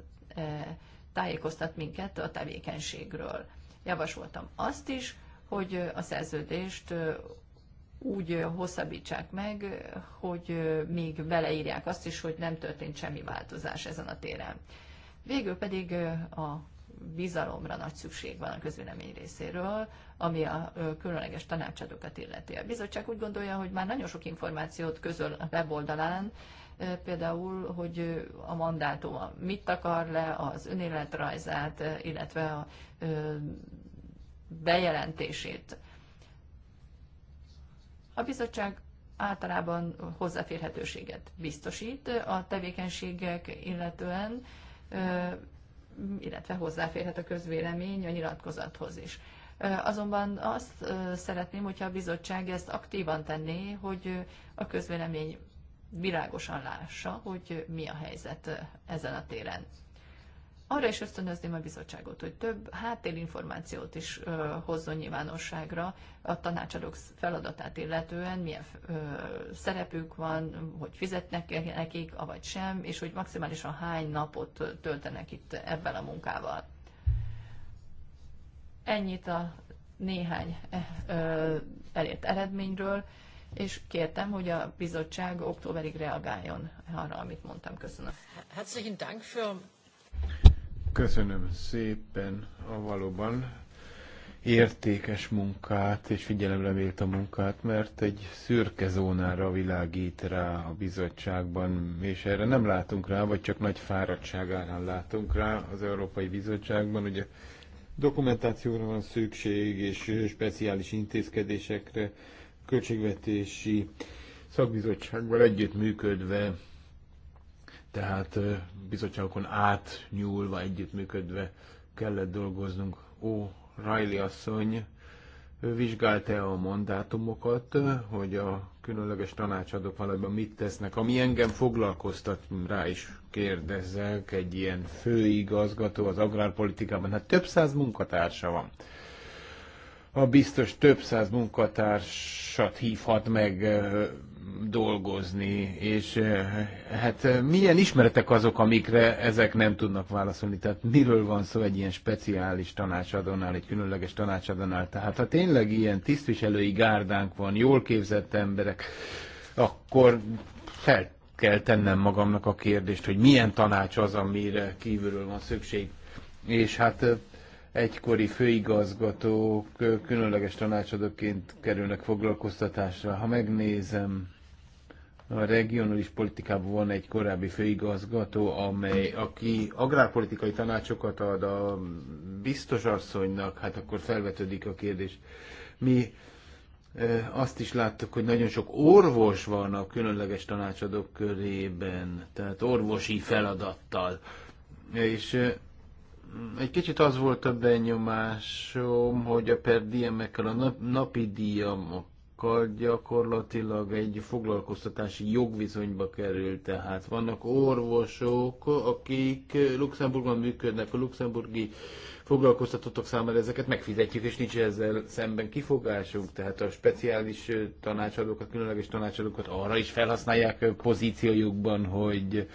tájékoztat minket a tevékenységről. Javasoltam azt is, hogy a szerződést úgy hosszabbítsák meg, hogy még beleírják azt is, hogy nem történt semmi változás ezen a téren. Végül pedig a bizalomra nagy szükség van a közvélemény részéről, ami a különleges tanácsadókat illeti. A bizottság úgy gondolja, hogy már nagyon sok információt közöl a weboldalán, például, hogy a mandátuma mit akar le, az önéletrajzát, illetve a bejelentését. A bizottság általában hozzáférhetőséget biztosít a tevékenységek illetően, illetve hozzáférhet a közvélemény a nyilatkozathoz is. Azonban azt szeretném, hogyha a bizottság ezt aktívan tenné, hogy a közvélemény világosan lássa, hogy mi a helyzet eh, ezen a téren. Arra is ösztönözném a bizottságot, hogy több háttérinformációt is ö, eh, hozzon nyilvánosságra a tanácsadók feladatát illetően, milyen ö, eh, szerepük van, hogy fizetnek -e nekik, avagy sem, és hogy maximálisan hány napot töltenek itt ebben a munkával. Ennyit a néhány ö, elért eredményről és kértem, hogy a bizottság októberig reagáljon arra, amit mondtam. Köszönöm. Herzlichen Dank für... Köszönöm szépen a valóban értékes munkát és figyelemre vélt a munkát, mert egy szürke zónára világít rá a bizottságban, és erre nem látunk rá, vagy csak nagy fáradtság árán látunk rá az Európai Bizottságban. Ugye dokumentációra van szükség, és speciális intézkedésekre, költségvetési szakbizottságban együttműködve, tehát bizottságokon átnyúlva, együttműködve kellett dolgoznunk. Ó, Riley asszony vizsgálta a mandátumokat, hogy a különleges tanácsadók valójában mit tesznek. Ami engem foglalkoztat, rá is kérdezzek, egy ilyen főigazgató az agrárpolitikában, hát több száz munkatársa van a biztos több száz munkatársat hívhat meg dolgozni, és hát milyen ismeretek azok, amikre ezek nem tudnak válaszolni, tehát miről van szó egy ilyen speciális tanácsadónál, egy különleges tanácsadónál, tehát ha tényleg ilyen tisztviselői gárdánk van, jól képzett emberek, akkor fel kell tennem magamnak a kérdést, hogy milyen tanács az, amire kívülről van szükség. És hát egykori főigazgatók különleges tanácsadóként kerülnek foglalkoztatásra. Ha megnézem, a regionális politikában van egy korábbi főigazgató, amely, aki agrárpolitikai tanácsokat ad a biztos asszonynak, hát akkor felvetődik a kérdés. Mi azt is láttuk, hogy nagyon sok orvos van a különleges tanácsadók körében, tehát orvosi feladattal. És egy kicsit az volt a benyomásom, hogy a per diemekkel, a napi díjamokkal gyakorlatilag egy foglalkoztatási jogviszonyba került. Tehát vannak orvosok, akik Luxemburgban működnek, a luxemburgi foglalkoztatottak számára ezeket megfizetjük, és nincs ezzel szemben kifogásunk. Tehát a speciális tanácsadókat, különleges tanácsadókat arra is felhasználják pozíciójukban, hogy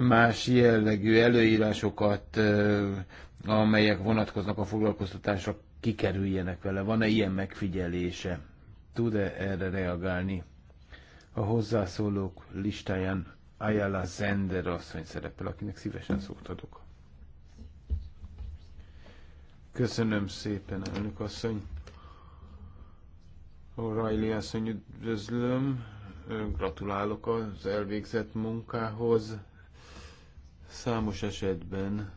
más jellegű előírásokat, amelyek vonatkoznak a foglalkoztatásra, kikerüljenek vele? Van-e ilyen megfigyelése? Tud-e erre reagálni? A hozzászólók listáján Ayala Zender asszony szerepel, akinek szívesen szót adok. Köszönöm szépen, elnök asszony. Rajli asszony, üdvözlöm. Gratulálok az elvégzett munkához. Számos esetben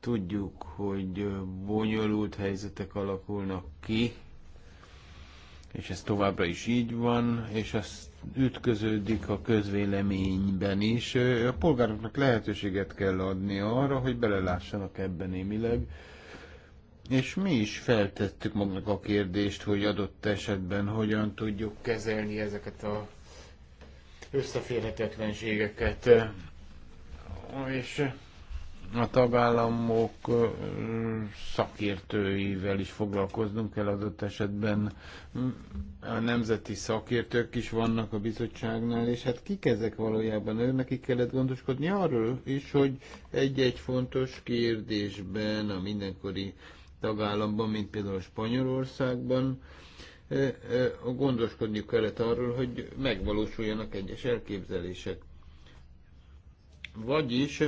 tudjuk, hogy bonyolult helyzetek alakulnak ki, és ez továbbra is így van, és ez ütköződik a közvéleményben is. A polgároknak lehetőséget kell adni arra, hogy belelássanak ebben némileg. És mi is feltettük magnak a kérdést, hogy adott esetben hogyan tudjuk kezelni ezeket a összeférhetetlenségeket és a tagállamok szakértőivel is foglalkoznunk kell adott esetben. A nemzeti szakértők is vannak a bizottságnál, és hát kik ezek valójában? Őnek kellett gondoskodni arról is, hogy egy-egy fontos kérdésben a mindenkori tagállamban, mint például Spanyolországban, gondoskodniuk kellett arról, hogy megvalósuljanak egyes elképzelések vagyis,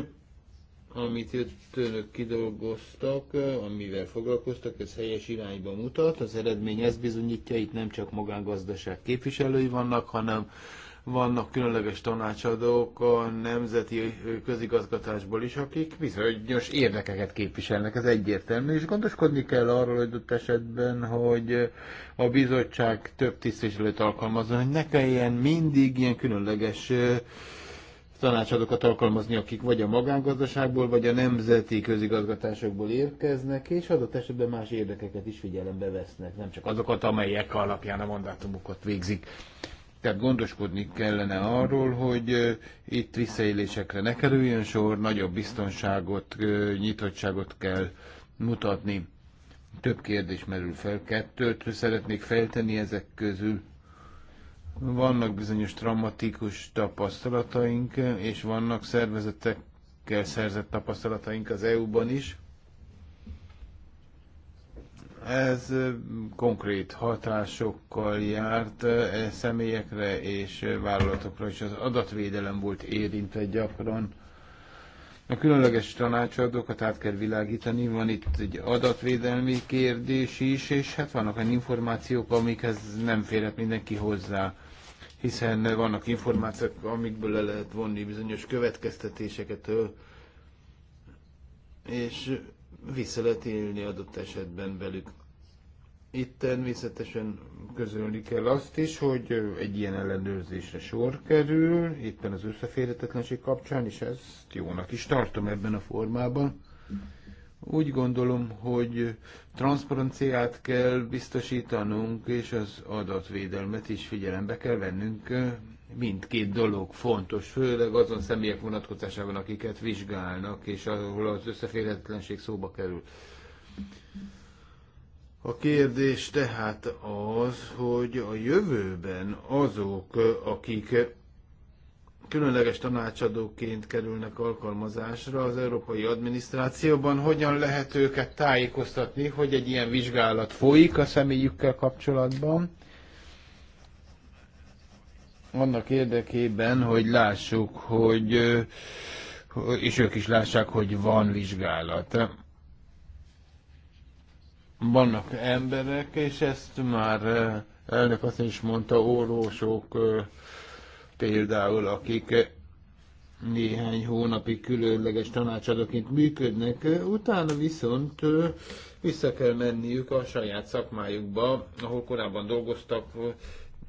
amit itt önök kidolgoztak, amivel foglalkoztak, ez helyes irányba mutat. Az eredmény ezt bizonyítja, itt nem csak magángazdaság képviselői vannak, hanem vannak különleges tanácsadók a nemzeti közigazgatásból is, akik bizonyos érdekeket képviselnek, ez egyértelmű, és gondoskodni kell arról adott esetben, hogy a bizottság több tisztviselőt alkalmazza, hogy ne kelljen mindig ilyen különleges tanácsadókat alkalmazni, akik vagy a magángazdaságból, vagy a nemzeti közigazgatásokból érkeznek, és adott esetben más érdekeket is figyelembe vesznek, nem csak azokat, amelyek alapján a mandátumokat végzik. Tehát gondoskodni kellene arról, hogy itt visszaélésekre ne kerüljön sor, nagyobb biztonságot, nyitottságot kell mutatni. Több kérdés merül fel, kettőt szeretnék feltenni ezek közül vannak bizonyos traumatikus tapasztalataink, és vannak szervezetekkel szerzett tapasztalataink az EU-ban is. Ez konkrét hatásokkal járt e személyekre és vállalatokra, és az adatvédelem volt érintve gyakran. A különleges tanácsadókat át kell világítani, van itt egy adatvédelmi kérdés is, és hát vannak olyan információk, amikhez nem férhet mindenki hozzá hiszen vannak információk, amikből le lehet vonni bizonyos következtetéseket, és vissza lehet élni adott esetben velük. Itt természetesen közölni kell azt is, hogy egy ilyen ellenőrzésre sor kerül, éppen az összeférhetetlenség kapcsán, és ezt jónak is tartom ebben a formában. Úgy gondolom, hogy transzparenciát kell biztosítanunk, és az adatvédelmet is figyelembe kell vennünk. Mindkét dolog fontos, főleg azon személyek vonatkozásában, akiket vizsgálnak, és ahol az összeférhetetlenség szóba kerül. A kérdés tehát az, hogy a jövőben azok, akik különleges tanácsadóként kerülnek alkalmazásra az európai adminisztrációban. Hogyan lehet őket tájékoztatni, hogy egy ilyen vizsgálat folyik a személyükkel kapcsolatban? Annak érdekében, hogy lássuk, hogy és ők is lássák, hogy van vizsgálat. Vannak emberek, és ezt már elnök azt is mondta, orvosok, például, akik eh, néhány hónapi különleges tanácsadóként működnek, eh, utána viszont eh, vissza kell menniük a saját szakmájukba, ahol korábban dolgoztak,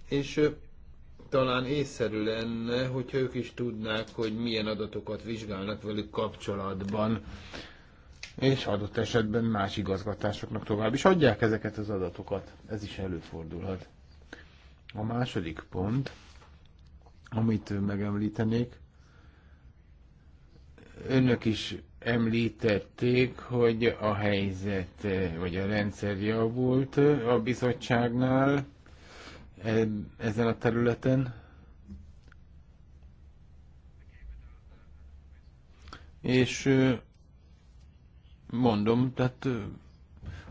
és talán észszerű lenne, hogy ők is tudnák, hogy milyen adatokat vizsgálnak velük kapcsolatban, és adott esetben más igazgatásoknak tovább is adják ezeket az adatokat. Ez is előfordulhat. A második pont amit megemlítenék. Önök is említették, hogy a helyzet vagy a rendszer javult a bizottságnál e- ezen a területen. És mondom, tehát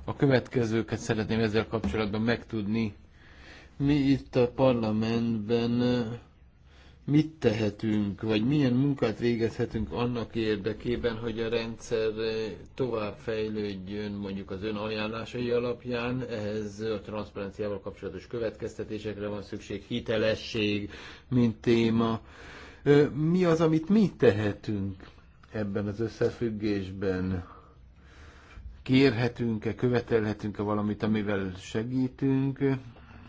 a következőket szeretném ezzel kapcsolatban megtudni. Mi itt a parlamentben mit tehetünk, vagy milyen munkát végezhetünk annak érdekében, hogy a rendszer tovább fejlődjön mondjuk az ön ajánlásai alapján, ehhez a transzparenciával kapcsolatos következtetésekre van szükség, hitelesség, mint téma. Mi az, amit mi tehetünk ebben az összefüggésben? Kérhetünk-e, követelhetünk-e valamit, amivel segítünk,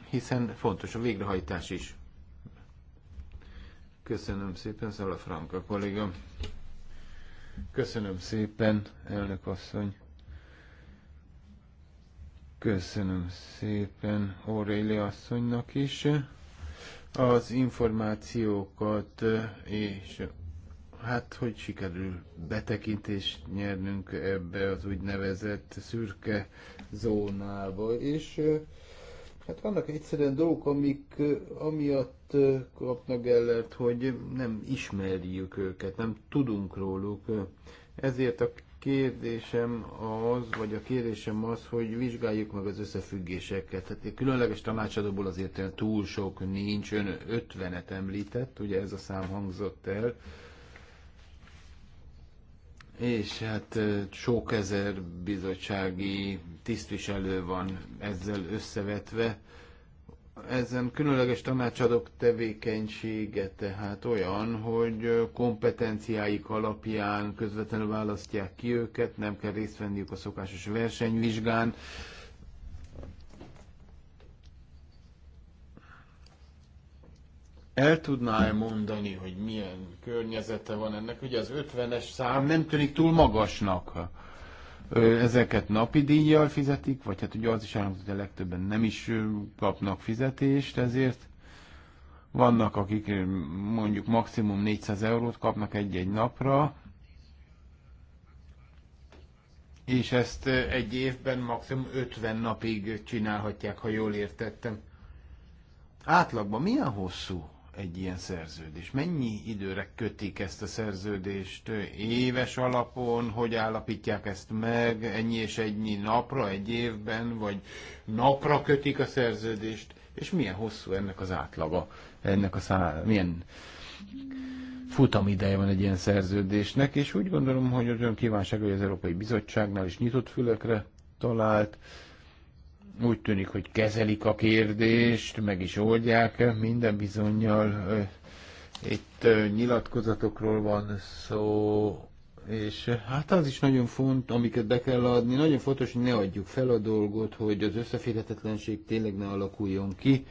hiszen fontos a végrehajtás is. Köszönöm szépen, Szala Franka kolléga. Köszönöm szépen, elnök asszony. Köszönöm szépen Auréli asszonynak is az információkat, és hát hogy sikerül betekintést nyernünk ebbe az úgynevezett szürke zónába, és Hát vannak egyszerűen dolgok, amik amiatt kapnak ellert, hogy nem ismerjük őket, nem tudunk róluk. Ezért a kérdésem az, vagy a kérdésem az, hogy vizsgáljuk meg az összefüggéseket. Tehát különleges tanácsadóból azért túl sok nincs, ön 50-et említett, ugye ez a szám hangzott el és hát sok ezer bizottsági tisztviselő van ezzel összevetve. Ezen különleges tanácsadók tevékenysége tehát olyan, hogy kompetenciáik alapján közvetlenül választják ki őket, nem kell részt venniük a szokásos versenyvizsgán, El tudná-e mondani, hogy milyen környezete van ennek? Ugye az 50-es szám nem tűnik túl magasnak. Ezeket napi díjjal fizetik, vagy hát ugye az is állam, hogy a legtöbben nem is kapnak fizetést, ezért vannak, akik mondjuk maximum 400 eurót kapnak egy-egy napra, és ezt egy évben maximum 50 napig csinálhatják, ha jól értettem. Átlagban milyen hosszú egy ilyen szerződés? Mennyi időre kötik ezt a szerződést? Éves alapon, hogy állapítják ezt meg? Ennyi és ennyi napra, egy évben, vagy napra kötik a szerződést? És milyen hosszú ennek az átlaga? Ennek a szá... milyen futamideje van egy ilyen szerződésnek, és úgy gondolom, hogy az olyan kívánság, hogy az Európai Bizottságnál is nyitott fülekre talált, úgy tűnik, hogy kezelik a kérdést, meg is oldják minden bizonyal. Itt nyilatkozatokról van szó, és hát az is nagyon font, amiket be kell adni. Nagyon fontos, hogy ne adjuk fel a dolgot, hogy az összeférhetetlenség tényleg ne alakuljon ki.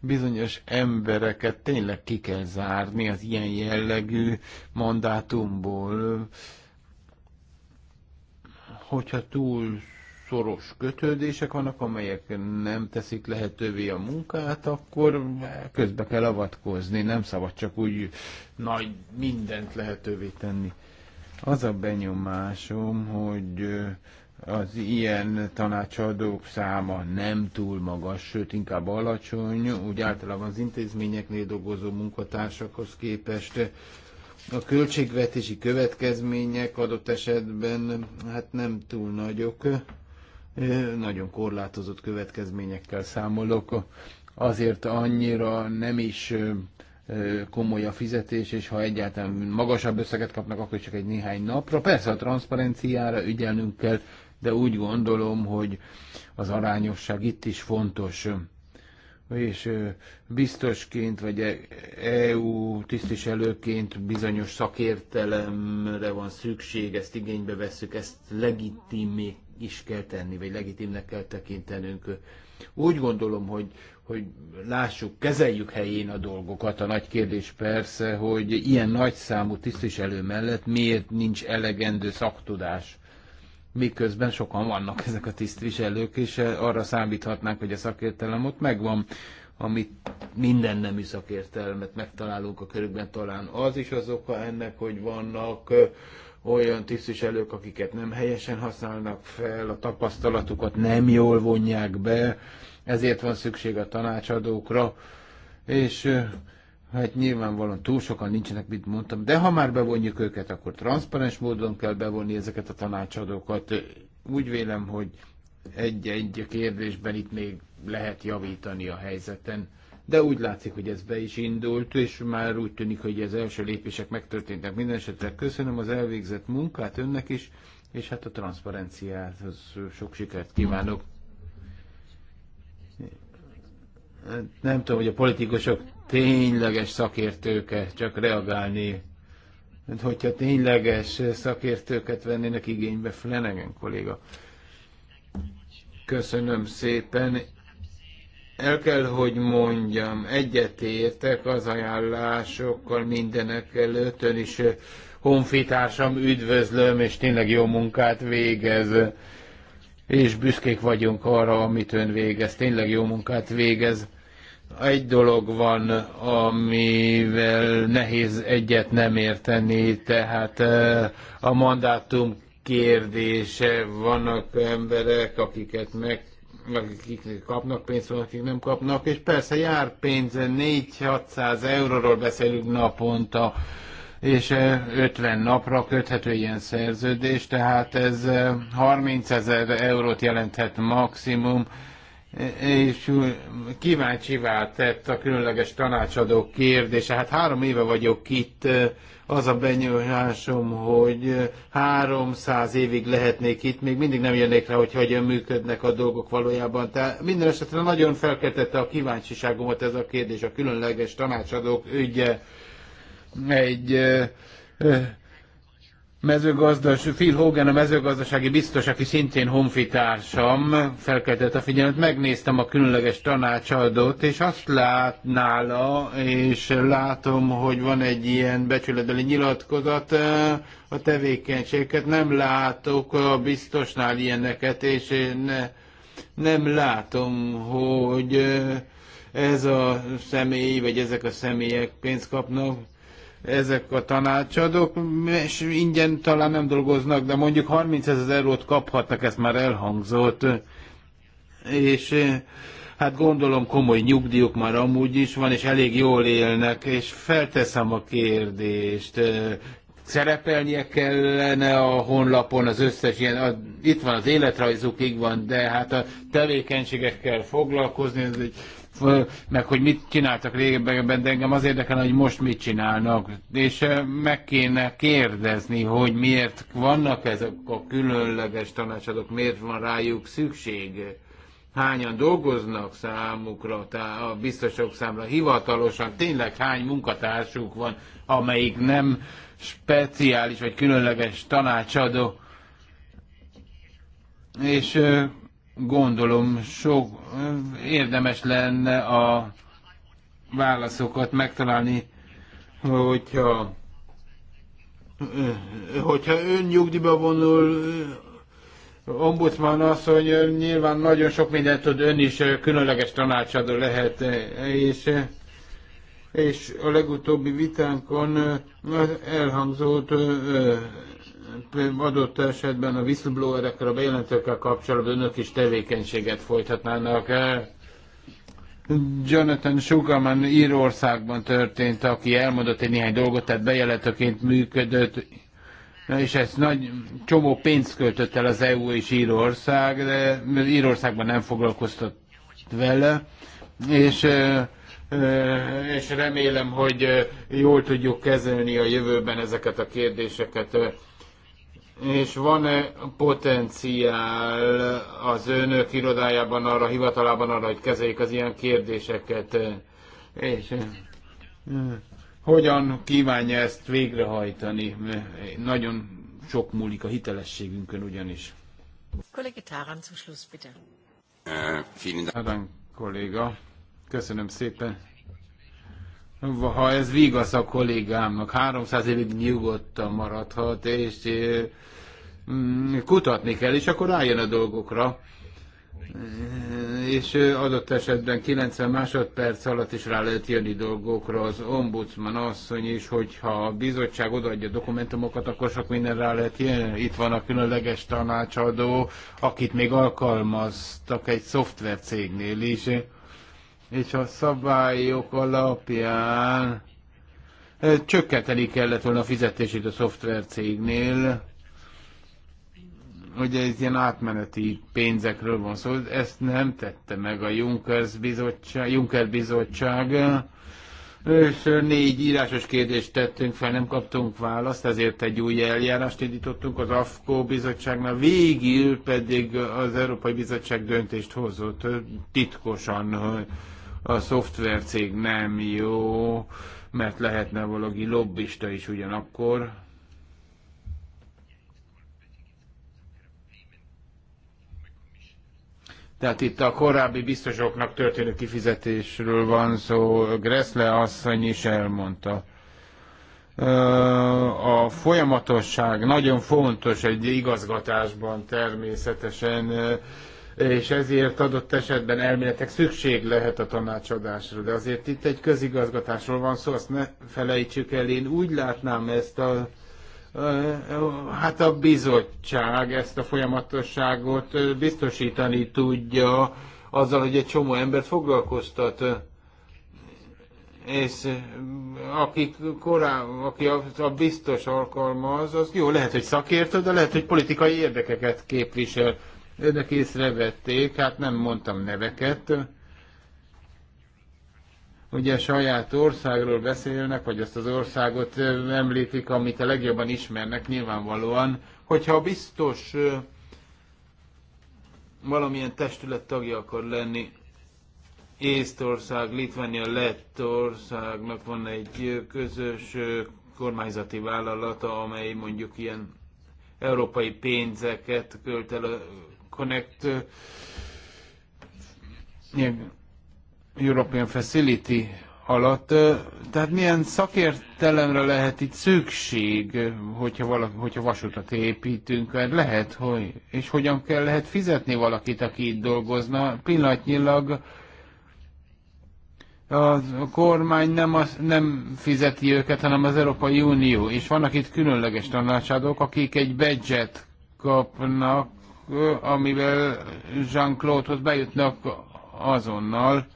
Bizonyos embereket tényleg ki kell zárni az ilyen jellegű mandátumból. Hogyha túl szoros kötődések vannak, amelyek nem teszik lehetővé a munkát, akkor közbe kell avatkozni, nem szabad csak úgy nagy mindent lehetővé tenni. Az a benyomásom, hogy az ilyen tanácsadók száma nem túl magas, sőt inkább alacsony, úgy általában az intézményeknél dolgozó munkatársakhoz képest a költségvetési következmények adott esetben hát nem túl nagyok nagyon korlátozott következményekkel számolok. Azért annyira nem is komoly a fizetés, és ha egyáltalán magasabb összeget kapnak, akkor csak egy néhány napra. Persze a transzparenciára ügyelnünk kell, de úgy gondolom, hogy az arányosság itt is fontos. És biztosként, vagy EU e tisztviselőként bizonyos szakértelemre van szükség, ezt igénybe vesszük, ezt legitimé is kell tenni, vagy legitimnek kell tekintenünk. Úgy gondolom, hogy, hogy lássuk, kezeljük helyén a dolgokat. A nagy kérdés persze, hogy ilyen nagy számú tisztviselő mellett miért nincs elegendő szaktudás miközben sokan vannak ezek a tisztviselők, és arra számíthatnánk, hogy a szakértelem ott megvan, amit minden nemű szakértelmet megtalálunk a körükben, talán az is az oka ennek, hogy vannak olyan tisztviselők, akiket nem helyesen használnak fel, a tapasztalatukat nem jól vonják be, ezért van szükség a tanácsadókra, és hát nyilvánvalóan túl sokan nincsenek, mit mondtam, de ha már bevonjuk őket, akkor transzparens módon kell bevonni ezeket a tanácsadókat. Úgy vélem, hogy egy-egy kérdésben itt még lehet javítani a helyzeten de úgy látszik, hogy ez be is indult, és már úgy tűnik, hogy az első lépések megtörténtek. Minden esetre köszönöm az elvégzett munkát önnek is, és hát a transzparenciához sok sikert kívánok. Nem tudom, hogy a politikusok tényleges szakértőke, csak reagálni. Mint hogyha tényleges szakértőket vennének igénybe, Flanagan kolléga. Köszönöm szépen el kell, hogy mondjam, egyetértek az ajánlásokkal mindenek előtt, ön is eh, honfitársam, üdvözlöm, és tényleg jó munkát végez, és büszkék vagyunk arra, amit ön végez, tényleg jó munkát végez. Egy dolog van, amivel nehéz egyet nem érteni, tehát eh, a mandátum kérdése, vannak emberek, akiket meg akik kapnak pénzt, van, akik nem kapnak, és persze jár pénze, 4-600 euróról beszélünk naponta, és 50 eh, napra köthető ilyen szerződés, tehát ez 30 eh, ezer eurót jelenthet maximum, és kíváncsivá tett a különleges tanácsadók kérdése. Hát három éve vagyok itt, eh, az a benyújásom, hogy 300 évig lehetnék itt, még mindig nem jönnék rá, hogy hogyan működnek a dolgok valójában. Tehát minden esetre nagyon felkeltette a kíváncsiságomat ez a kérdés, a különleges tanácsadók ügye egy mezőgazdas, Phil Hogan, a mezőgazdasági biztos, aki szintén honfitársam, felkeltett a figyelmet, megnéztem a különleges tanácsadót, és azt lát nála, és látom, hogy van egy ilyen becsületbeli nyilatkozat eh, a tevékenységet, nem látok a biztosnál ilyeneket, és én nem látom, hogy eh, ez a személy, vagy ezek a személyek pénzt kapnak, ezek a tanácsadók, és ingyen talán nem dolgoznak, de mondjuk 30 ezer eurót kaphatnak, ezt már elhangzott. És eh, hát gondolom komoly nyugdíjuk már amúgy is van, és elég jól élnek, és felteszem a kérdést, eh, szerepelnie kellene a honlapon az összes ilyen, a, itt van az életrajzukig van, de hát a tevékenységekkel foglalkozni, ez egy meg hogy mit csináltak régebben, de engem az érdekel, hogy most mit csinálnak. És meg kéne kérdezni, hogy miért vannak ezek a különleges tanácsadók, miért van rájuk szükség hányan dolgoznak számukra, a biztosok számra hivatalosan, tényleg hány munkatársuk van, amelyik nem speciális vagy különleges tanácsadó, és gondolom sok érdemes lenne a válaszokat megtalálni, hogyha hogyha ön nyugdíjba vonul, ombudsman asszony nyilván nagyon sok mindent tud ön is, különleges tanácsadó lehet, és, és a legutóbbi vitánkon elhangzott adott esetben a whistleblowerekkel, a bejelentőkkel kapcsolatban önök is tevékenységet folytatnának. Eh? Jonathan Sugarman Írországban történt, aki elmondott egy néhány dolgot, tehát bejelentőként működött, és ezt nagy csomó pénzt költött el az EU és Írország, de Írországban nem foglalkoztat vele, és eh, eh, és remélem, hogy jól tudjuk kezelni a jövőben ezeket a kérdéseket. És van-e potenciál az önök irodájában arra, hivatalában arra, hogy kezeljék az ilyen kérdéseket? És eh, hogyan kívánja ezt végrehajtani? Nagyon sok múlik a hitelességünkön ugyanis. Kollégi Táran, zum Schluss, bitte. Adán eh, kolléga, köszönöm szépen. Ha ez vigasz a kollégámnak, 300 évig nyugodtan maradhat, és eh, Mm, kutatni kell, és akkor rájön a dolgokra. És adott esetben 90 másodperc alatt is rá lehet jönni dolgokra. Az ombudsman asszony is, hogyha a bizottság odaadja dokumentumokat, akkor sok minden rá lehet jönni. Itt van a különleges tanácsadó, akit még alkalmaztak egy szoftvercégnél is. És a szabályok alapján csökkenteni kellett volna a fizetését a szoftvercégnél, hogy ez ilyen átmeneti pénzekről van szó, ezt nem tette meg a Junkers bizottság, Juncker bizottság. És négy írásos kérdést tettünk fel, nem kaptunk választ, ezért egy új eljárást indítottunk az AFKO bizottságnál, végül pedig az Európai Bizottság döntést hozott titkosan, hogy a szoftvercég nem jó, mert lehetne valaki lobbista is ugyanakkor, Tehát itt a korábbi biztosoknak történő kifizetésről van szó, Gressle asszony is elmondta. A folyamatosság nagyon fontos egy igazgatásban természetesen, és ezért adott esetben elméletek szükség lehet a tanácsadásra. De azért itt egy közigazgatásról van szó, azt ne felejtsük el, én úgy látnám ezt a Hát a bizottság ezt a folyamatosságot biztosítani tudja azzal, hogy egy csomó embert foglalkoztat és aki, korán, aki a, a biztos alkalmaz, az jó, lehet, hogy szakértő, de lehet, hogy politikai érdekeket képvisel. Önök észrevették, hát nem mondtam neveket, ugye saját országról beszélnek, vagy azt az országot említik, amit a legjobban ismernek nyilvánvalóan. Hogyha biztos valamilyen testület tagja akar lenni, Észtország, Litvánia, Lettországnak van egy közös kormányzati vállalata, amely mondjuk ilyen európai pénzeket költ el a Connect Igen. European Facility alatt. Tehát milyen szakértelemre lehet itt szükség, hogyha, valaki, hogyha vasutat építünk, mert lehet, hogy, és hogyan kell lehet fizetni valakit, aki itt dolgozna. Pillanatnyilag a kormány nem, az, nem fizeti őket, hanem az Európai Unió. És vannak itt különleges tanácsadók, akik egy budget kapnak, amivel Jean-Claude-hoz bejutnak azonnal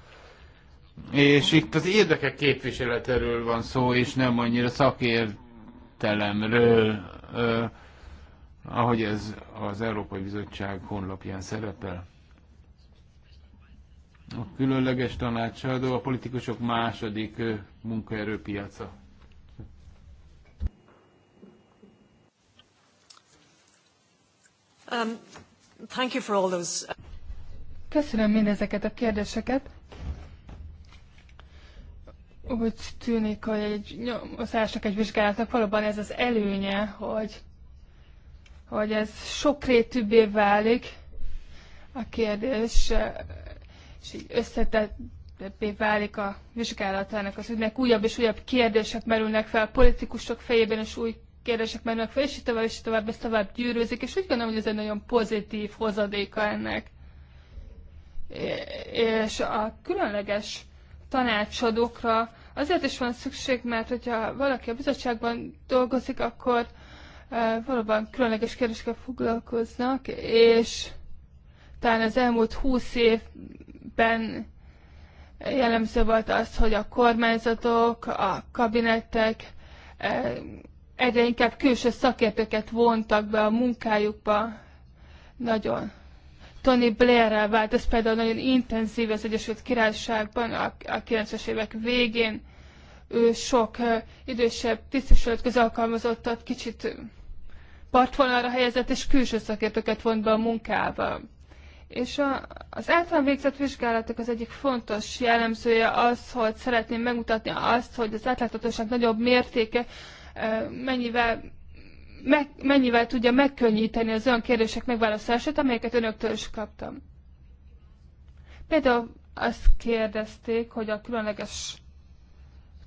és itt az érdekek képviseletéről van szó, és nem annyira szakértelemről, eh, ahogy ez az Európai Bizottság honlapján szerepel. A különleges tanácsadó a politikusok második munkaerőpiaca. Um, thank you for all those... Köszönöm mindezeket a kérdéseket. Úgy tűnik, hogy egy nyomozásnak, egy vizsgálatnak valóban ez az előnye, hogy, hogy ez sokrétűbbé válik a kérdés, és így összetettebbé válik a vizsgálatának az ügynek. Újabb és újabb kérdések merülnek fel a politikusok fejében, és új kérdések merülnek fel, és így tovább, és így tovább, és tovább gyűrűzik, és úgy gondolom, hogy ez egy nagyon pozitív hozadéka ennek. És a különleges tanácsadókra. Azért is van szükség, mert hogyha valaki a bizottságban dolgozik, akkor e, valóban különleges kérdésekkel foglalkoznak, és talán az elmúlt húsz évben jellemző volt az, hogy a kormányzatok, a kabinettek e, egyre inkább külső szakértőket vontak be a munkájukba. Nagyon Tony Blair-rel vált, ez például nagyon intenzív az Egyesült Királyságban a, a 90-es évek végén. Ő sok uh, idősebb tisztviselőt közalkalmazottat kicsit partvonalra helyezett, és külső szakértőket vont be a munkába. És a, az általán végzett vizsgálatok az egyik fontos jellemzője az, hogy szeretném megmutatni azt, hogy az átláthatóság nagyobb mértéke mennyivel meg, mennyivel tudja megkönnyíteni az olyan kérdések megválasztását, amelyeket önöktől is kaptam. Például azt kérdezték, hogy a különleges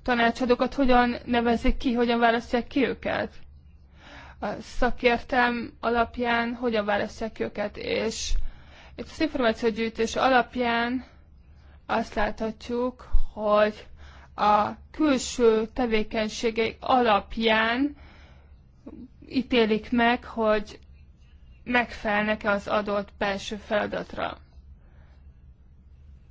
tanácsadókat hogyan nevezik ki, hogyan választják ki őket. A szakértelm alapján hogyan választják ki őket, és itt az információgyűjtés alapján azt láthatjuk, hogy a külső tevékenységei alapján ítélik meg, hogy megfelelnek-e az adott belső feladatra.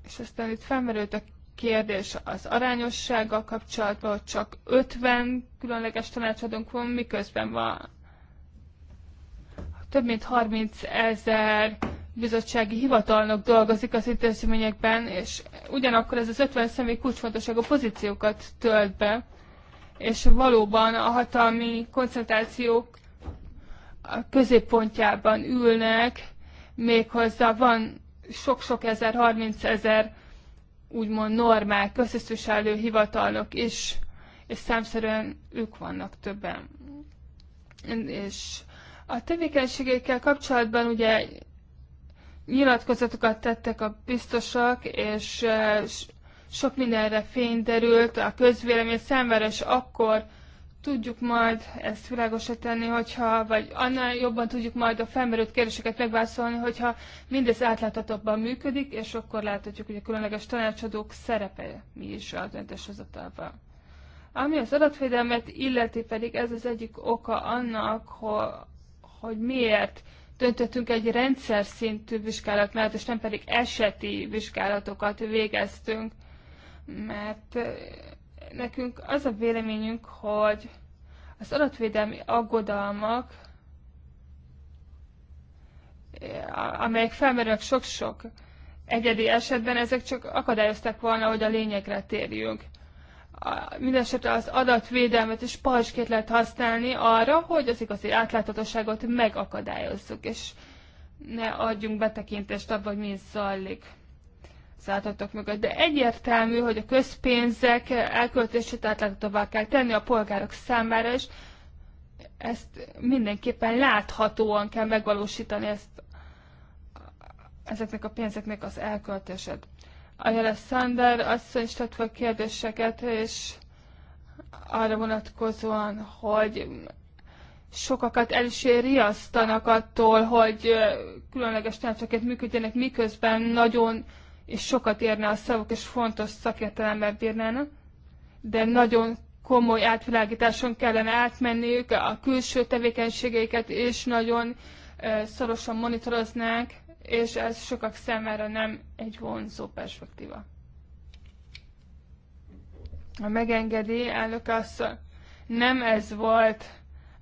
És aztán itt felmerült a kérdés az arányossággal kapcsolatban, hogy csak 50 különleges tanácsadónk van, miközben van több mint 30 ezer bizottsági hivatalnok dolgozik az intézményekben, és ugyanakkor ez az 50 személy kulcsfontosságú pozíciókat tölt be, és valóban a hatalmi koncentrációk a középpontjában ülnek, méghozzá van sok-sok ezer, harminc ezer úgymond normál közösszűsállő hivatalnok is, és számszerűen ők vannak többen. És a tevékenységekkel kapcsolatban ugye nyilatkozatokat tettek a biztosak, és eh, sok mindenre fény derült, a közvélemény számára, és akkor tudjuk majd ezt világosra tenni, hogyha, vagy annál jobban tudjuk majd a felmerült kérdéseket megválaszolni, hogyha mindez átláthatóbban működik, és akkor láthatjuk, hogy a különleges tanácsadók szerepe mi is a döntéshozatalban. Ami az adatvédelmet illeti pedig ez az egyik oka annak, hogy miért döntöttünk egy rendszer szintű vizsgálat mellett, és nem pedig eseti vizsgálatokat végeztünk mert nekünk az a véleményünk, hogy az adatvédelmi aggodalmak, amelyek felmerülnek sok-sok egyedi esetben, ezek csak akadályozták volna, hogy a lényegre térjünk. Mindenesetre az adatvédelmet is pajsként lehet használni arra, hogy az igazi átláthatóságot megakadályozzuk, és ne adjunk betekintést abba, hogy mi zajlik szálltatok általatok mögött. De egyértelmű, hogy a közpénzek elköltését átláthatóvá kell tenni a polgárok számára, és ezt mindenképpen láthatóan kell megvalósítani ezt, ezeknek a pénzeknek az elköltését. A Sander asszony is tett fel kérdéseket, és arra vonatkozóan, hogy sokakat el is riasztanak attól, hogy különleges tanácsokat működjenek, miközben nagyon és sokat érne a szavuk, és fontos szakértelemmel bírnának, de nagyon komoly átvilágításon kellene átmenniük, a külső tevékenységeiket és nagyon szorosan monitoroznánk, és ez sokak számára nem egy vonzó perspektíva. A megengedi elnök asszony. Nem ez volt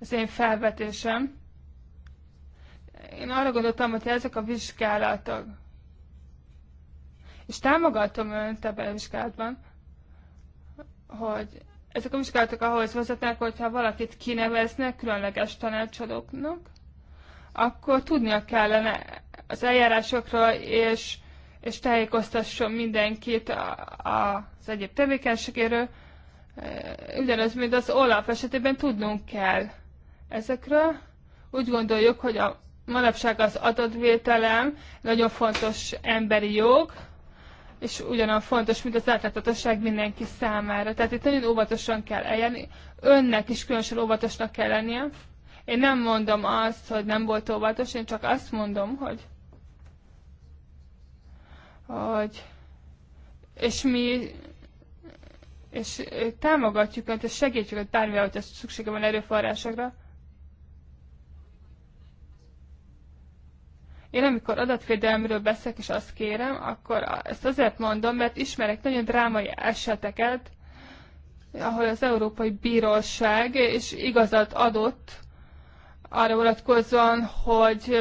az én felvetésem. Én arra gondoltam, hogy ezek a vizsgálatok, és támogatom önt a vizsgálatban, hogy ezek a vizsgálatok ahhoz vezetnek, hogyha valakit kineveznek különleges tanácsadóknak, akkor tudnia kellene az eljárásokról, és, és tájékoztasson mindenkit a, a, az egyéb tevékenységéről. Ugyanaz, mint az Olaf esetében tudnunk kell ezekről. Úgy gondoljuk, hogy a manapság az adatvételem nagyon fontos emberi jog, és ugyanolyan fontos, mint az átláthatóság mindenki számára. Tehát itt nagyon óvatosan kell eljárni, önnek is különösen óvatosnak kell lennie. Én nem mondom azt, hogy nem volt óvatos, én csak azt mondom, hogy, hogy és mi és támogatjuk önt, és segítjük önt bármilyen, hogy ez szüksége van erőforrásokra, Én amikor adatvédelemről beszélek és azt kérem, akkor ezt azért mondom, mert ismerek nagyon drámai eseteket, ahol az Európai Bíróság és igazat adott arra vonatkozóan, hogy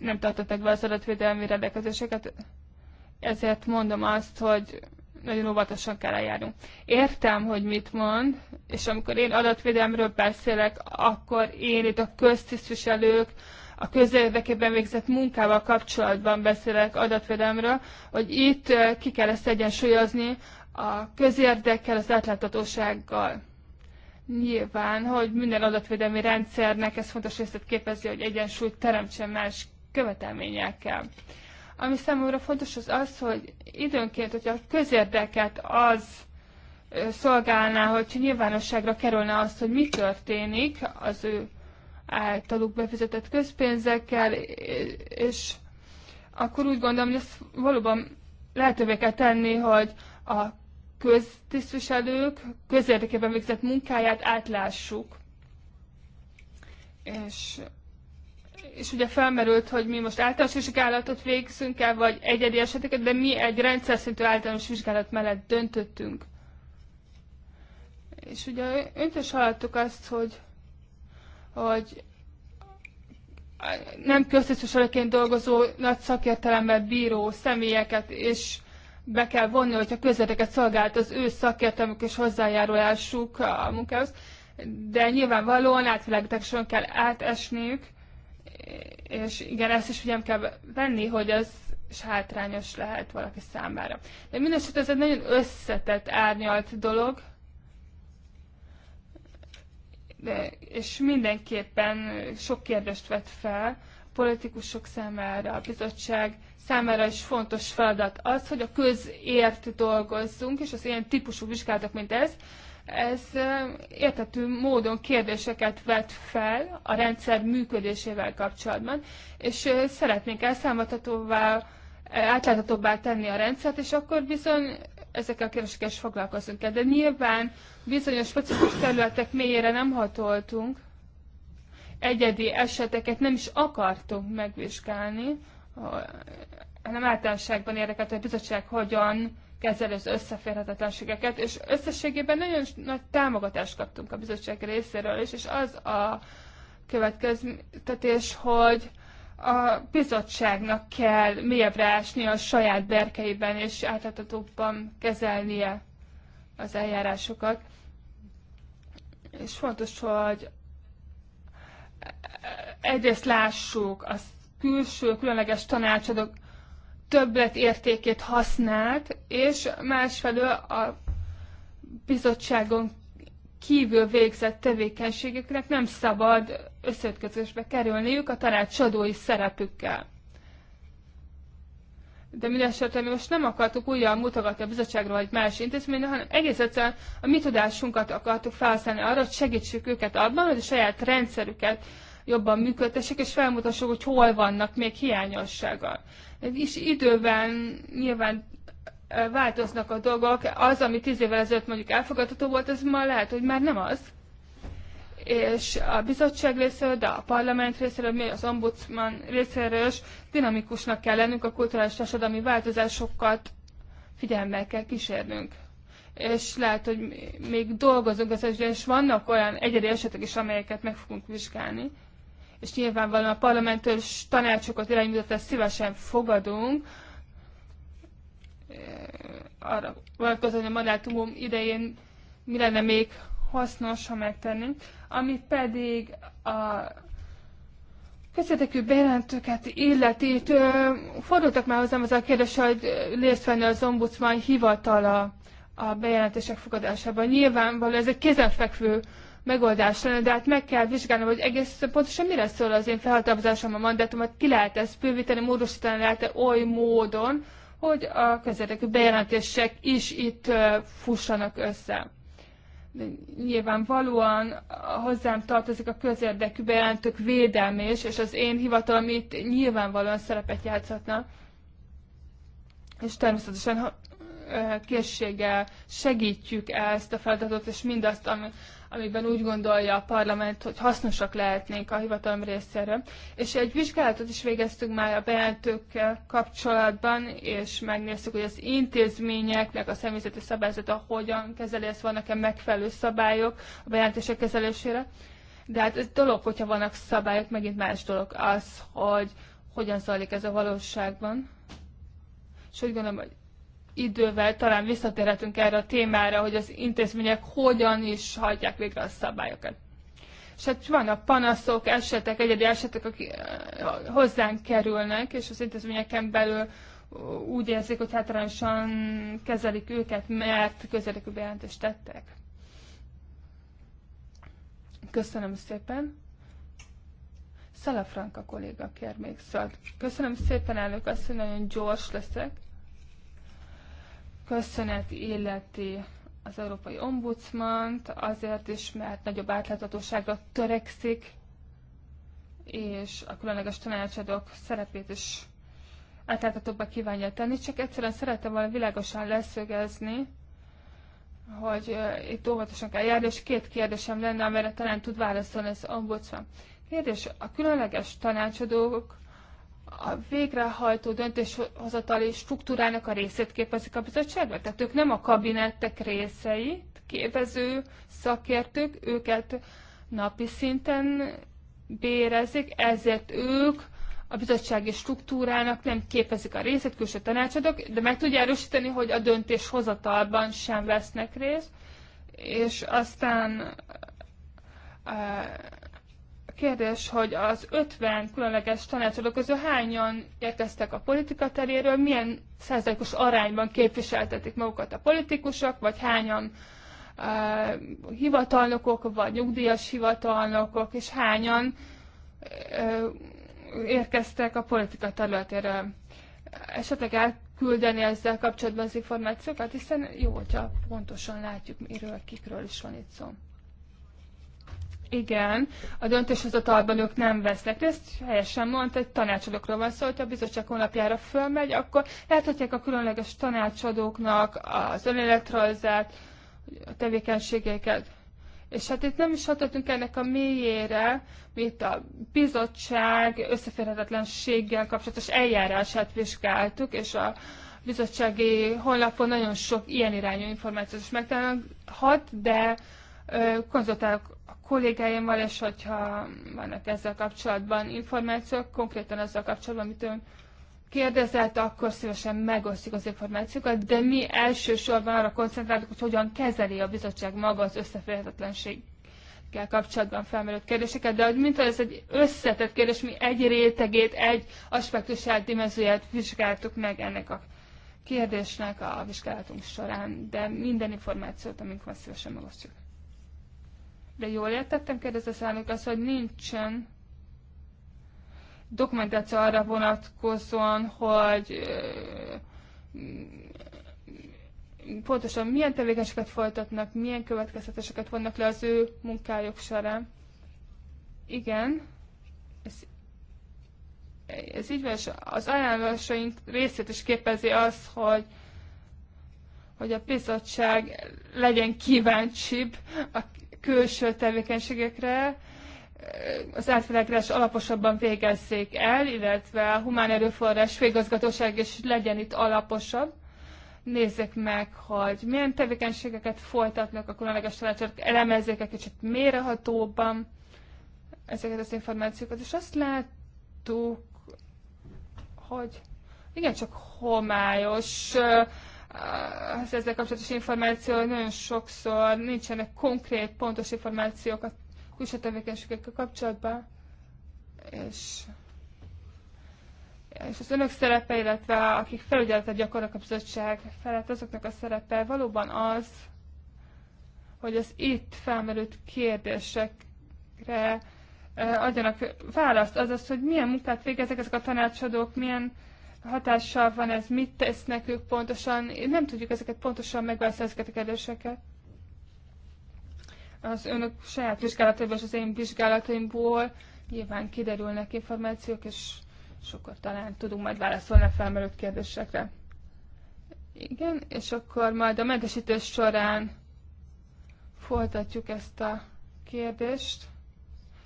nem tartották be az adatvédelmi rendelkezéseket. Ezért mondom azt, hogy nagyon óvatosan kell eljárnunk. Értem, hogy mit mond, és amikor én adatvédelemről beszélek, akkor én itt a köztisztviselők, a közérdekében végzett munkával kapcsolatban beszélek adatvédelemről, hogy itt ki kell ezt egyensúlyozni a közérdekkel, az átláthatósággal. Nyilván, hogy minden adatvédelmi rendszernek ez fontos részlet képezi, hogy egyensúlyt teremtsen más követelményekkel. Ami számomra fontos az az, hogy időnként, hogyha a közérdeket az szolgálná, hogy nyilvánosságra kerülne azt, hogy mi történik az ő általuk befizetett közpénzekkel, és akkor úgy gondolom, hogy ezt valóban lehetővé kell tenni, hogy a köztisztviselők közérdekében végzett munkáját átlássuk. És, és ugye felmerült, hogy mi most általános vizsgálatot végzünk el, vagy egyedi eseteket, de mi egy rendszer szintű általános vizsgálat mellett döntöttünk. És ugye öntős hallottuk azt, hogy hogy nem köztisztviselőként dolgozó nagy szakértelemmel bíró személyeket is be kell vonni, hogyha közleteket szolgált az ő szakértelmük és hozzájárulásuk a munkához, de nyilvánvalóan átvilágításon kell átesniük, és igen, ezt is figyelem kell venni, hogy ez és hátrányos lehet valaki számára. De mindesetre ez egy nagyon összetett, árnyalt dolog, és mindenképpen sok kérdést vett fel a politikusok számára, a bizottság számára is fontos feladat az, hogy a közért dolgozzunk, és az ilyen típusú vizsgálatok, mint ez, ez értető módon kérdéseket vet fel a rendszer működésével kapcsolatban, és szeretnénk elszámoltatóvá, átláthatóbbá tenni a rendszert, és akkor bizony ezekkel a kérdésekkel is foglalkozunk De nyilván bizonyos specifikus területek mélyére nem hatoltunk, egyedi eseteket nem is akartunk megvizsgálni, hanem általánosságban érdekelt, hogy a bizottság hogyan kezeli az összeférhetetlenségeket, és összességében nagyon nagy támogatást kaptunk a bizottság részéről is, és az a következtetés, hogy a bizottságnak kell mélyebbre ásni a saját berkeiben, és átláthatóbban kezelnie az eljárásokat. És fontos, hogy egyrészt lássuk a külső, különleges tanácsadók többlet értékét használt, és másfelől a bizottságon kívül végzett tevékenységeknek nem szabad összeütközésbe kerülniük a tanácsadói szerepükkel. De mindesetre mi most nem akartuk újra mutogatni a bizottságra vagy más intézményre, hanem egész egyszerűen a mi tudásunkat akartuk felhasználni arra, hogy segítsük őket abban, hogy a saját rendszerüket jobban működtessék, és felmutassuk, hogy hol vannak még hiányossággal. És időben nyilván eh, változnak a dolgok. Az, ami tíz évvel ezelőtt mondjuk elfogadható volt, ez ma lehet, hogy már nem az és a bizottság részéről, de a parlament részéről, mi az ombudsman részéről is dinamikusnak kell lennünk a kulturális társadalmi változásokat figyelemmel kell kísérnünk. És lehet, hogy még dolgozunk az esetben, és vannak olyan egyedi esetek is, amelyeket meg fogunk vizsgálni. És nyilvánvalóan a parlamenttől tanácsokat, iránymutatást szívesen fogadunk, eh, arra vonatkozóan a mandátumom idején mi lenne még hasznos, ha megtennénk ami pedig a Közérdekű bejelentőket illetít. fordultak már hozzám az a kérdés, hogy részt venni az ombudsman hivatala a bejelentések fogadásában. Nyilvánvaló ez egy kézenfekvő megoldás lenne, de hát meg kell vizsgálnom, hogy egész pontosan mire szól az én felhatalmazásom a mandátumot, ki lehet ezt bővíteni, módosítani lehet oly módon, hogy a közérdekű bejelentések is itt fussanak össze nyilvánvalóan hozzám tartozik a közérdekű bejelentők védelmés, és az én hivatalom itt nyilvánvalóan szerepet játszhatna. És természetesen készséggel segítjük ezt a feladatot, és mindazt, ami, amikben úgy gondolja a parlament, hogy hasznosak lehetnénk a hivatalom részéről. És egy vizsgálatot is végeztünk már a bejelentőkkel kapcsolatban, és megnéztük, hogy az intézményeknek a személyzeti szabályzata hogyan kezeli, ezt vannak-e megfelelő szabályok a bejelentések kezelésére. De hát ez dolog, hogyha vannak szabályok, megint más dolog az, hogy hogyan zajlik ez a valóságban. És úgy gondolom, hogy idővel talán visszatérhetünk erre a témára, hogy az intézmények hogyan is hagyják végre a szabályokat. És hát vannak panaszok, esetek, egyedi esetek, akik eh, hozzánk kerülnek, és az intézményeken belül eh, úgy érzik, hogy hátrányosan kezelik őket, mert közelükű bejelentést tettek. Köszönöm szépen. Franka kolléga kér még szólt. Köszönöm szépen, elnök asszony, nagyon gyors leszek köszönet illeti az Európai Ombudsmant, azért is, mert nagyobb átláthatóságra törekszik, és a különleges tanácsadók szerepét is átláthatóbbá kívánja tenni, csak egyszerűen szeretem volna világosan leszögezni, hogy uh, itt óvatosan kell járni, és két kérdésem lenne, amire talán tud válaszolni az ombudsman. Kérdés, a különleges tanácsadók a végrehajtó döntéshozatali struktúrának a részét képezik a bizottságban? Tehát ők nem a kabinettek részei, képező szakértők, őket napi szinten bérezik, ezért ők a bizottsági struktúrának nem képezik a részét, külső tanácsadók, de meg tudja erősíteni, hogy a döntéshozatalban sem vesznek részt, és aztán Kérdés, hogy az 50 különleges tanácsadó közül hányan érkeztek a politika teréről, milyen százalékos arányban képviseltetik magukat a politikusok, vagy hányan uh, hivatalnokok, vagy nyugdíjas hivatalnokok, és hányan uh, érkeztek a politika területéről. Esetleg elküldeni ezzel kapcsolatban az információkat, hiszen jó, hogyha pontosan látjuk, miről, kikről is van itt szó igen, a döntéshozatalban ők nem vesznek részt, helyesen mondta, egy tanácsadókról van szó, hogyha a bizottság honlapjára fölmegy, akkor láthatják a különleges tanácsadóknak az önelektrajzát, a tevékenységeket. És hát itt nem is hatottunk ennek a mélyére, mint a bizottság összeférhetetlenséggel kapcsolatos eljárását vizsgáltuk, és a bizottsági honlapon nagyon sok ilyen irányú információt is megtalálhat, de konzultálok kollégáimmal, és hogyha vannak ezzel kapcsolatban információk, konkrétan azzal kapcsolatban, amit ön kérdezett, akkor szívesen megosztjuk az információkat, de mi elsősorban arra koncentráltuk, hogy hogyan kezeli a bizottság maga az összeférhetetlenség kapcsolatban felmerült kérdéseket, de mint ez egy összetett kérdés, mi egy rétegét, egy aspektusát, dimenzióját vizsgáltuk meg ennek a kérdésnek a vizsgálatunk során, de minden információt, amink van, szívesen megosztjuk. De jól értettem, kérdezte az azt, hogy nincsen dokumentáció arra vonatkozóan, hogy pontosan milyen tevékenységet folytatnak, milyen következtetéseket vannak le az ő munkájuk során. Igen, ez, ez így van, és az ajánlásaink részét is képezi az, hogy, hogy a bizottság legyen kíváncsibb a külső tevékenységekre az átvilágítás alaposabban végezzék el, illetve a humán erőforrás végazgatóság is legyen itt alaposabb. Nézzék meg, hogy milyen tevékenységeket folytatnak a különleges tanácsok, elemezzék egy kicsit mérehatóban ezeket az információkat, és azt láttuk, hogy igen csak homályos az ezzel kapcsolatos információ nagyon sokszor nincsenek konkrét, pontos információk a külső kapcsolatban, és, és az önök szerepe, illetve akik felügyeletet gyakorlak a bizottság felett, azoknak a szerepe valóban az, hogy az itt felmerült kérdésekre eh, adjanak választ, azaz, hogy milyen munkát végeznek ezek a tanácsadók, milyen uh, hatással van ez, mit tesznek ők pontosan, nem tudjuk ezeket pontosan megválaszolni ezeket a kérdéseket. Az önök saját vizsgálataiból és az én vizsgálataimból nyilván kiderülnek információk, és sokat talán tudunk majd válaszolni a felmerült kérdésekre. Igen, és akkor majd a mentesítés során folytatjuk ezt a kérdést,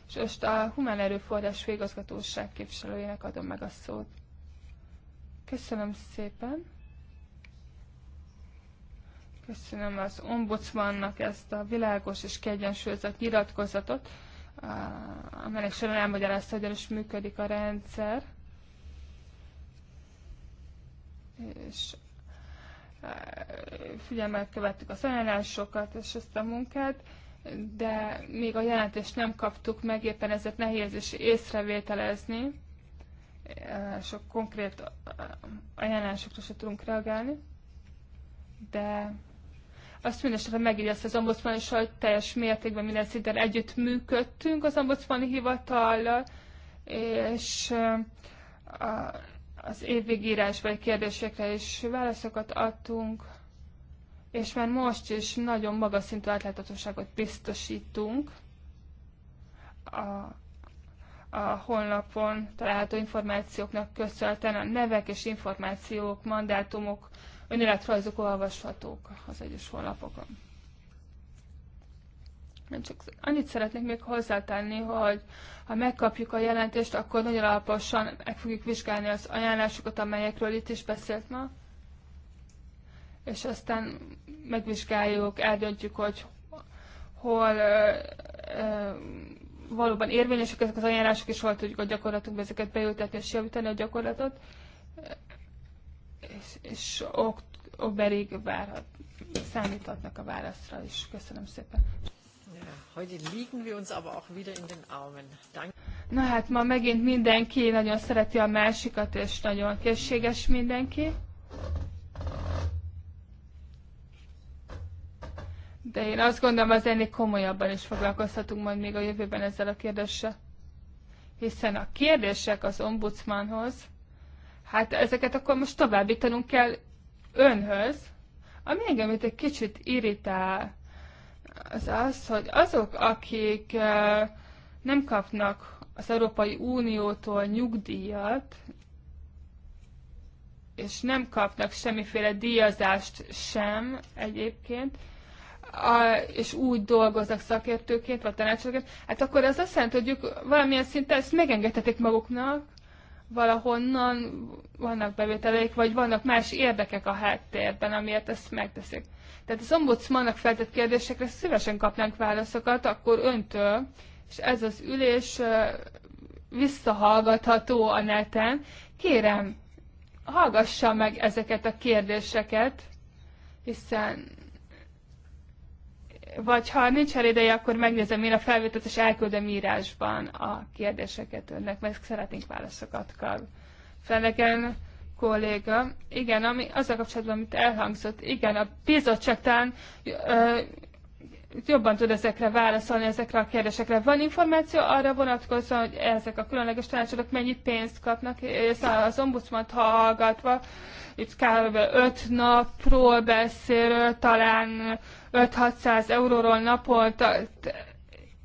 és most a Humán Erőforrás Végazgatóság képviselőjének adom meg a szót. Köszönöm szépen. Köszönöm az ombudsmannak ezt a világos és kiegyensúlyozott nyilatkozatot, amelynek során elmagyarázta, hogy is működik a rendszer. És e, figyelmet követtük az ajánlásokat és ezt a munkát, de még a jelentést nem kaptuk meg, éppen ezért nehéz is észrevételezni Eh, sok konkrét eh, ajánlásokra se tudunk reagálni, de azt mindesetre megígérte az ombudsman is, hogy teljes mértékben minden szinten együtt működtünk az ombudsmani hivatallal, és eh, az vagy kérdésekre is válaszokat adtunk, és már most is nagyon magas szintű átláthatóságot biztosítunk a a honlapon található információknak köszönhetően a nevek és információk, mandátumok, önéletrajzok olvashatók az egyes honlapokon. Én csak annyit szeretnék még hozzátenni, hogy ha megkapjuk a jelentést, akkor nagyon alaposan meg fogjuk vizsgálni az ajánlásokat, amelyekről itt is beszélt ma, és aztán megvizsgáljuk, eldöntjük, hogy hol valóban érvényesek ezek az ajánlások, és hol tudjuk a gyakorlatunkba ezeket beültetni és javítani a gyakorlatot, és, és októberig várhat, számíthatnak a válaszra is. Köszönöm szépen. Na hát ma megint mindenki nagyon szereti a másikat, és nagyon készséges mindenki. De én azt gondolom, az ennél komolyabban is foglalkozhatunk majd még a jövőben ezzel a kérdéssel. Hiszen a kérdések az ombudsmanhoz, hát ezeket akkor most továbbítanunk kell önhöz, ami engem itt egy kicsit irritál, az az, hogy azok, akik nem kapnak az Európai Uniótól nyugdíjat, és nem kapnak semmiféle díjazást sem egyébként, a, és úgy dolgoznak szakértőként, vagy tanácsadóként, hát akkor az azt jelenti, hogy ők valamilyen szinten ezt megengedhetik maguknak, valahonnan vannak bevételeik, vagy vannak más érdekek a háttérben, amiért ezt megteszik. Tehát az ombudsmannak feltett kérdésekre szívesen kapnánk válaszokat, akkor öntől, és ez az ülés visszahallgatható a neten. Kérem, hallgassa meg ezeket a kérdéseket, hiszen vagy ha nincs ideje, akkor megnézem én a felvételt, és elküldöm írásban a kérdéseket önnek, mert szeretnénk válaszokat kap. Felegen kolléga, igen, ami a kapcsolatban, amit elhangzott, igen, a bizottság talán ö, jobban tud ezekre válaszolni, ezekre a kérdésekre. Van információ arra vonatkozóan, hogy ezek a különleges tanácsadók mennyit pénzt kapnak, és az ombudsman hallgatva, itt kb. öt napról beszél, talán 5-600 euróról naponta,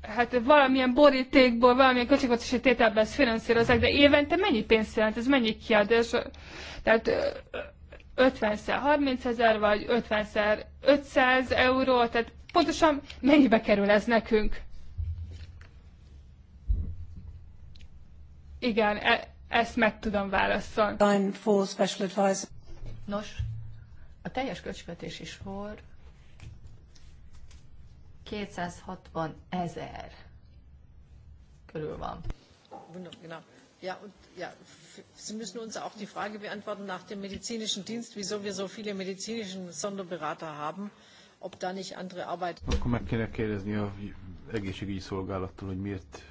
hát valamilyen borítékból, valamilyen költségvetési tételben ezt finanszírozzák, de évente mennyi pénzt jelent, ez mennyi kiadás? Tehát 50-szer 30 ezer, vagy 50-szer 500 euró, tehát pontosan mennyibe kerül ez nekünk? Igen, e- ezt meg tudom válaszolni. Nos, a teljes költségvetési sor 260 ezer körül van. Wunderbar, Ja, und ja, Sie müssen uns auch die Frage beantworten nach dem medizinischen Dienst, wieso wir so viele medizinische Sonderberater haben, ob da nicht andere Arbeit... Akkor meg kéne kérdezni a egészségügyi szolgálattól, hogy miért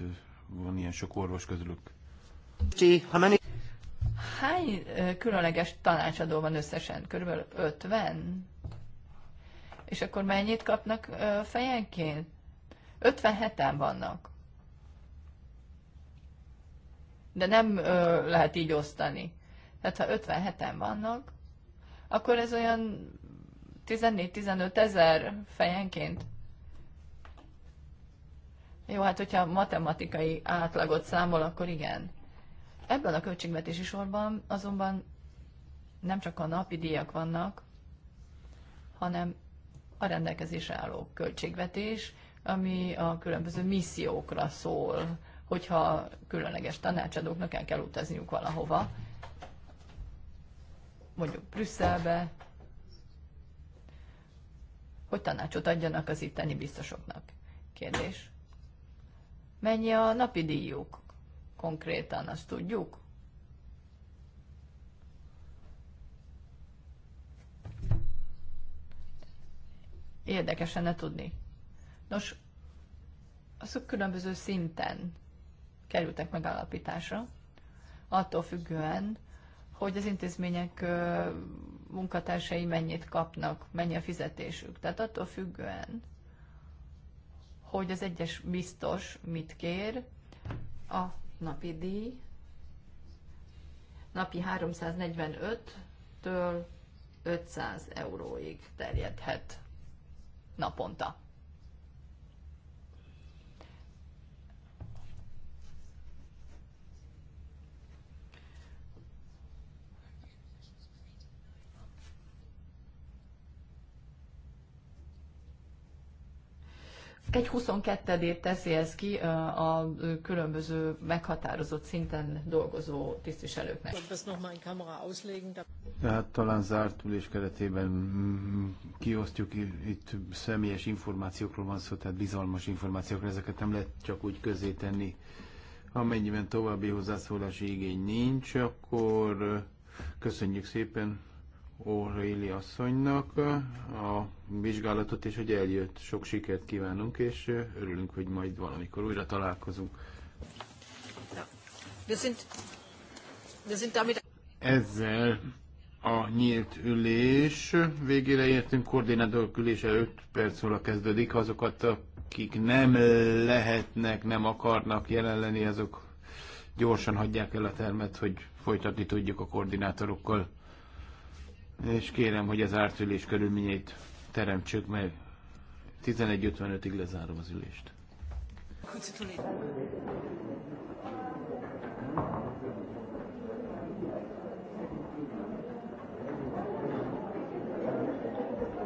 van ilyen sok orvos közülük. Hány különleges tanácsadó van összesen? Körülbelül 50? És akkor mennyit kapnak fejenként? 57-en vannak. De nem ö, lehet így osztani. Tehát ha 57-en vannak, akkor ez olyan 14-15 ezer fejenként. Jó, hát hogyha matematikai átlagot számol, akkor igen. Ebben a költségvetési sorban azonban nem csak a napi díjak vannak, hanem a rendelkezésre álló költségvetés, ami a különböző missziókra szól, hogyha különleges tanácsadóknak el kell utazniuk valahova, mondjuk Brüsszelbe, hogy tanácsot adjanak az itteni biztosoknak. Kérdés. Mennyi a napi díjuk? Konkrétan azt tudjuk? Érdekes lenne tudni. Nos, azok különböző szinten kerültek megállapításra, attól függően, hogy az intézmények munkatársai mennyit kapnak, mennyi a fizetésük. Tehát attól függően, hogy az egyes biztos mit kér, a napi díj, napi 345-től 500 euróig terjedhet naponta. egy 22 teszi ez ki a különböző meghatározott szinten dolgozó tisztviselőknek. Tehát talán zárt ülés keretében mm, kiosztjuk, itt személyes információkról van szó, tehát bizalmas információkról, ezeket nem lehet csak úgy közé tenni. Amennyiben további hozzászólási igény nincs, akkor köszönjük szépen Auréli asszonynak a vizsgálatot, és hogy eljött. Sok sikert kívánunk, és örülünk, hogy majd valamikor újra találkozunk. Ezzel a nyílt ülés végére értünk, Koordinátor ülése 5 perc óra kezdődik, azokat, akik nem lehetnek, nem akarnak jelen lenni, azok gyorsan hagyják el a termet, hogy folytatni tudjuk a koordinátorokkal és kérem, hogy az árt ülés körülményeit teremtsük meg. 11.55-ig lezárom az ülést. Köszönöm.